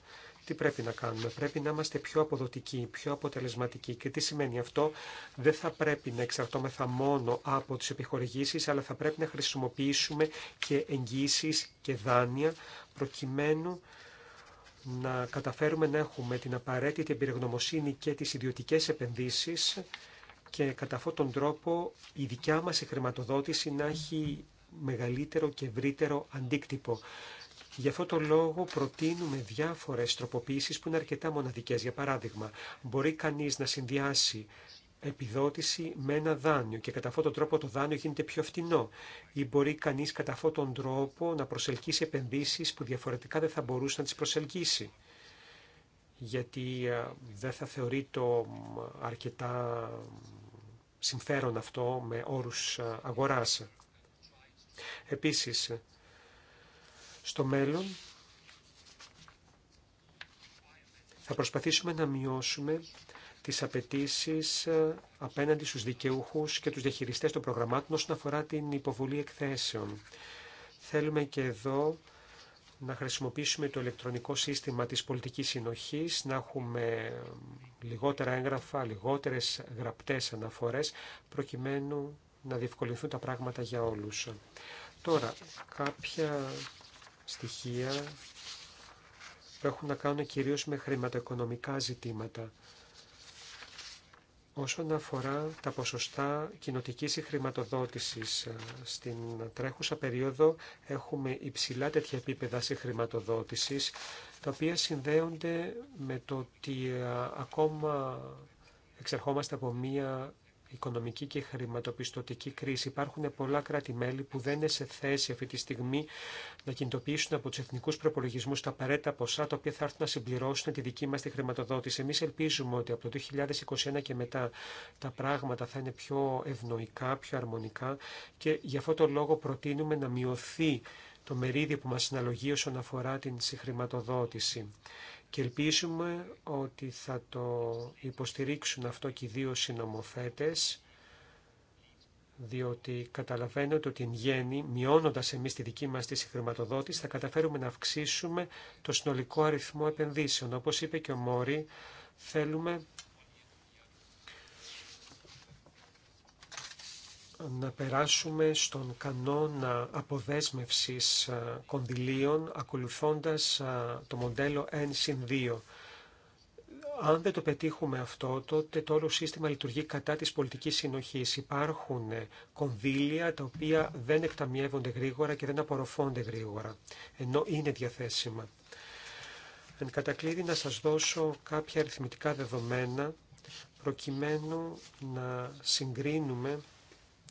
B: τι πρέπει να κάνουμε. Πρέπει να είμαστε πιο αποδοτικοί, πιο αποτελεσματικοί. Και τι σημαίνει αυτό. Δεν θα πρέπει να εξαρτώμεθα μόνο από τις επιχορηγήσεις, αλλά θα πρέπει να χρησιμοποιήσουμε και εγγύσεις και δάνεια προκειμένου να καταφέρουμε να έχουμε την απαραίτητη εμπειρογνωμοσύνη και τις ιδιωτικές επενδύσεις και κατά αυτόν τον τρόπο η δικιά μας η χρηματοδότηση να έχει μεγαλύτερο και ευρύτερο αντίκτυπο. Γι' αυτό το λόγο προτείνουμε διάφορες τροποποίησεις που είναι αρκετά μοναδικές. Για παράδειγμα, μπορεί κανείς να συνδυάσει επιδότηση με ένα δάνειο και κατά αυτόν τον τρόπο το δάνειο γίνεται πιο φτηνό ή μπορεί κανείς κατά αυτόν τον τρόπο να προσελκύσει επενδύσεις που διαφορετικά δεν θα μπορούσε να τις προσελκύσει γιατί δεν θα θεωρεί το αρκετά συμφέρον αυτό με όρους αγοράς. Επίσης, στο μέλλον θα προσπαθήσουμε να μειώσουμε τις απαιτήσει ε, απέναντι στους δικαιούχους και τους διαχειριστές των προγραμμάτων όσον αφορά την υποβολή εκθέσεων. Θέλουμε και εδώ να χρησιμοποιήσουμε το ηλεκτρονικό σύστημα της πολιτικής συνοχής, να έχουμε λιγότερα έγγραφα, λιγότερες γραπτές αναφορές, προκειμένου να διευκολυνθούν τα πράγματα για όλους. Τώρα, κάποια στοιχεία που έχουν να κάνουν κυρίως με χρηματοοικονομικά ζητήματα όσον αφορά τα ποσοστά κοινοτική συγχρηματοδότησης. Ε, στην τρέχουσα περίοδο έχουμε υψηλά τέτοια επίπεδα συγχρηματοδότησης, τα οποία συνδέονται με το ότι ε, ακόμα εξερχόμαστε από μία οικονομική και χρηματοπιστωτική κρίση. Υπάρχουν πολλά κράτη-μέλη που δεν είναι σε θέση αυτή τη στιγμή να κινητοποιήσουν από του εθνικού προπολογισμού τα απαραίτητα ποσά τα οποία θα έρθουν να συμπληρώσουν τη δική μα τη χρηματοδότηση. Εμεί ελπίζουμε ότι από το 2021 και μετά τα πράγματα θα είναι πιο ευνοϊκά, πιο αρμονικά και γι' αυτό το λόγο προτείνουμε να μειωθεί το μερίδιο που μας συναλλογεί όσον αφορά την συγχρηματοδότηση και ελπίζουμε ότι θα το υποστηρίξουν αυτό και οι δύο συνομοθέτες, διότι καταλαβαίνετε ότι εν γέννη, μειώνοντας εμείς τη δική μας τη χρηματοδότηση, θα καταφέρουμε να αυξήσουμε το συνολικό αριθμό επενδύσεων. Όπως είπε και ο Μόρι, θέλουμε να περάσουμε στον κανόνα αποδέσμευσης ε, κονδυλίων ακολουθώντας ε, το μοντέλο 1-2. Αν δεν το πετύχουμε αυτό, τότε το όλο σύστημα λειτουργεί κατά της πολιτικής συνοχής. Υπάρχουν ε, κονδύλια τα οποία δεν εκταμιεύονται γρήγορα και δεν απορροφώνται γρήγορα, ενώ είναι διαθέσιμα. Εν κατακλείδη να σας δώσω κάποια αριθμητικά δεδομένα προκειμένου να συγκρίνουμε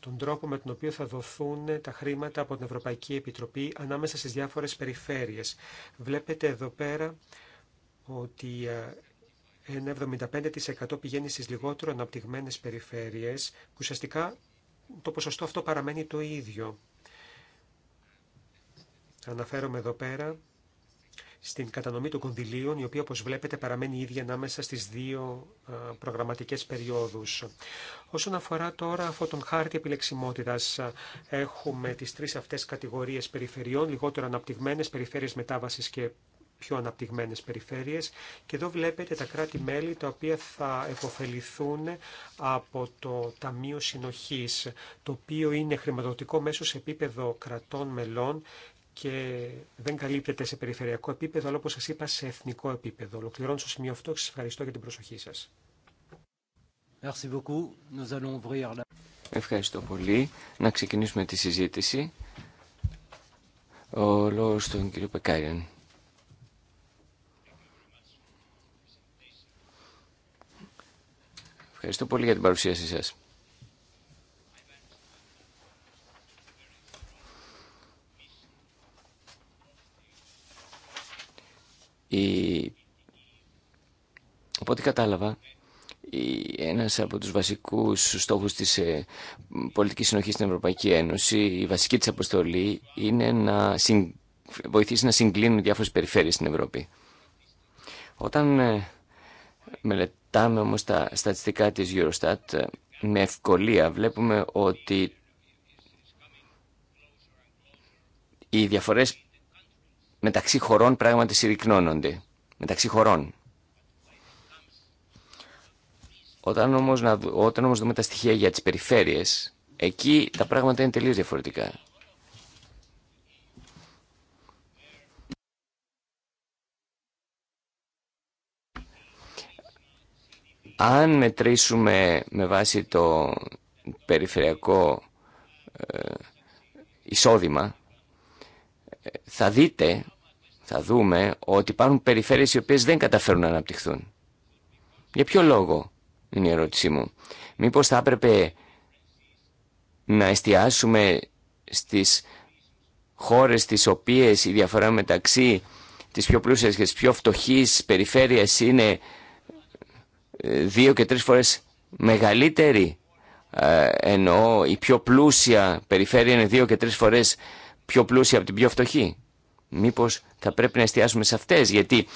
B: τον τρόπο με τον οποίο θα δοθούν τα χρήματα από την Ευρωπαϊκή Επιτροπή ανάμεσα στις διάφορες περιφέρειες. Βλέπετε εδώ πέρα ότι ε, ένα 75% πηγαίνει στις λιγότερο αναπτυγμένες περιφέρειες, που ουσιαστικά το ποσοστό αυτό παραμένει το ίδιο. Αναφέρομαι εδώ πέρα στην κατανομή των κονδυλίων, η οποία όπως βλέπετε παραμένει ίδια ανάμεσα στις δύο προγραμματικές περιόδους. Όσον αφορά τώρα αυτόν τον χάρτη επιλεξιμότητας, έχουμε τις τρεις αυτές κατηγορίες περιφερειών, λιγότερο αναπτυγμένες, περιφέρειες μετάβασης και πιο αναπτυγμένες περιφέρειες και εδώ βλέπετε τα κράτη-μέλη τα οποία θα εποφεληθούν από το Ταμείο Συνοχής, το οποίο είναι χρηματοδοτικό μέσο σε επίπεδο κρατών μελών και δεν καλύπτεται σε περιφερειακό επίπεδο, αλλά όπω σα είπα σε εθνικό επίπεδο. Ολοκληρώνω στο σημείο αυτό και σα ευχαριστώ για την προσοχή σα.
C: Ευχαριστώ πολύ. Να ξεκινήσουμε τη συζήτηση. Ο λόγο στον κύριο Πεκάριαν. Ευχαριστώ πολύ για την παρουσίασή σας. οπότε ό,τι κατάλαβα, ένας από τους βασικούς στόχους της ε, πολιτικής συνοχής στην Ευρωπαϊκή Ένωση, η βασική της αποστολή, είναι να βοηθήσει να συγκλίνουν διάφορες περιφέρειες στην Ευρώπη. Όταν ε, μελετάμε όμως τα στατιστικά της Eurostat, ε, με ευκολία βλέπουμε ότι οι διαφορές μεταξύ χωρών πράγματι συρρυκνώνονται. Μεταξύ χωρών. Όταν όμως, να, όταν όμως δούμε τα στοιχεία για τις περιφέρειες, εκεί τα πράγματα είναι τελείως διαφορετικά. Αν μετρήσουμε με βάση το περιφερειακό ε, εισόδημα, ε, θα δείτε θα δούμε ότι υπάρχουν περιφέρειες οι οποίες δεν καταφέρουν να αναπτυχθούν. Για ποιο λόγο είναι η ερώτησή μου. Μήπως θα έπρεπε να εστιάσουμε στις χώρες τις οποίες η διαφορά μεταξύ της πιο πλούσιας και της πιο φτωχής περιφέρειας είναι ε, δύο και τρεις φορές μεγαλύτερη ε, ενώ η πιο πλούσια περιφέρεια είναι δύο και τρεις φορές πιο πλούσια από την πιο φτωχή. Μήπως θα πρέπει να εστιάσουμε σε αυτές, γιατί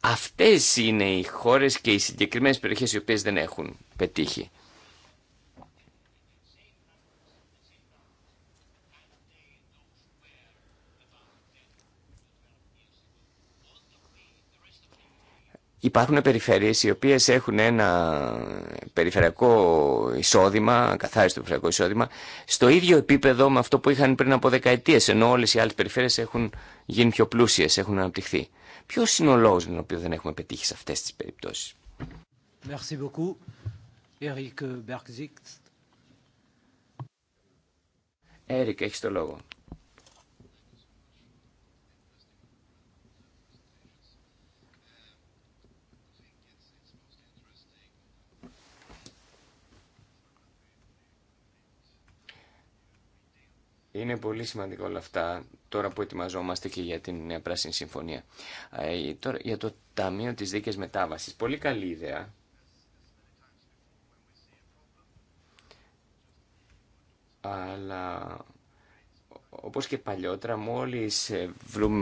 C: αυτές είναι οι χώρες και οι συγκεκριμένες περιοχές οι οποίες δεν έχουν πετύχει. Υπάρχουν περιφέρειες οι οποίες έχουν ένα περιφερειακό εισόδημα, καθάριστο περιφερειακό εισόδημα, στο ίδιο επίπεδο με αυτό που είχαν πριν από δεκαετίες, ενώ όλες οι άλλες περιφέρειες έχουν γίνουν πιο πλούσιες, έχουν αναπτυχθεί. Ποιος είναι ο λόγος με τον οποίο δεν έχουμε πετύχει σε αυτές τις περιπτώσεις.
A: Merci beaucoup. Eric Έρικ, έχεις το λόγο.
C: Είναι πολύ σημαντικό όλα αυτά τώρα που ετοιμαζόμαστε και για την ε, Πράσινη Συμφωνία. Ε, τώρα, για το Ταμείο της Δίκαιας Μετάβασης. Πολύ καλή ιδέα. Αλλά όπως και παλιότερα, μόλις, ε,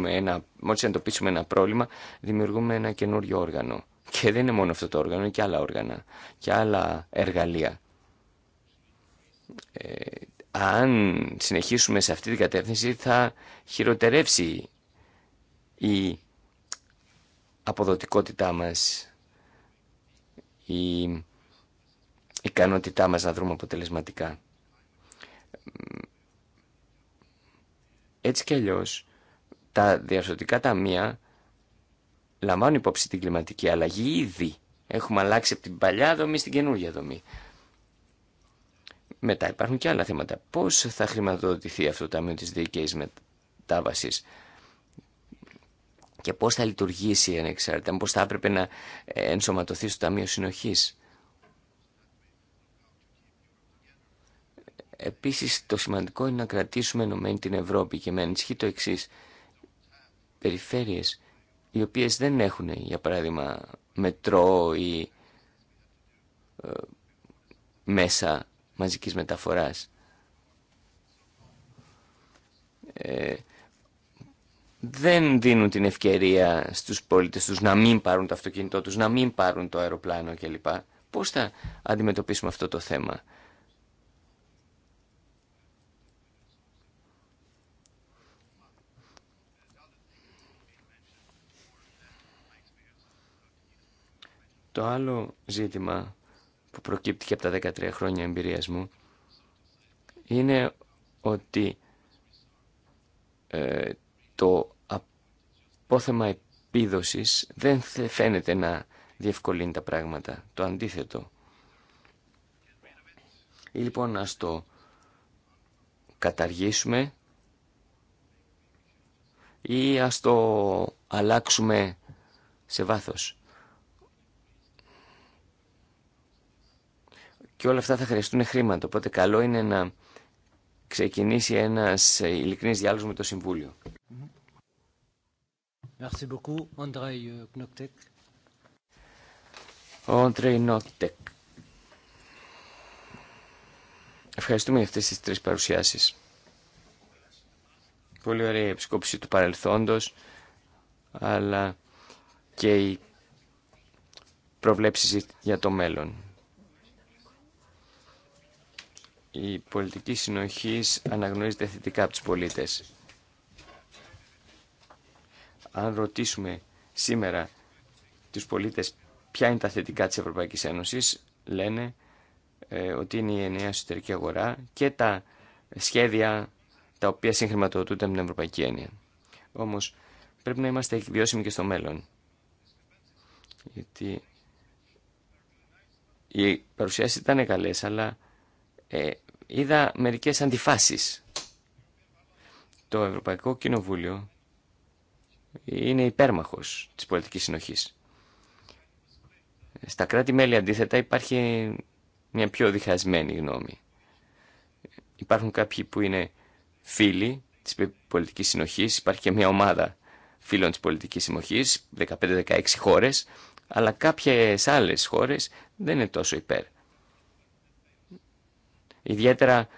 C: ένα, μόλις εντοπίσουμε ένα πρόβλημα, δημιουργούμε ένα καινούριο όργανο. Και δεν είναι μόνο αυτό το όργανο, είναι και άλλα όργανα και άλλα εργαλεία. Ε, αν συνεχίσουμε σε αυτή την κατεύθυνση θα χειροτερεύσει η αποδοτικότητά μας, η ικανότητά μας να δρούμε αποτελεσματικά. Έτσι κι αλλιώς, τα διαρθρωτικά ταμεία λαμβάνουν υπόψη την κλιματική αλλαγή ήδη. Έχουμε αλλάξει από την παλιά δομή στην καινούργια δομή. Μετά υπάρχουν και άλλα θέματα. Πώς θα χρηματοδοτηθεί αυτό το Ταμείο τη Δίκαιης μετάβαση και πώς θα λειτουργήσει ανεξάρτητα, πώς θα έπρεπε να ενσωματωθεί στο Ταμείο συνοχή. Επίσης το σημαντικό είναι να κρατήσουμε ενωμένη την Ευρώπη και με ανησυχεί το εξή. Περιφέρειες οι οποίες δεν έχουν για παράδειγμα μετρό ή ε, μέσα μαζικής μεταφοράς. Ε, δεν δίνουν την ευκαιρία στους πολίτες τους να μην πάρουν το αυτοκίνητό τους, να μην πάρουν το αεροπλάνο κλπ. Πώς θα αντιμετωπίσουμε αυτό το θέμα. Το άλλο ζήτημα που προκύπτει και από τα 13 χρόνια εμπειρίας μου είναι ότι ε, το απόθεμα επίδοσης δεν φαίνεται να διευκολύνει τα πράγματα. Το αντίθετο. Ή λοιπόν ας το καταργήσουμε ή ας το αλλάξουμε σε βάθος. και όλα αυτά θα χρειαστούν χρήματα. Οπότε καλό είναι να ξεκινήσει ένας ειλικρινής διάλογος με το Συμβούλιο. Euh, Ευχαριστούμε για αυτές τις τρεις παρουσιάσεις. Πολύ ωραία η επισκόπηση του παρελθόντος, αλλά και οι προβλέψεις για το μέλλον. η πολιτική συνοχής αναγνωρίζεται θετικά από τους πολίτες. Αν ρωτήσουμε σήμερα τους πολίτες ποια είναι τα θετικά της Ευρωπαϊκής Ένωσης, λένε ε, ότι είναι η ενιαία εσωτερική αγορά και τα σχέδια τα οποία συγχρηματοδοτούνται με την Ευρωπαϊκή Ένωση. Όμως πρέπει να είμαστε βιώσιμοι και στο μέλλον. Γιατί οι παρουσιάσεις ήταν καλές, αλλά ε, είδα μερικές αντιφάσεις. Το Ευρωπαϊκό Κοινοβούλιο είναι υπέρμαχος της πολιτικής συνοχής. Στα κράτη-μέλη αντίθετα υπάρχει μια πιο διχασμένη γνώμη. Υπάρχουν κάποιοι που είναι φίλοι της πολιτικής συνοχής, υπάρχει και μια ομάδα φίλων της πολιτικής συνοχής, 15-16 χώρες, αλλά κάποιες άλλες χώρες δεν είναι τόσο υπέρ ιδιαίτερα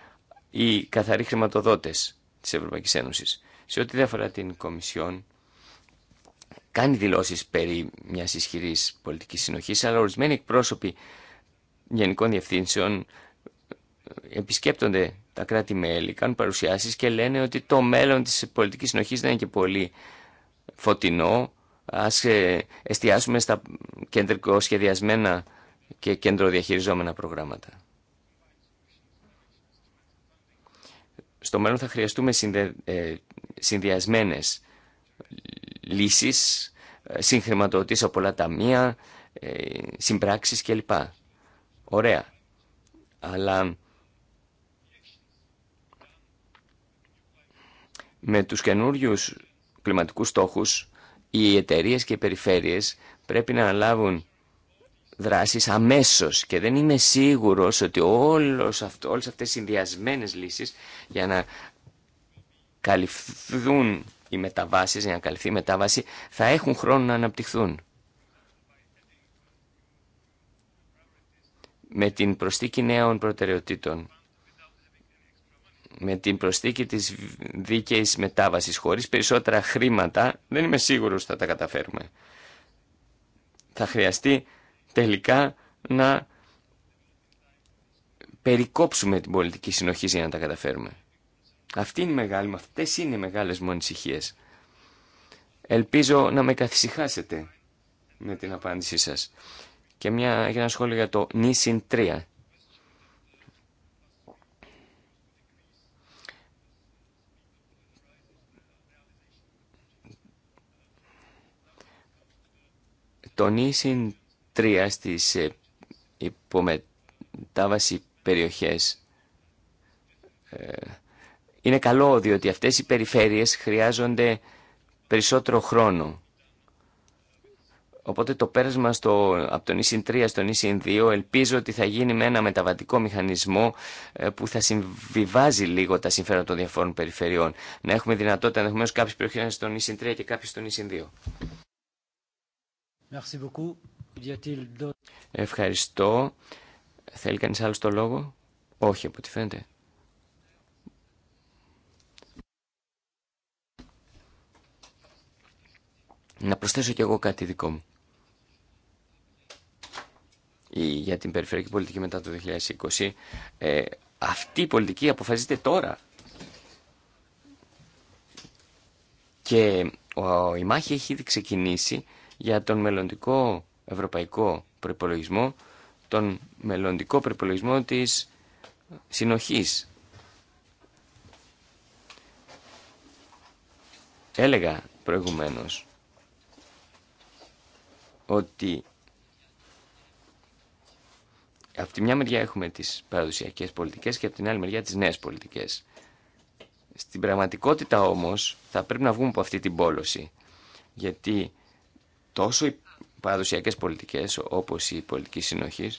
C: οι καθαροί χρηματοδότηση τη Ευρωπαϊκή Ένωση, Σε ό,τι δεν αφορά την Κομισιόν, κάνει δηλώσεις περί μια ισχυρής πολιτικής συνοχής, αλλά ορισμένοι εκπρόσωποι γενικών διευθύνσεων επισκέπτονται τα κράτη-μέλη, κάνουν παρουσιάσεις και λένε ότι το μέλλον της πολιτικής συνοχή δεν είναι και πολύ φωτεινό. Ας ε, εστιάσουμε στα σχεδιασμένα και κεντροδιαχειριζόμενα προγράμματα. στο μέλλον θα χρειαστούμε συνδε, λύσει, συνδυασμένες λύσεις, ε, από πολλά ταμεία, ε, συμπράξεις κλπ. Ωραία. Αλλά με τους καινούριου κλιματικούς στόχους οι εταιρείε και οι περιφέρειες πρέπει να αναλάβουν δράσεις αμέσως και δεν είμαι σίγουρος ότι όλος αυτό, όλες αυτές οι συνδυασμένες λύσεις για να καλυφθούν οι μεταβάσεις, για να καλυφθεί η μετάβαση, θα έχουν χρόνο να αναπτυχθούν. Με την προστίκη νέων προτεραιοτήτων, με την προστίκη της δίκαιης μετάβασης, χωρίς περισσότερα χρήματα, δεν είμαι σίγουρος ότι θα τα καταφέρουμε. Θα χρειαστεί τελικά να περικόψουμε την πολιτική συνοχή για να τα καταφέρουμε. Αυτή είναι η μεγάλη, αυτές είναι οι μεγάλες μου ανησυχίες. Ελπίζω να με καθησυχάσετε με την απάντησή σας. Και μια, για ένα σχόλιο για το νησιν 3. Το νησιν τρία στις ε, υπομετάβαση περιοχές. Ε, είναι καλό διότι αυτές οι περιφέρειες χρειάζονται περισσότερο χρόνο. Οπότε το πέρασμα στο, από τον ΙΣΙΝΤΡΙΑ 3 στον 2 ελπίζω ότι θα γίνει με ένα μεταβατικό μηχανισμό ε, που θα συμβιβάζει λίγο τα συμφέροντα των διαφόρων περιφερειών. Να έχουμε δυνατότητα να ενδεχομένω κάποιε περιοχέ στον ΙΣΙΝ 3 και κάποιε στον ΙΣΙΝ 2. Ευχαριστώ. Θέλει κανείς άλλο το λόγο. Όχι, από ό,τι φαίνεται. Να προσθέσω κι εγώ κάτι δικό μου. Για την περιφερειακή πολιτική μετά το 2020. Ε, αυτή η πολιτική αποφασίζεται τώρα. Και η μάχη έχει ήδη ξεκινήσει για τον μελλοντικό ευρωπαϊκό προπολογισμό, τον μελλοντικό προπολογισμό της συνοχής. Έλεγα προηγουμένως ότι από τη μια μεριά έχουμε τις παραδοσιακές πολιτικές και από την άλλη μεριά τις νέες πολιτικές. Στην πραγματικότητα όμως θα πρέπει να βγούμε από αυτή την πόλωση. Γιατί τόσο παραδοσιακές πολιτικές όπως η πολιτική συνοχή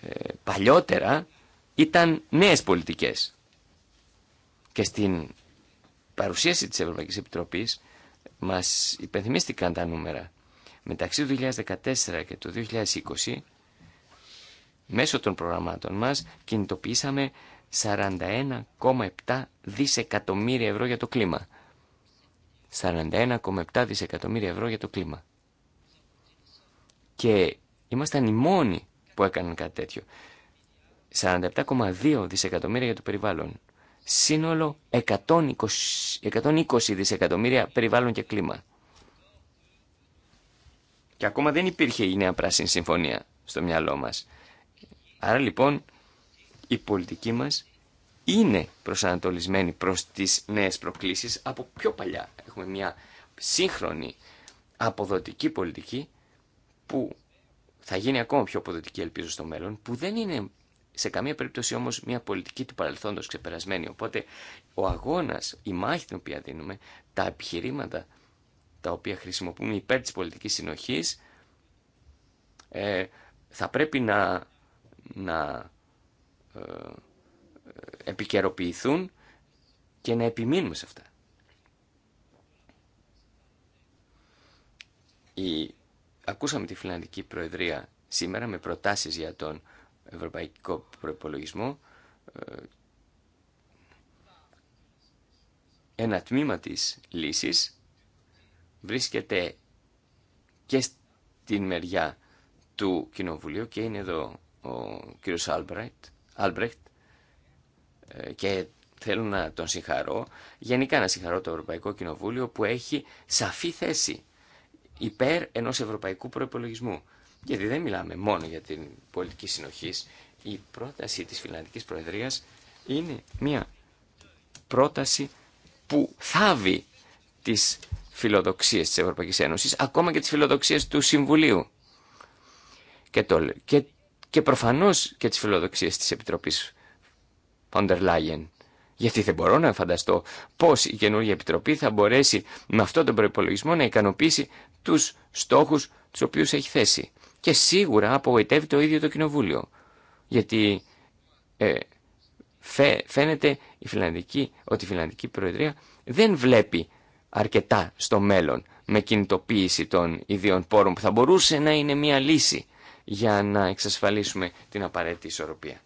C: ε, παλιότερα ήταν νέες πολιτικές. Και στην παρουσίαση της Ευρωπαϊκής Επιτροπής μας υπενθυμίστηκαν τα νούμερα. Μεταξύ του 2014 και του 2020 μέσω των προγραμμάτων μας κινητοποιήσαμε 41,7 δισεκατομμύρια ευρώ για το κλίμα. 41,7 δισεκατομμύρια ευρώ για το κλίμα. Και ήμασταν οι μόνοι που έκαναν κάτι τέτοιο. 47,2 δισεκατομμύρια για το περιβάλλον. Σύνολο 120, 120 δισεκατομμύρια περιβάλλον και κλίμα. Και ακόμα δεν υπήρχε η νέα πράσινη συμφωνία στο μυαλό μας. Άρα λοιπόν η πολιτική μας είναι προσανατολισμένη προς τις νέες προκλήσεις από πιο παλιά. Έχουμε μια σύγχρονη αποδοτική πολιτική που θα γίνει ακόμα πιο αποδοτική ελπίζω στο μέλλον, που δεν είναι σε καμία περίπτωση όμως μια πολιτική του παρελθόντος ξεπερασμένη. Οπότε ο αγώνας, η μάχη την οποία δίνουμε, τα επιχειρήματα τα οποία χρησιμοποιούμε υπέρ της πολιτικής συνοχής, ε, θα πρέπει να, να ε, επικαιροποιηθούν και να επιμείνουμε σε αυτά. Η Ακούσαμε τη Φιλανδική Προεδρία σήμερα με προτάσεις για τον ευρωπαϊκό προπολογισμό. Ε, ένα τμήμα της λύσης βρίσκεται και στην μεριά του Κοινοβουλίου και είναι εδώ ο κύριος Άλμπρεχτ ε, και θέλω να τον συγχαρώ, γενικά να συγχαρώ το Ευρωπαϊκό Κοινοβούλιο που έχει σαφή θέση υπέρ ενός ευρωπαϊκού προπολογισμού. Γιατί δεν μιλάμε μόνο για την πολιτική συνοχή. Η πρόταση της Φιλανδικής Προεδρίας είναι μια πρόταση που θάβει τι φιλοδοξίε της Ευρωπαϊκής Ένωση, ακόμα και τι φιλοδοξίε του Συμβουλίου. Και, το, και, και προφανώς και τις φιλοδοξίες της Επιτροπής Φόντερ Λάγεν. Γιατί δεν μπορώ να φανταστώ πώ η καινούργια Επιτροπή θα μπορέσει με αυτόν τον προπολογισμό να ικανοποιήσει τους στόχους τους οποίους έχει θέσει. Και σίγουρα απογοητεύει το ίδιο το Κοινοβούλιο, γιατί ε, φαίνεται η Φιλανδική, ότι η Φιλανδική Προεδρία δεν βλέπει αρκετά στο μέλλον με κινητοποίηση των ιδίων πόρων που θα μπορούσε να είναι μια λύση για να εξασφαλίσουμε την απαραίτητη ισορροπία.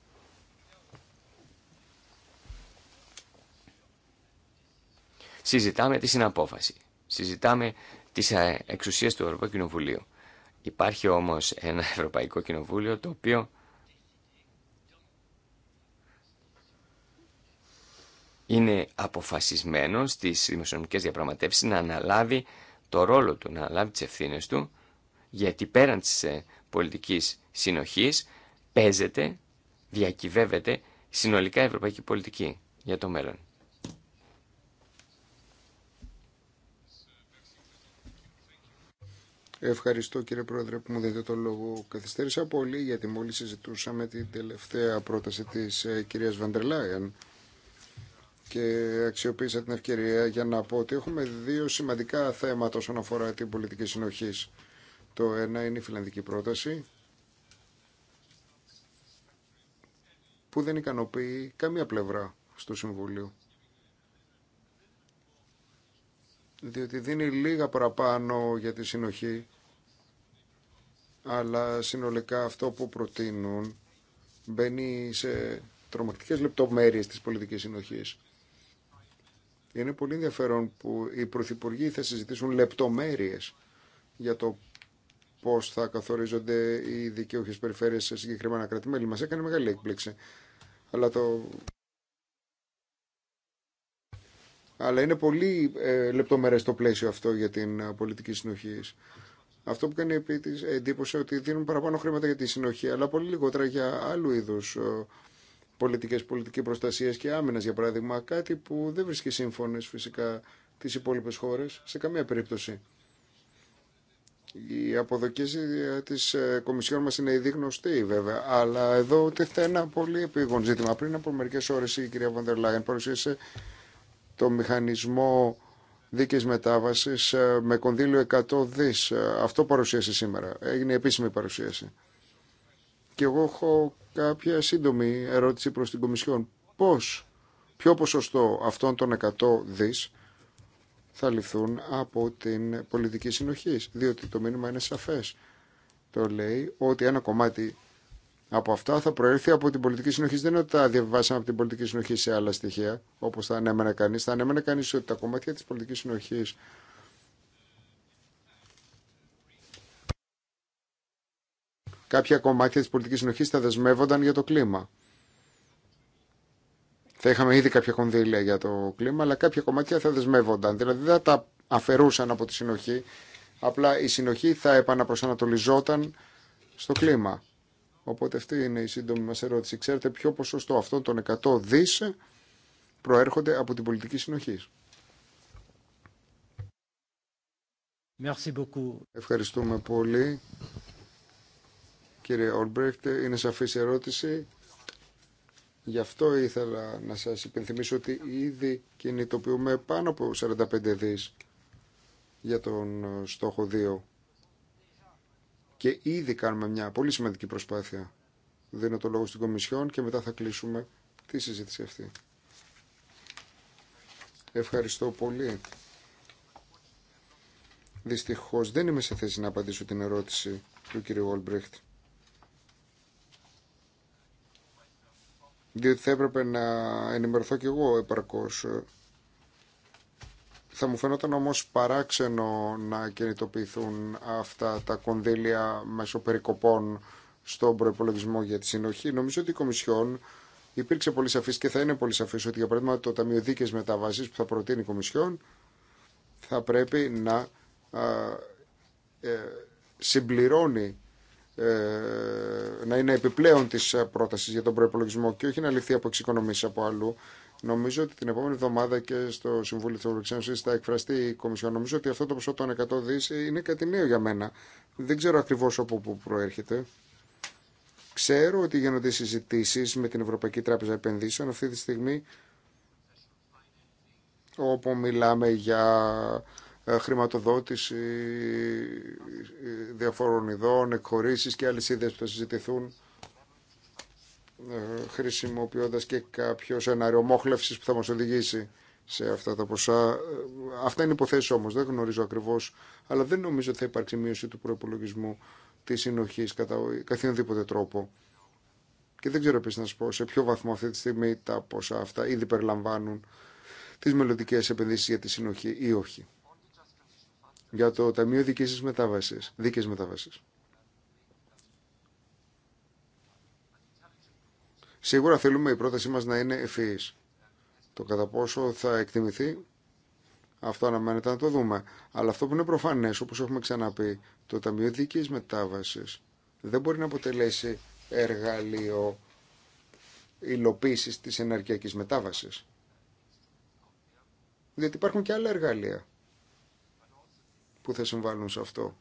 C: Συζητάμε τη συναπόφαση. Συζητάμε της ε, εξουσίας του Ευρωπαϊκού Κοινοβουλίου. Υπάρχει όμως ένα Ευρωπαϊκό Κοινοβούλιο το οποίο είναι αποφασισμένο στις δημοσιονομικές διαπραγματεύσεις να αναλάβει το ρόλο του, να αναλάβει τις ευθύνε του, γιατί πέραν της ε, πολιτικής συνοχής παίζεται, διακυβεύεται συνολικά η ευρωπαϊκή πολιτική για το μέλλον.
D: Ευχαριστώ κύριε Πρόεδρε που μου δίνετε το λόγο. Καθυστέρησα πολύ γιατί μόλις συζητούσαμε την τελευταία πρόταση της ε, κυρίας Βαντρελάιαν και αξιοποίησα την ευκαιρία για να πω ότι έχουμε δύο σημαντικά θέματα όσον αφορά την πολιτική συνοχή. Το ένα είναι η φιλανδική πρόταση που δεν ικανοποιεί καμία πλευρά στο Συμβούλιο. διότι δίνει λίγα παραπάνω για τη συνοχή, αλλά συνολικά αυτό που προτείνουν μπαίνει σε τρομακτικές λεπτομέρειες της πολιτικής συνοχής. Είναι πολύ ενδιαφέρον που οι πρωθυπουργοί θα συζητήσουν λεπτομέρειες για το πώς θα καθορίζονται οι δικαιούχες περιφέρειες σε συγκεκριμένα κρατημέλη. Μας έκανε μεγάλη έκπληξη αλλά είναι πολύ ε, λεπτομερές το πλαίσιο αυτό για την ε, πολιτική συνοχή. Αυτό που κάνει επί ε, εντύπωση ότι δίνουν παραπάνω χρήματα για τη συνοχή, αλλά πολύ λιγότερα για άλλου είδους ε, πολιτικές, πολιτική προστασίας και άμυνας, για παράδειγμα, κάτι που δεν βρίσκει σύμφωνες φυσικά τις υπόλοιπες χώρες, σε καμία περίπτωση. Οι αποδοκίες της Κομισιόν μας είναι ήδη γνωστοί βέβαια, αλλά εδώ τίθεται ένα πολύ επίγον ζήτημα. Πριν από μερικές ώρες η κυρία Βαντερ παρουσίασε το μηχανισμό δίκης μετάβασης ε, με κονδύλιο 100 δις. Ε, αυτό παρουσίασε σήμερα. Έγινε επίσημη παρουσίαση. Και εγώ έχω κάποια σύντομη ερώτηση προς την Κομισιόν. Πώς, ποιο ποσοστό αυτών των 100 δις θα ληφθούν από την πολιτική συνοχή, διότι το μήνυμα είναι σαφές. Το λέει ότι ένα κομμάτι από αυτά θα προέλθει από την πολιτική συνοχή. Δεν είναι ότι τα διαβάσαμε από την πολιτική συνοχή σε άλλα στοιχεία, όπω θα ανέμενε κανεί. Θα ανέμενε κανεί ότι τα κομμάτια τη πολιτική συνοχή κάποια κομμάτια της πολιτικής συνοχή θα δεσμεύονταν για το κλίμα. Θα είχαμε ήδη κάποια κονδύλια για το κλίμα, αλλά κάποια κομμάτια θα δεσμεύονταν. Δηλαδή δεν θα τα αφαιρούσαν από τη συνοχή, απλά η συνοχή θα επαναπροσανατολιζόταν στο κλίμα. Οπότε αυτή είναι η σύντομη μας ερώτηση. Ξέρετε ποιο ποσοστό αυτών των 100 δις προέρχονται από την πολιτική συνοχή. Ευχαριστούμε πολύ. Κύριε Ολμπρέχτ, είναι σαφή η ερώτηση. Γι' αυτό ήθελα να σας υπενθυμίσω ότι ήδη κινητοποιούμε πάνω από 45 δις για τον στόχο 2 και ήδη κάνουμε μια πολύ σημαντική προσπάθεια. Δίνω το λόγο στην Κομισιόν και μετά θα κλείσουμε τη συζήτηση αυτή. Ευχαριστώ πολύ. Δυστυχώς δεν είμαι σε θέση να απαντήσω την ερώτηση του κ. Ολμπριχτ. Διότι θα έπρεπε να ενημερωθώ κι εγώ επαρκώς ε, θα μου φαίνονταν όμως παράξενο να κινητοποιηθούν αυτά τα κονδύλια μέσω περικοπών στον προπολογισμό για τη συνοχή. Νομίζω ότι η Κομισιόν υπήρξε πολύ σαφής και θα είναι πολύ σαφής ότι για παράδειγμα το Ταμείο Δίκαιες Μεταβάσεις που θα προτείνει η Κομισιόν θα πρέπει να ε, συμπληρώνει ε, να είναι επιπλέον της πρόταση για τον προπολογισμό και όχι να ληφθεί από εξοικονομήσεις από αλλού. Νομίζω ότι την επόμενη εβδομάδα και στο Συμβούλιο τη Ευρωπαϊκή θα εκφραστεί η Κομισιόν. Νομίζω ότι αυτό το ποσό των 100 δι είναι κάτι νέο για μένα. Δεν ξέρω ακριβώ από πού προέρχεται. Ξέρω ότι γίνονται συζητήσει με την Ευρωπαϊκή Τράπεζα Επενδύσεων αυτή τη στιγμή, όπου μιλάμε για ε, χρηματοδότηση ε, διαφορών ειδών, εκχωρήσεις και άλλες είδες που θα συζητηθούν. Ε, χρησιμοποιώντας και κάποιο σενάριο μόχλευσης που θα μας οδηγήσει σε αυτά τα ποσά. Ε, αυτά είναι υποθέσει όμως, δεν γνωρίζω ακριβώς, αλλά δεν νομίζω ότι θα υπάρξει μείωση του προπολογισμού τη συνοχή κατά καθιονδήποτε τρόπο. Και δεν ξέρω επίση να σα πω σε ποιο βαθμό αυτή τη στιγμή τα ποσά αυτά ήδη περιλαμβάνουν τι μελλοντικέ επενδύσει για τη συνοχή ή όχι. Για το Ταμείο Δική Μετάβαση. Δίκαιη Μετάβαση. Σίγουρα θέλουμε η πρότασή μας να είναι ευφυής. Το κατά πόσο θα εκτιμηθεί, αυτό αναμένεται να το δούμε. Αλλά αυτό που είναι προφανές, όπως έχουμε ξαναπεί, το Ταμείο Δικής Μετάβασης δεν μπορεί να αποτελέσει εργαλείο υλοποίησης της ενεργειακής μετάβασης. Διότι υπάρχουν και άλλα εργαλεία που θα συμβάλλουν σε αυτό.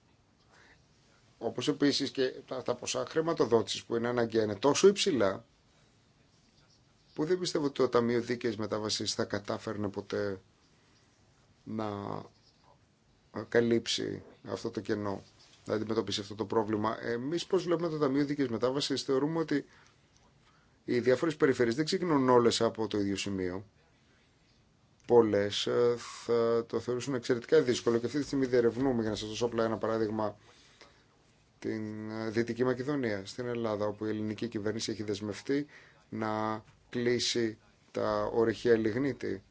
D: Όπως επίσης και τα ποσά χρηματοδότησης που είναι αναγκαία είναι τόσο υψηλά που δεν πιστεύω ότι το Ταμείο Δίκαιης Μετάβασης θα κατάφερνε ποτέ να ε, καλύψει αυτό το κενό, να αντιμετωπίσει αυτό το πρόβλημα. Εμείς πώς βλέπουμε το Ταμείο Δίκαιης Μετάβασης θεωρούμε ότι οι διάφορες περιφερειές δεν ξεκινούν όλες από το ίδιο σημείο. Πολλές ε, θα το θεωρούσαν εξαιρετικά δύσκολο και αυτή τη στιγμή διερευνούμε, για να σας δώσω απλά ένα παράδειγμα, την ε, Δυτική Μακεδονία στην Ελλάδα, όπου η ελληνική κυβέρνηση έχει δεσμευτεί να κλείσει τα ορυχεία λιγνίτη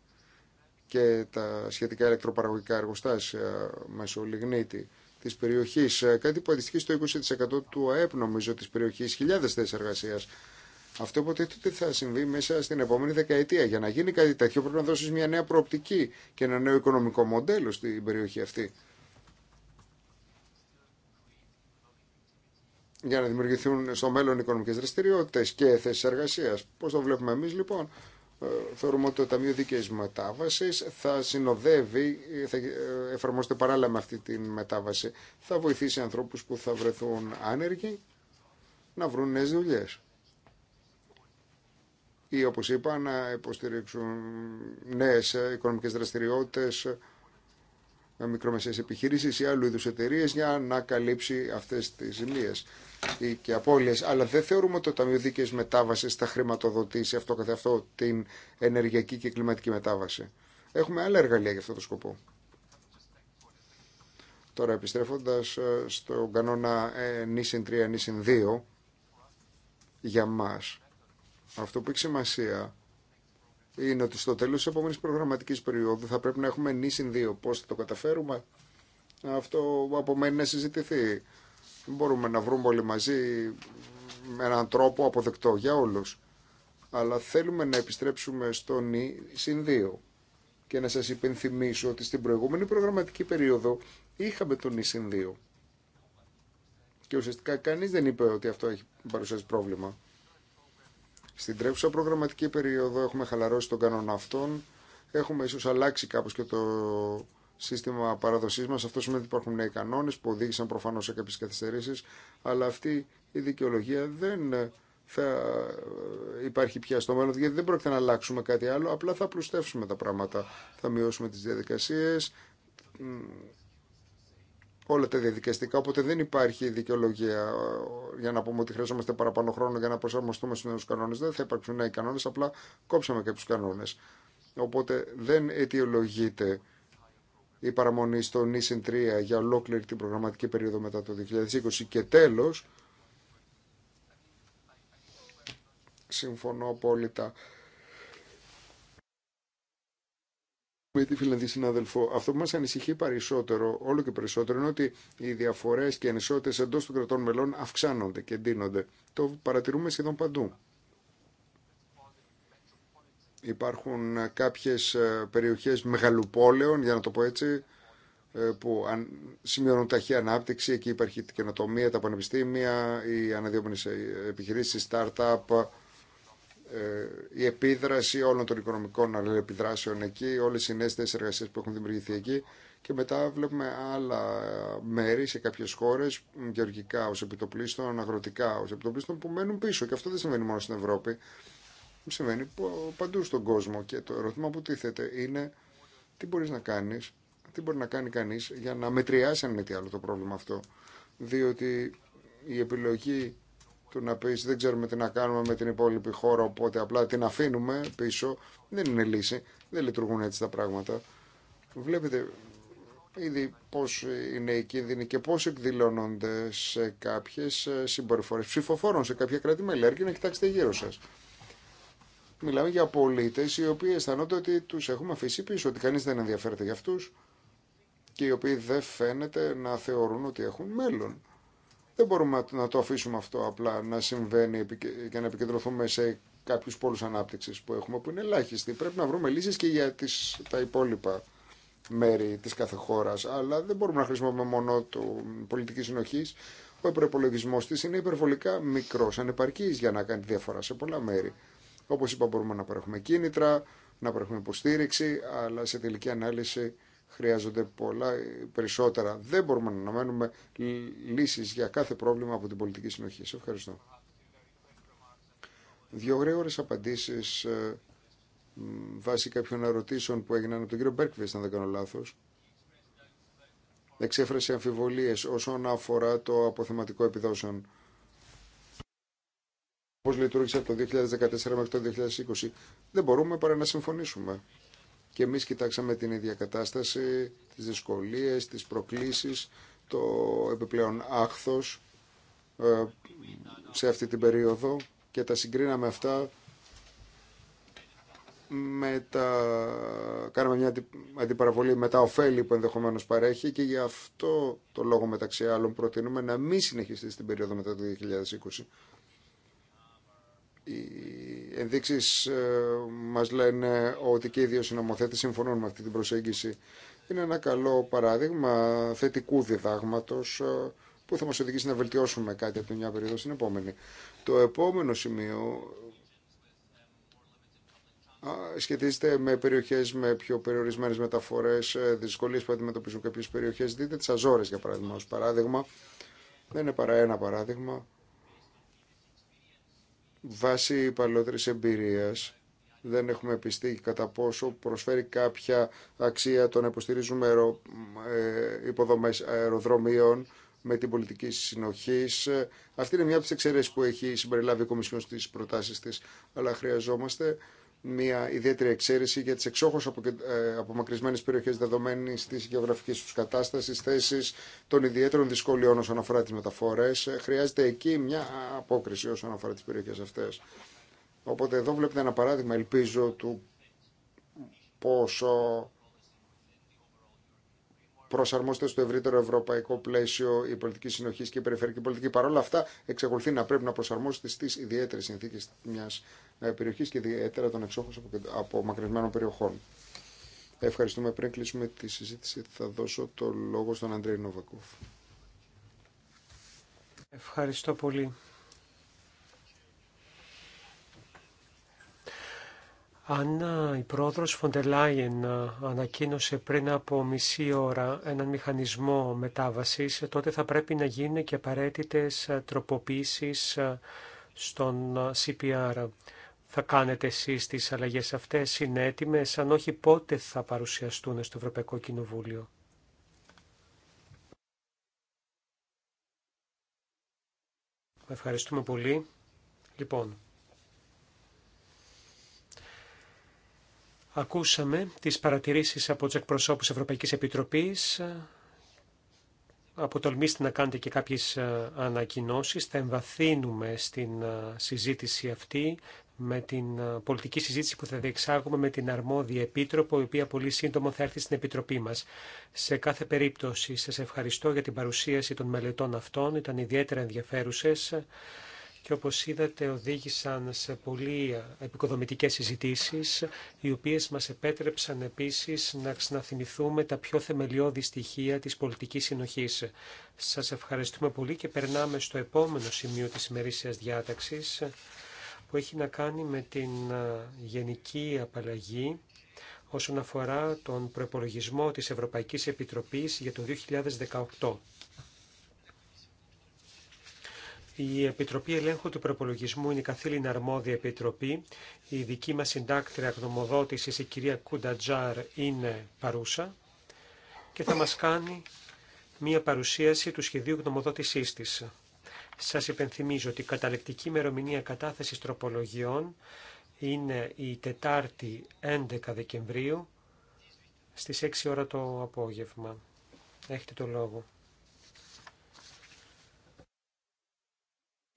D: και τα σχετικά ηλεκτροπαραγωγικά εργοστάσια μέσω λιγνίτη της περιοχής, ε, κάτι που αντιστοιχεί στο 20% του ΑΕΠ νομίζω της περιοχής, χιλιάδες θέσεις εργασίας. Αυτό υποτίθεται ότι θα συμβεί μέσα στην επόμενη δεκαετία. Για να γίνει κάτι τέτοιο πρέπει να δώσεις μια νέα προοπτική και ένα νέο οικονομικό μοντέλο στην περιοχή αυτή. για να δημιουργηθούν στο μέλλον οικονομικές δραστηριότητες και θέσεις εργασία. Πώς το βλέπουμε εμεί λοιπόν. Ε, θεωρούμε ότι το Ταμείο Δίκαιη μετάβαση θα συνοδεύει, θα παράλληλα με αυτή τη μετάβαση. Θα βοηθήσει ανθρώπους που θα βρεθούν άνεργοι να βρουν νέε δουλειές ή όπως είπα να υποστηρίξουν νέες ε, οικονομικές δραστηριότητες μικρομεσαίε επιχειρήσει ή άλλου είδου εταιρείε για να καλύψει αυτές τις ζημίες και απώλειε. Αλλά δεν θεωρούμε ότι το Ταμείο Δίκαιης Μετάβασης θα χρηματοδοτήσει αυτό καθ' αυτό την ενεργειακή και κλιματική μετάβαση. Έχουμε άλλα εργαλεία για αυτό το σκοπό. Τώρα επιστρέφοντας ε, στον κανόνα ε, νήσιν 3, νήσιν 2, για μα. αυτό που έχει σημασία είναι ότι στο τέλος τη επόμενη προγραμματικής περίοδου θα πρέπει να έχουμε συν δύο. Πώς θα το καταφέρουμε, αυτό απομένει να συζητηθεί. Μπορούμε να βρούμε όλοι μαζί με έναν τρόπο αποδεκτό για όλους. Αλλά θέλουμε να επιστρέψουμε στο συν δύο. Και να σας υπενθυμίσω ότι στην προηγούμενη προγραμματική περίοδο είχαμε νη συν δύο. Και ουσιαστικά κανεί δεν είπε ότι αυτό έχει παρουσιάσει πρόβλημα. Στην τρέχουσα προγραμματική περίοδο έχουμε χαλαρώσει τον κανόνα αυτών. Έχουμε ίσως αλλάξει κάπως και το σύστημα παραδοσή μα. Αυτό σημαίνει ότι υπάρχουν νέοι κανόνε που οδήγησαν προφανώ σε κάποιε καθυστερήσει, αλλά αυτή η δικαιολογία δεν ε, θα ε, υπάρχει πια στο μέλλον, γιατί δεν πρόκειται να αλλάξουμε κάτι άλλο, απλά θα πλουστεύσουμε τα πράγματα. Θα μειώσουμε τι διαδικασίε, όλα τα διαδικαστικά, οπότε δεν υπάρχει δικαιολογία για να πούμε ότι χρειαζόμαστε παραπάνω χρόνο για να προσαρμοστούμε στους κανόνες. Δεν θα υπάρξουν νέοι κανόνες, απλά κόψαμε κάποιους κανόνες. Οπότε δεν αιτιολογείται η παραμονή στο νησιν 3 για ολόκληρη την προγραμματική περίοδο μετά το 2020 και τέλος συμφωνώ απόλυτα που είπε η αυτό που μα ανησυχεί περισσότερο, όλο και περισσότερο, είναι ότι οι διαφορέ και οι ανισότητε εντό των κρατών μελών αυξάνονται και εντείνονται. Το παρατηρούμε σχεδόν παντού. Υπάρχουν κάποιες ε, περιοχές μεγαλοπόλεων, για να το πω έτσι, ε, που σημειώνουν ταχύ ανάπτυξη. Εκεί υπάρχει η καινοτομία, τα πανεπιστήμια, οι επιχειρήσει, επιχειρήσεις, startup, ε, η επίδραση όλων των οικονομικών αλληλεπιδράσεων εκεί, όλες οι νέες θέσεις που έχουν δημιουργηθεί εκεί και μετά βλέπουμε άλλα μέρη σε κάποιες χώρες, γεωργικά ως επιτοπλίστων, αγροτικά ως επιτοπλίστων που μένουν πίσω και αυτό δεν συμβαίνει μόνο στην Ευρώπη, συμβαίνει παντού στον κόσμο και το ερώτημα που τίθεται είναι τι μπορείς να κάνεις, τι μπορεί να κάνει κανείς για να μετριάσει αν είναι τι άλλο το πρόβλημα αυτό, διότι η επιλογή του να πει, δεν ξέρουμε τι να κάνουμε με την υπόλοιπη χώρα οπότε απλά την αφήνουμε πίσω δεν είναι λύση, δεν λειτουργούν έτσι τα πράγματα βλέπετε ήδη πώ είναι οι κίνδυνοι και πώ εκδηλώνονται σε κάποιε ε, συμπεριφορές ψηφοφόρων σε κάποια κράτη-μέλη αρκεί να κοιτάξετε γύρω σα. Μιλάμε για πολίτε οι οποίοι αισθανόνται ότι του έχουμε αφήσει πίσω, ότι κανεί δεν ενδιαφέρεται για αυτού και οι οποίοι δεν φαίνεται να θεωρούν ότι έχουν μέλλον. Δεν μπορούμε να το αφήσουμε αυτό απλά να συμβαίνει και να επικεντρωθούμε σε κάποιου πόλου ανάπτυξη που έχουμε που είναι ελάχιστοι. Πρέπει να βρούμε λύσει και για τις, τα υπόλοιπα μέρη τη κάθε χώρα. Αλλά δεν μπορούμε να χρησιμοποιούμε μόνο το πολιτική συνοχή. Ο προπολογισμό τη είναι υπερβολικά μικρό, ανεπαρκή για να κάνει διαφορά σε πολλά μέρη. Όπω είπα, μπορούμε να παρέχουμε κίνητρα, να παρέχουμε υποστήριξη, αλλά σε τελική ανάλυση χρειάζονται πολλά περισσότερα. Δεν μπορούμε να αναμένουμε λύσεις για κάθε πρόβλημα από την πολιτική συνοχή. Σε ευχαριστώ. Δύο γρήγορες απαντήσεις ε, βάσει κάποιων ερωτήσεων που έγιναν από τον κύριο Μπέρκβιστ, αν δεν κάνω λάθος. Εξέφρασε αμφιβολίες όσον αφορά το αποθεματικό επιδόσεων. Πώ λειτουργήσε από το 2014 μέχρι το 2020. Δεν μπορούμε παρά να συμφωνήσουμε. Και εμείς κοιτάξαμε την ίδια κατάσταση, τις δυσκολίες, τις προκλήσεις, το επιπλέον άχθος ε, σε αυτή την περίοδο και τα συγκρίναμε αυτά με τα... κάναμε μια αντιπαραβολή με τα ωφέλη που ενδεχομένως παρέχει και γι' αυτό το λόγο μεταξύ άλλων προτείνουμε να μην συνεχιστεί στην περίοδο μετά το 2020 ενδείξεις ε, μας λένε ότι και οι δύο συνομοθέτε συμφωνούν με αυτή την προσέγγιση. Είναι ένα καλό παράδειγμα θετικού διδάγματος ε, που θα μα οδηγήσει να βελτιώσουμε κάτι από την μια περίοδο στην επόμενη. Το επόμενο σημείο σχετίζεται με περιοχές με πιο περιορισμένες μεταφορές, ε, δυσκολίες που αντιμετωπίζουν κάποιε περιοχέ, Δείτε τις Αζόρες για παράδειγμα ως παράδειγμα. Δεν είναι παρά ένα παράδειγμα Βάσει παλαιότερης εμπειρίας δεν έχουμε πιστεί κατά πόσο προσφέρει κάποια αξία το να υποστηρίζουμε ε, υποδομές αεροδρομίων με την πολιτική συνοχή. Αυτή είναι μια από τι εξαιρέσει που έχει συμπεριλάβει η Κομισιόν στι προτάσει τη. Αλλά χρειαζόμαστε μια ιδιαίτερη εξαίρεση για τις εξόχως ε, απομακρυσμένε περιοχές δεδομένη τη γεωγραφική του κατάσταση, θέση των ιδιαίτερων δυσκολιών όσον αφορά τι μεταφορές. Ε, χρειάζεται εκεί μια απόκριση όσον αφορά τι περιοχές αυτές. Οπότε εδώ βλέπετε ένα παράδειγμα, ελπίζω, του πόσο προσαρμόστε στο ευρύτερο ευρωπαϊκό πλαίσιο η πολιτική συνοχή και η περιφερειακή πολιτική. Παρ' όλα αυτά, εξακολουθεί να πρέπει να προσαρμόζεται στι ιδιαίτερε συνθήκε μια ε, περιοχή και ιδιαίτερα των εξόχων από μακρισμένων περιοχών. Ευχαριστούμε. Πριν κλείσουμε τη συζήτηση, θα δώσω το λόγο στον Αντρέι Νοβακόφ.
B: Ευχαριστώ πολύ. αν η πρόεδρος Φοντελάιεν ε, ανακοίνωσε πριν από μισή ώρα έναν μηχανισμό μετάβασης, ε, τότε θα πρέπει να γίνουν και απαραίτητε ε, τροποποίησεις στον CPR. Θα κάνετε εσείς τις αλλαγές αυτές, είναι έτοιμες, αν όχι πότε θα παρουσιαστούν στο Ευρωπαϊκό Κοινοβούλιο. Ευχαριστούμε πολύ. Λοιπόν, Ακούσαμε τις παρατηρήσεις από τους εκπροσώπους Ευρωπαϊκής Επιτροπής. Αποτολμήστε να κάνετε και κάποιες ε, ανακοινώσεις. Θα εμβαθύνουμε στην ε, συζήτηση αυτή με την ε, πολιτική συζήτηση που θα διεξάγουμε με την αρμόδια επίτροπο, η οποία πολύ σύντομα θα έρθει στην Επιτροπή μας. Σε κάθε περίπτωση, σας ευχαριστώ για την παρουσίαση των μελετών αυτών. Ήταν ιδιαίτερα ενδιαφέρουσες και όπως είδατε οδήγησαν σε πολύ επικοδομητικές συζητήσεις, οι οποίες μας επέτρεψαν επίσης να ξαναθυμηθούμε τα πιο θεμελιώδη στοιχεία της πολιτικής συνοχής. Σας ευχαριστούμε πολύ και περνάμε στο επόμενο σημείο της ημερήσιας διάταξης, που έχει να κάνει με την γενική απαλλαγή όσον αφορά τον προπολογισμό της Ευρωπαϊκής Επιτροπής για το 2018. Η Επιτροπή Ελέγχου του Προπολογισμού είναι η καθήλυνα αρμόδια επιτροπή. Η δική μας συντάκτρια γνωμοδότησης, η κυρία Κουντατζάρ, είναι παρούσα και θα μας κάνει μία παρουσίαση του σχεδίου γνωμοδότησής της. Σας υπενθυμίζω ότι η καταληκτική ημερομηνία κατάθεσης τροπολογιών είναι η Τετάρτη 11 Δεκεμβρίου στις 6 ώρα το απόγευμα. Έχετε το λόγο.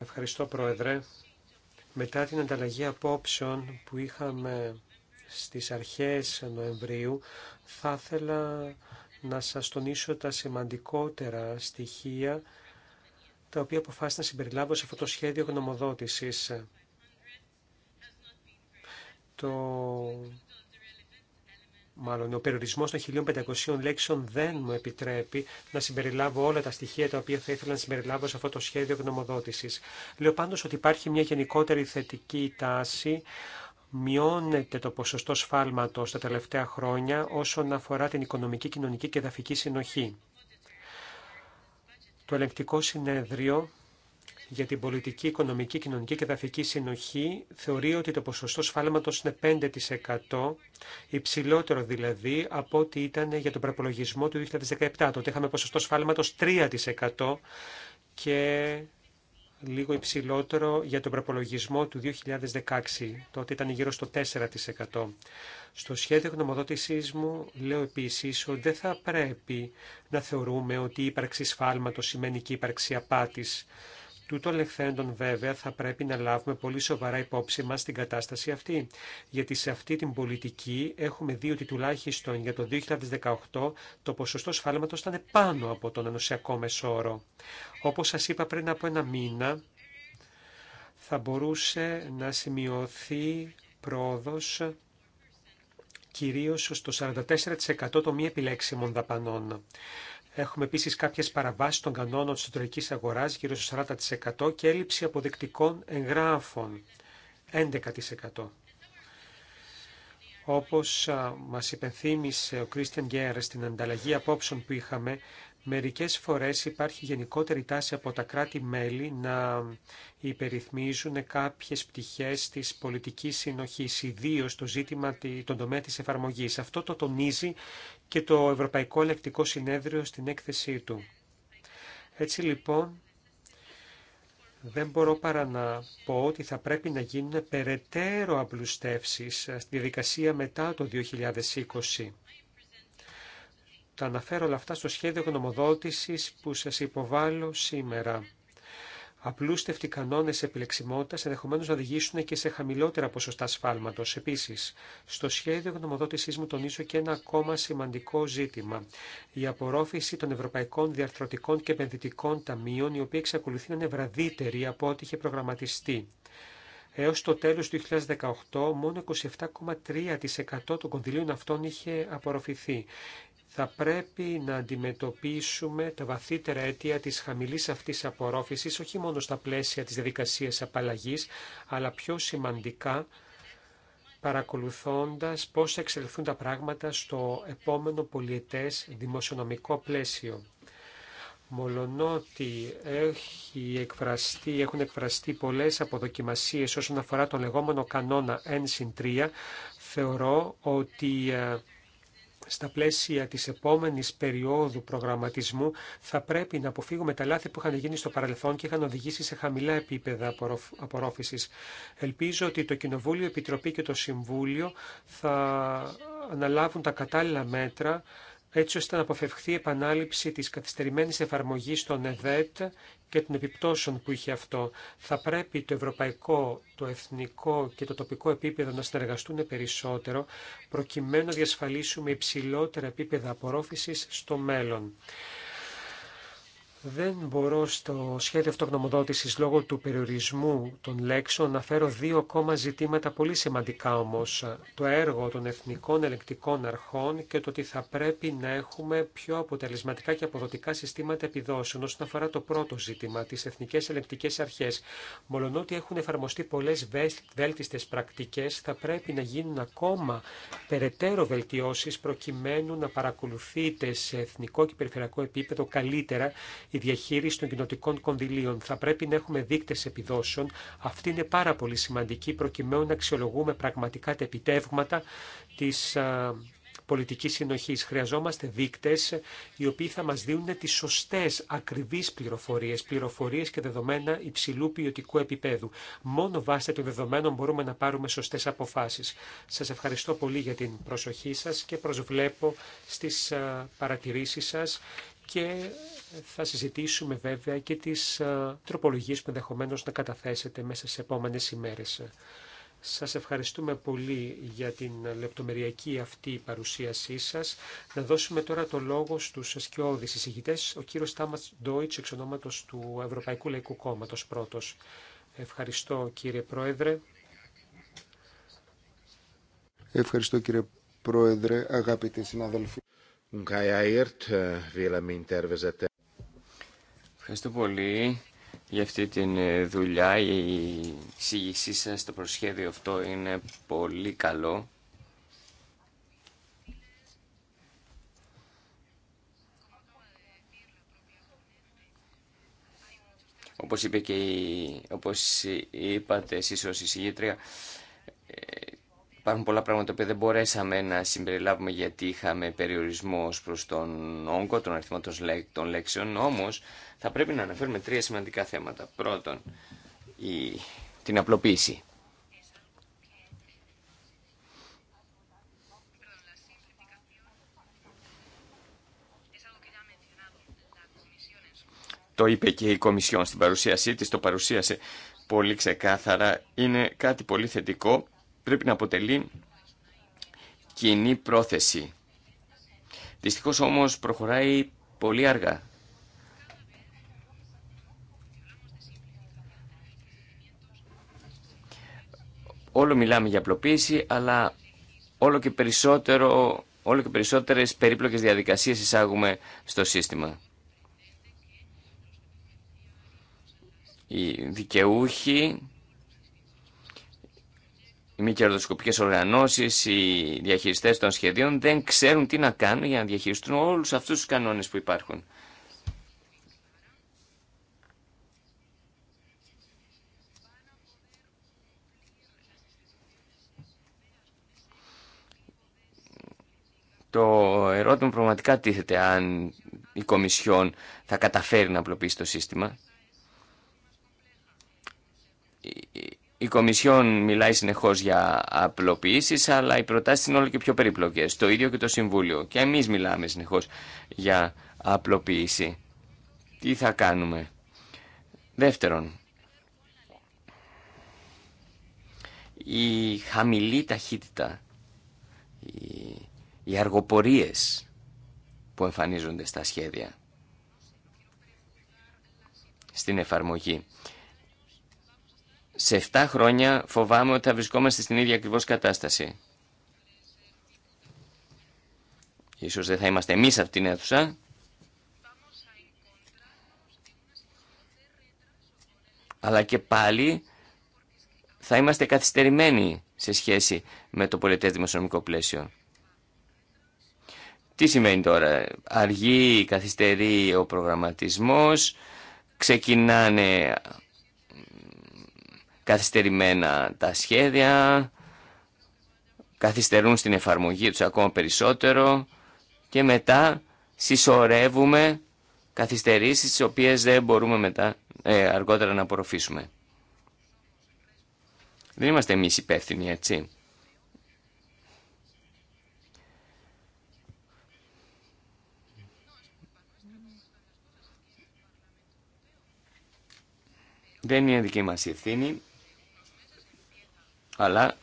B: Ευχαριστώ Πρόεδρε. Μετά την ανταλλαγή απόψεων που είχαμε στις αρχές Νοεμβρίου, θα ήθελα να σας τονίσω τα σημαντικότερα στοιχεία τα οποία αποφάσισα να συμπεριλάβω σε αυτό το σχέδιο γνωμοδότησης. Το μάλλον ο περιορισμό των 1500 λέξεων δεν μου επιτρέπει να συμπεριλάβω όλα τα στοιχεία τα οποία θα ήθελα να συμπεριλάβω σε αυτό το σχέδιο γνωμοδότησης. Λέω πάντως ότι υπάρχει μια γενικότερη θετική τάση μειώνεται το ποσοστό σφάλματος τα τελευταία χρόνια όσον αφορά την οικονομική, κοινωνική και εδαφική συνοχή. Το ελεγκτικό συνέδριο για την πολιτική, οικονομική, κοινωνική και δαφική συνοχή θεωρεί ότι το ποσοστό σφάλματος είναι 5%, υψηλότερο δηλαδή από ό,τι ήταν για τον προπολογισμό του 2017. Τότε είχαμε ποσοστό σφάλματος 3% και λίγο υψηλότερο για τον προπολογισμό του 2016. Τότε ήταν γύρω στο 4%. Στο σχέδιο γνωμοδότησής μου λέω επίσης ότι δεν θα πρέπει να θεωρούμε ότι η ύπαρξη σφάλματος σημαίνει και ύπαρξη απάτης. Τούτο λεχθέντον βέβαια θα πρέπει να λάβουμε πολύ σοβαρά υπόψη μας την κατάσταση αυτή, γιατί σε αυτή την πολιτική έχουμε δει ότι τουλάχιστον για το 2018 το ποσοστό σφάλματος ήταν πάνω από τον ενωσιακό μεσόρο. Όπως σας είπα πριν από ένα μήνα, θα μπορούσε να σημειωθεί πρόοδος κυρίως στο 44% των μη επιλέξιμων δαπανών. Έχουμε επίση κάποιε παραβάσει των κανόνων τη εσωτερική αγορά, γύρω στο 40% και έλλειψη αποδεκτικών εγγράφων, 11%. Όπως μας υπενθύμισε ο Κρίστιαν Γκέρ στην ανταλλαγή απόψεων που είχαμε, Μερικές φορές υπάρχει γενικότερη τάση από τα κράτη-μέλη να υπεριθμίζουν κάποιες πτυχές της πολιτικής συνοχής, ιδίω το ζήτημα των τομέα της εφαρμογής. Αυτό το τονίζει και το Ευρωπαϊκό Ελεκτικό Συνέδριο στην έκθεσή του. Έτσι λοιπόν, δεν μπορώ παρά να πω ότι θα πρέπει να γίνουν περαιτέρω απλουστεύσεις στη διαδικασία μετά το 2020. Τα αναφέρω όλα αυτά στο σχέδιο γνωμοδότησης που σας υποβάλλω σήμερα. Απλούστευτοι κανόνε επιλεξιμότητα ενδεχομένω να οδηγήσουν και σε χαμηλότερα ποσοστά σφάλματο. Επίση, στο σχέδιο γνωμοδότησή μου τονίζω και ένα ακόμα σημαντικό ζήτημα. Η απορρόφηση των Ευρωπαϊκών Διαρθρωτικών και Επενδυτικών Ταμείων, η οποία εξακολουθεί να είναι βραδύτερη από ό,τι είχε προγραμματιστεί. Έως το τέλος του 2018 μόνο 27,3% των κονδυλίων αυτών είχε απορροφηθεί θα πρέπει να αντιμετωπίσουμε τα βαθύτερα αίτια της χαμηλής αυτής απορρόφησης, όχι μόνο στα πλαίσια της διαδικασίας απαλλαγής, αλλά πιο σημαντικά παρακολουθώντας πώς θα εξελιχθούν τα πράγματα στο επόμενο πολιετές δημοσιονομικό πλαίσιο. Μολονότι έχει εκφραστεί, έχουν εκφραστεί πολλές αποδοκιμασίες όσον αφορά τον λεγόμενο κανόνα 1 3, θεωρώ ότι ε, στα πλαίσια της επόμενης περίοδου προγραμματισμού θα πρέπει να αποφύγουμε τα λάθη που είχαν γίνει στο παρελθόν και είχαν οδηγήσει σε χαμηλά επίπεδα απορρόφησης. Ελπίζω ότι το Κοινοβούλιο, η Επιτροπή και το Συμβούλιο θα αναλάβουν τα κατάλληλα μέτρα έτσι ώστε να αποφευχθεί η επανάληψη της καθυστερημένης εφαρμογής των ΕΔΕΤ και των επιπτώσεων που είχε αυτό. Θα πρέπει το ευρωπαϊκό, το εθνικό και το τοπικό επίπεδο να συνεργαστούν περισσότερο, προκειμένου να διασφαλίσουμε υψηλότερα επίπεδα απορρόφησης στο μέλλον. Δεν μπορώ στο σχέδιο αυτογνωμοδότησης λόγω του περιορισμού των λέξεων να φέρω δύο ακόμα ζητήματα πολύ σημαντικά όμω. Το έργο των εθνικών ελεκτικών αρχών και το ότι θα πρέπει να έχουμε πιο αποτελεσματικά και αποδοτικά συστήματα επιδόσεων όσον αφορά το πρώτο ζήτημα, τις εθνικές ελεκτικές αρχές. Μολονότι έχουν εφαρμοστεί πολλέ βέλτιστες πρακτικέ, θα πρέπει να γίνουν ακόμα περαιτέρω βελτιώσει προκειμένου να παρακολουθείτε σε εθνικό και περιφερειακό επίπεδο καλύτερα η διαχείριση των κοινοτικών κονδυλίων. Θα πρέπει να έχουμε δείκτε επιδόσεων. Αυτή είναι πάρα πολύ σημαντική προκειμένου να αξιολογούμε πραγματικά τα επιτεύγματα τη πολιτική συνοχή. Χρειαζόμαστε δείκτε οι οποίοι θα μα δίνουν τι σωστέ, ακριβεί πληροφορίε, πληροφορίε και δεδομένα υψηλού ποιοτικού επίπεδου. Μόνο βάσει των δεδομένων μπορούμε να πάρουμε σωστέ αποφάσει. Σα ευχαριστώ πολύ για την προσοχή σα και προσβλέπω στι παρατηρήσει σα και θα συζητήσουμε βέβαια και τις ε, τροπολογίες που ενδεχομένω να καταθέσετε μέσα σε επόμενες ημέρες. Σας ευχαριστούμε πολύ για την λεπτομεριακή αυτή παρουσίασή σας. Να δώσουμε τώρα το λόγο στους ασκιώδεις εισηγητές, ο κύριος Τάμας Ντόιτς, εξ ονόματος του Ευρωπαϊκού Λαϊκού Κόμματος πρώτος. Ευχαριστώ κύριε Πρόεδρε.
D: Ευχαριστώ κύριε Πρόεδρε, αγαπητοί συναδελφοί. Eh,
C: Ευχαριστώ πολύ για αυτή τη ε, δουλειά. Η εισήγησή σα στο προσχέδιο αυτό είναι πολύ καλό. Όπως, είπε και η, όπως είπατε εσείς ως εισηγήτρια, ε, Υπάρχουν πολλά πράγματα που δεν μπορέσαμε να συμπεριλάβουμε γιατί είχαμε περιορισμό προ τον όγκο, των αριθμών των λέξεων. Όμω θα πρέπει να αναφέρουμε τρία σημαντικά θέματα. Πρώτον, την απλοποίηση. Το είπε και η Κομισιόν στην παρουσίασή της, το παρουσίασε πολύ ξεκάθαρα. Είναι κάτι πολύ θετικό πρέπει να αποτελεί κοινή πρόθεση. Δυστυχώς όμως προχωράει πολύ αργά. Όλο μιλάμε για απλοποίηση, αλλά όλο και, περισσότερο, όλο και περισσότερες περίπλοκες διαδικασίες εισάγουμε στο σύστημα. Οι δικαιούχοι οι μη κερδοσκοπικές οργανώσεις, οι διαχειριστές των σχεδίων δεν ξέρουν τι να κάνουν για να διαχειριστούν όλους αυτούς τους κανόνες που υπάρχουν. Το ερώτημα πραγματικά τίθεται αν η Κομισιόν θα καταφέρει να απλοποιήσει το σύστημα. Η Κομισιόν μιλάει συνεχώ για απλοποίησει, αλλά οι προτάσει είναι όλο και πιο περίπλοκε. Το ίδιο και το Συμβούλιο. Και εμεί μιλάμε συνεχώ για απλοποίηση. Τι θα κάνουμε. Δεύτερον, η χαμηλή ταχύτητα, οι, οι αργοπορίες που εμφανίζονται στα σχέδια, στην εφαρμογή σε 7 χρόνια φοβάμαι ότι θα βρισκόμαστε στην ίδια ακριβώς κατάσταση. Ίσως δεν θα είμαστε εμείς αυτήν την αίθουσα. Αλλά και πάλι θα είμαστε καθυστερημένοι σε σχέση με το πολιτές δημοσιονομικό πλαίσιο. Τι σημαίνει τώρα, αργεί, καθυστερεί ο προγραμματισμός, ξεκινάνε καθυστερημένα τα σχέδια, καθυστερούν στην εφαρμογή τους ακόμα περισσότερο και μετά συσσωρεύουμε καθυστερήσεις τις οποίες δεν μπορούμε μετά ε, αργότερα να απορροφήσουμε. Δεν είμαστε εμείς υπεύθυνοι, έτσι. Δεν είναι δική μας ευθύνη αλλά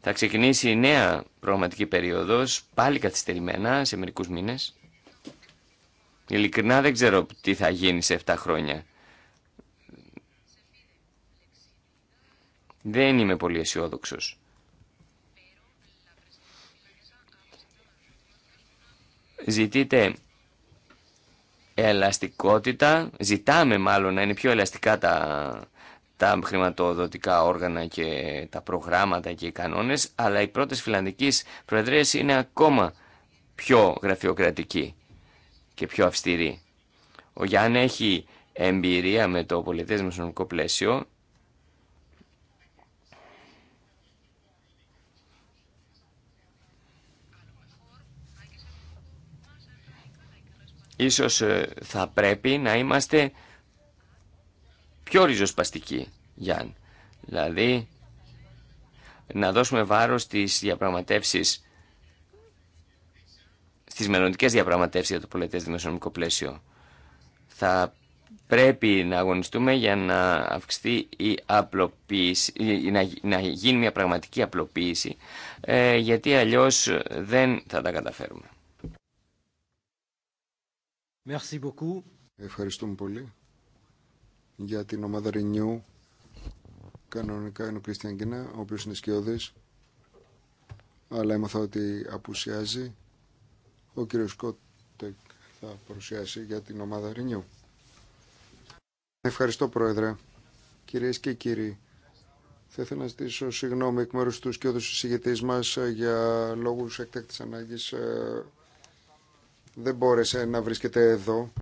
C: θα ξεκινήσει η νέα προγραμματική περίοδος, πάλι καθυστερημένα, σε μερικούς μήνες. Ειλικρινά δεν ξέρω τι θα γίνει σε 7 χρόνια. Δεν είμαι πολύ αισιόδοξο. Ζητείτε ελαστικότητα, ζητάμε μάλλον να είναι πιο ελαστικά τα τα χρηματοδοτικά όργανα και τα προγράμματα και οι κανόνες, αλλά οι πρώτες φιλανδικής προεδρίας είναι ακόμα πιο γραφειοκρατική και πιο αυστηρή. Ο Γιάννη έχει εμπειρία με το πολιτές μεσονομικό πλαίσιο Ίσως ε, θα πρέπει να είμαστε πιο ριζοσπαστική, να, Δηλαδή, να δώσουμε βάρος στις διαπραγματεύσεις, στις μελλοντικές διαπραγματεύσεις για το πολιτές δημοσιονομικό πλαίσιο. Θα πρέπει να αγωνιστούμε για να αυξηθεί η απλοποίηση, να, να γίνει μια πραγματική απλοποίηση, ε, γιατί αλλιώς δεν θα τα καταφέρουμε.
A: Merci beaucoup.
D: Ευχαριστούμε πολύ για την ομάδα Renew. Κανονικά είναι ο Κριστιαν Κίνα, ο οποίος είναι σκιώδη. αλλά έμαθα ότι απουσιάζει. Ο κύριο Κότεκ θα παρουσιάσει για την ομάδα Renew. Ευχαριστώ Πρόεδρε. Κυρίες και κύριοι, θα ήθελα να ζητήσω συγγνώμη εκ μέρους του σκιώδου συζητητής μας ε, για λόγους εκτέκτης ανάγκη. Ε, δεν μπόρεσε να βρίσκεται εδώ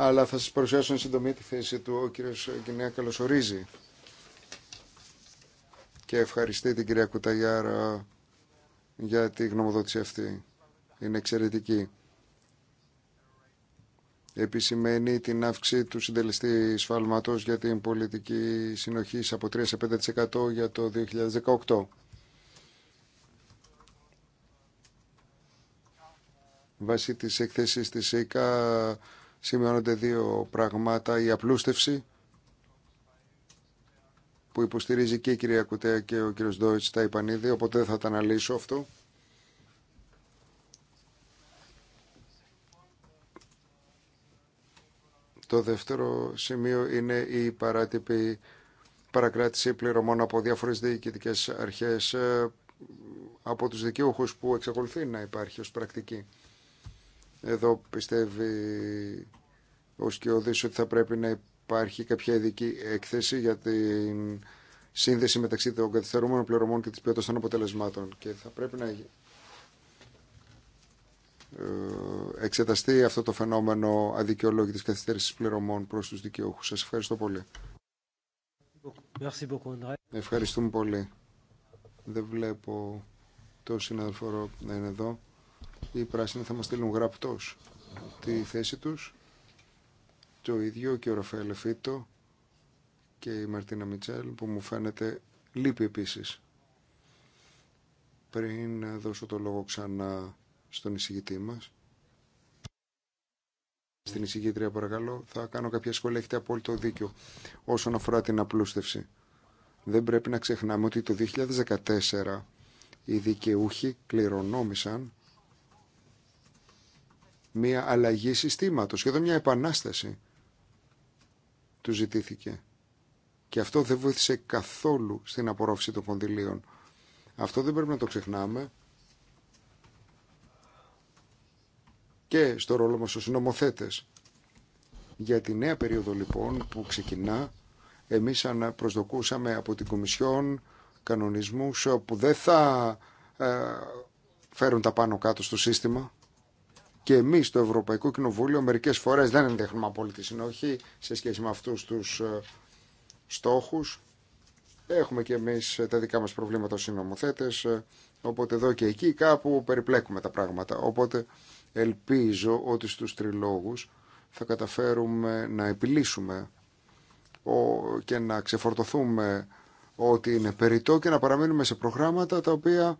D: αλλά θα σας παρουσιάσω εν συντομή τη θέση του. Ο κύριος Κινέα καλωσορίζει και ευχαριστεί την κυρία Κουταγιάρα για τη γνωμοδότηση αυτή. Είναι εξαιρετική. Επισημαίνει την αύξηση του συντελεστή σφάλματος για την πολιτική συνοχή από 3 σε 5% για το 2018. Βάσει της εκθέσης της ΕΚΑ σημειώνονται δύο πραγμάτα. Η απλούστευση που υποστηρίζει και η κυρία Κουτέα και ο κύριος Ντόιτς τα είπαν οπότε θα τα αναλύσω αυτό. Το δεύτερο σημείο είναι η παράτυπη παρακράτηση πληρωμών από διάφορες διοικητικές αρχές ε, από τους δικαιούχους που εξακολουθεί να υπάρχει ως πρακτική. Εδώ πιστεύει ο Σκιώδης ότι θα πρέπει να υπάρχει κάποια ειδική έκθεση για την σύνδεση μεταξύ των καθυστερούμενων πληρωμών και της ποιότητας των αποτελεσμάτων και θα πρέπει να ε, εξεταστεί αυτό το φαινόμενο αδικαιολόγητης καθυστέρησης πληρωμών προς τους δικαιούχους. Σας ευχαριστώ πολύ. Ευχαριστούμε πολύ. Δεν βλέπω το συναδελφορό να είναι εδώ. Οι πράσινοι θα μας στείλουν γραπτός τη θέση τους. Το ίδιο και ο Ραφαέλε Φίτο και η Μαρτίνα Μιτσέλ που μου φαίνεται λείπει επίσης. Πριν δώσω το λόγο ξανά στον εισηγητή μας. Στην εισηγήτρια παρακαλώ, θα κάνω κάποια σχόλια, έχετε απόλυτο δίκιο όσον αφορά την απλούστευση. Δεν πρέπει να ξεχνάμε ότι το 2014 οι δικαιούχοι κληρονόμησαν μια αλλαγή συστήματος, σχεδόν μια επανάσταση του ζητήθηκε. Και αυτό δεν βοήθησε καθόλου στην απορρόφηση των κονδυλίων. Αυτό δεν πρέπει να το ξεχνάμε. Και στο ρόλο μας ως νομοθέτες. Για τη νέα περίοδο λοιπόν που ξεκινά, εμείς προσδοκούσαμε από την Κομισιόν κανονισμούς που δεν θα ε, φέρουν τα πάνω κάτω στο σύστημα και εμεί στο Ευρωπαϊκό Κοινοβούλιο μερικέ φορέ δεν ενδέχνουμε απόλυτη συνοχή σε σχέση με αυτού του ε, στόχου. Έχουμε και εμεί τα δικά μα προβλήματα ω συνομοθέτε. Ε, οπότε εδώ και εκεί κάπου περιπλέκουμε τα πράγματα. Οπότε ελπίζω ότι στους τριλόγους θα καταφέρουμε να επιλύσουμε και να ξεφορτωθούμε ότι είναι περιττό και να παραμείνουμε σε προγράμματα τα οποία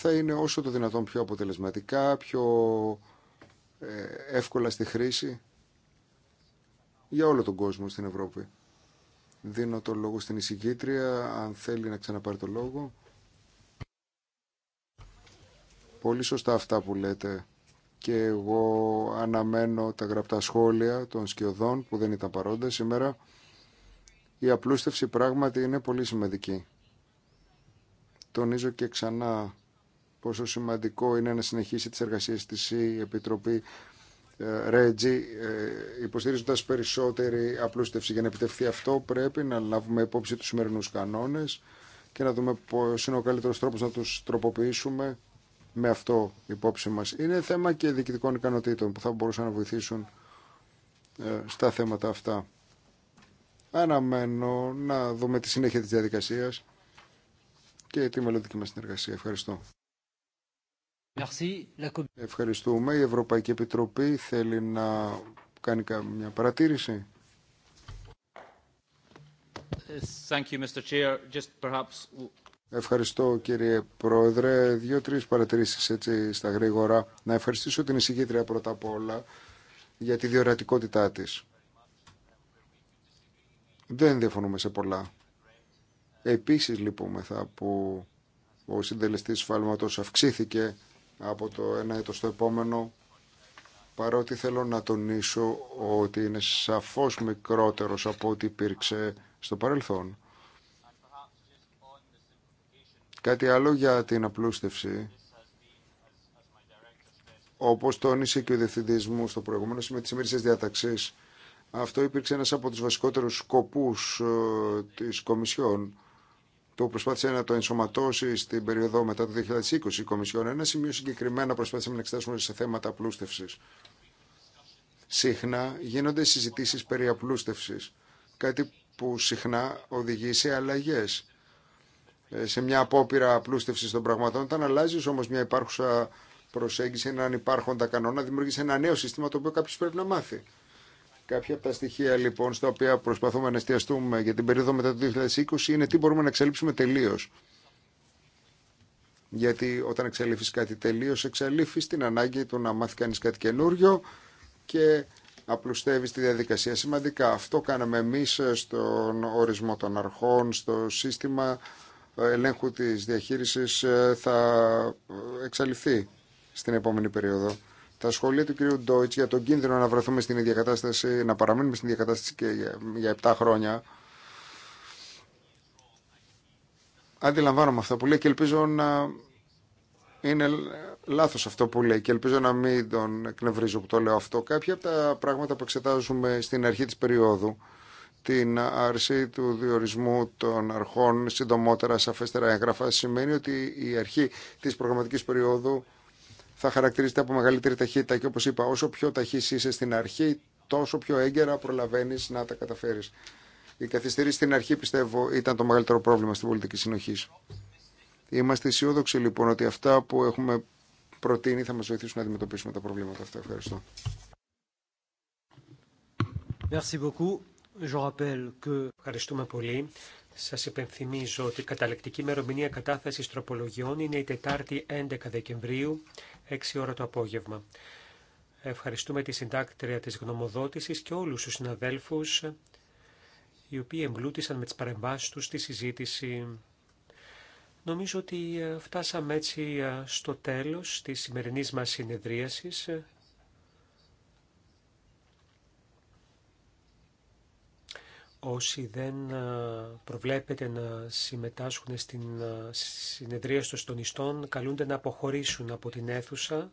D: θα είναι όσο το δυνατόν πιο αποτελεσματικά, πιο ε, εύκολα στη χρήση για όλο τον κόσμο στην Ευρώπη. Δίνω το λόγο στην εισηγήτρια, αν θέλει να ξαναπάρει το λόγο. Πολύ σωστά αυτά που λέτε και εγώ αναμένω τα γραπτά σχόλια των σκιωδών που δεν ήταν παρόντα σήμερα. Η απλούστευση πράγματι είναι πολύ σημαντική. Τονίζω και ξανά πόσο σημαντικό είναι να συνεχίσει τις εργασίες της η Επιτροπή ε, Ρέτζι, ε, υποστηρίζοντας περισσότερη απλούστευση για να επιτευχθεί αυτό, πρέπει να λάβουμε υπόψη του σημερινού κανόνε και να δούμε πω είναι ο καλύτερο τρόπο να του τροποποιήσουμε με αυτό υπόψη μα. Είναι θέμα και διοικητικών ικανοτήτων που θα μπορούσαν να βοηθήσουν ε, στα θέματα αυτά. Αναμένω να δούμε τη συνέχεια τη διαδικασία και τη μελλοντική μα συνεργασία. Ευχαριστώ. Ευχαριστούμε. Η Ευρωπαϊκή Επιτροπή θέλει να κάνει μια παρατήρηση.
A: Thank you, Mr. Chair. Just perhaps...
D: Ευχαριστώ κύριε Πρόεδρε. Δύο-τρεις παρατηρήσεις έτσι στα γρήγορα. Να ευχαριστήσω την εισηγήτρια πρώτα απ' όλα για τη διορατικότητά της. Δεν διαφωνούμε σε πολλά. Επίσης λυπούμεθα που ο συντελεστής φάλματος αυξήθηκε από το ένα έτος στο επόμενο παρότι θέλω να τονίσω ότι είναι σαφώς μικρότερος από ό,τι υπήρξε στο παρελθόν. Κάτι άλλο για την απλούστευση. Όπως τόνισε και ο διευθυντής μου στο προηγούμενο με τις διαταξής, αυτό υπήρξε ένας από τους βασικότερους σκοπούς ε, της Κομισιόν το προσπάθησε να το ενσωματώσει στην περίοδο μετά το 2020 η Κομισιόν. Ένα σημείο συγκεκριμένα προσπάθησαμε να εξετάσουμε σε θέματα απλούστευση. Συχνά γίνονται συζητήσει περί απλούστευση. κάτι που συχνά οδηγεί σε αλλαγέ. Ε, σε μια απόπειρα απλούστευση των πραγματών, όταν αλλάζει όμως μια υπάρχουσα προσέγγιση, έναν υπάρχοντα κανόνα, δημιουργεί ένα νέο σύστημα το οποίο κάποιο πρέπει να μάθει. Κάποια από τα στοιχεία λοιπόν στα οποία προσπαθούμε να εστιαστούμε για την περίοδο μετά το 2020 είναι τι μπορούμε να εξαλείψουμε τελείω. Γιατί όταν εξαλείφει κάτι τελείω, εξαλείφει την ανάγκη του να μάθει κανεί κάτι καινούριο και απλουστεύει τη διαδικασία σημαντικά. Αυτό κάναμε εμεί στον ορισμό των αρχών, στο σύστημα ελέγχου της διαχείρισης ε, θα ε, εξαλειφθεί στην επόμενη περίοδο τα σχόλια του κ. Ντόιτ για τον κίνδυνο να βρεθούμε στην ίδια κατάσταση, να παραμείνουμε στην ίδια κατάσταση και για, 7 χρόνια. Αντιλαμβάνομαι αυτό που λέει και ελπίζω να είναι λάθος αυτό που λέει και ελπίζω να μην τον εκνευρίζω που το λέω αυτό. Κάποια από τα πράγματα που εξετάζουμε στην αρχή της περίοδου, την άρση του διορισμού των αρχών συντομότερα, σαφέστερα έγγραφα, σημαίνει ότι η αρχή της προγραμματικής περίοδου θα χαρακτηρίζεται από μεγαλύτερη ταχύτητα και όπως είπα όσο πιο ταχύς είσαι στην αρχή τόσο πιο έγκαιρα προλαβαίνεις να τα καταφέρεις. Η καθυστερή στην αρχή πιστεύω ήταν το μεγαλύτερο πρόβλημα στην πολιτική συνοχή. Είμαστε αισιόδοξοι λοιπόν ότι αυτά που έχουμε προτείνει θα μας βοηθήσουν να αντιμετωπίσουμε τα προβλήματα αυτά. Ευχαριστώ.
A: Merci Ευχαριστούμε πολύ.
B: Σας υπενθυμίζω ότι η καταλεκτική ημερομηνία κατάθεσης τροπολογιών είναι η Τετάρτη 11 Δεκεμβρίου, 6 ώρα το απόγευμα. Ευχαριστούμε τη συντάκτρια τη Γνωμοδότηση και όλους τους συναδέλφους οι οποίοι εμπλούτησαν με τις παρεμβάσει του στη συζήτηση. Νομίζω ότι ε, φτάσαμε έτσι ε, στο τέλος της σημερινής μας συνεδρίασης. όσοι δεν προβλέπετε να συμμετάσχουν στην συνεδρία των τονιστών, καλούνται να αποχωρήσουν από την αίθουσα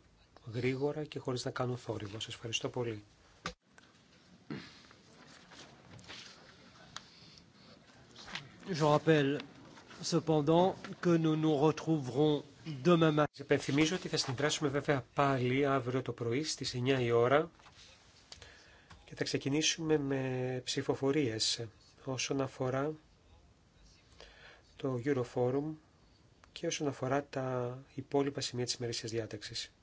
B: γρήγορα και χωρίς να κάνουν θόρυβο. Σας ευχαριστώ πολύ.
A: Je rappelle cependant que nous nous retrouverons demain
B: ότι θα συνδράσουμε βέβαια πάλι αύριο το πρωί στις 9 η ώρα θα ξεκινήσουμε με ψηφοφορίες όσον αφορά το Euroforum και όσον αφορά τα υπόλοιπα σημεία της ημερήσιας διάταξης.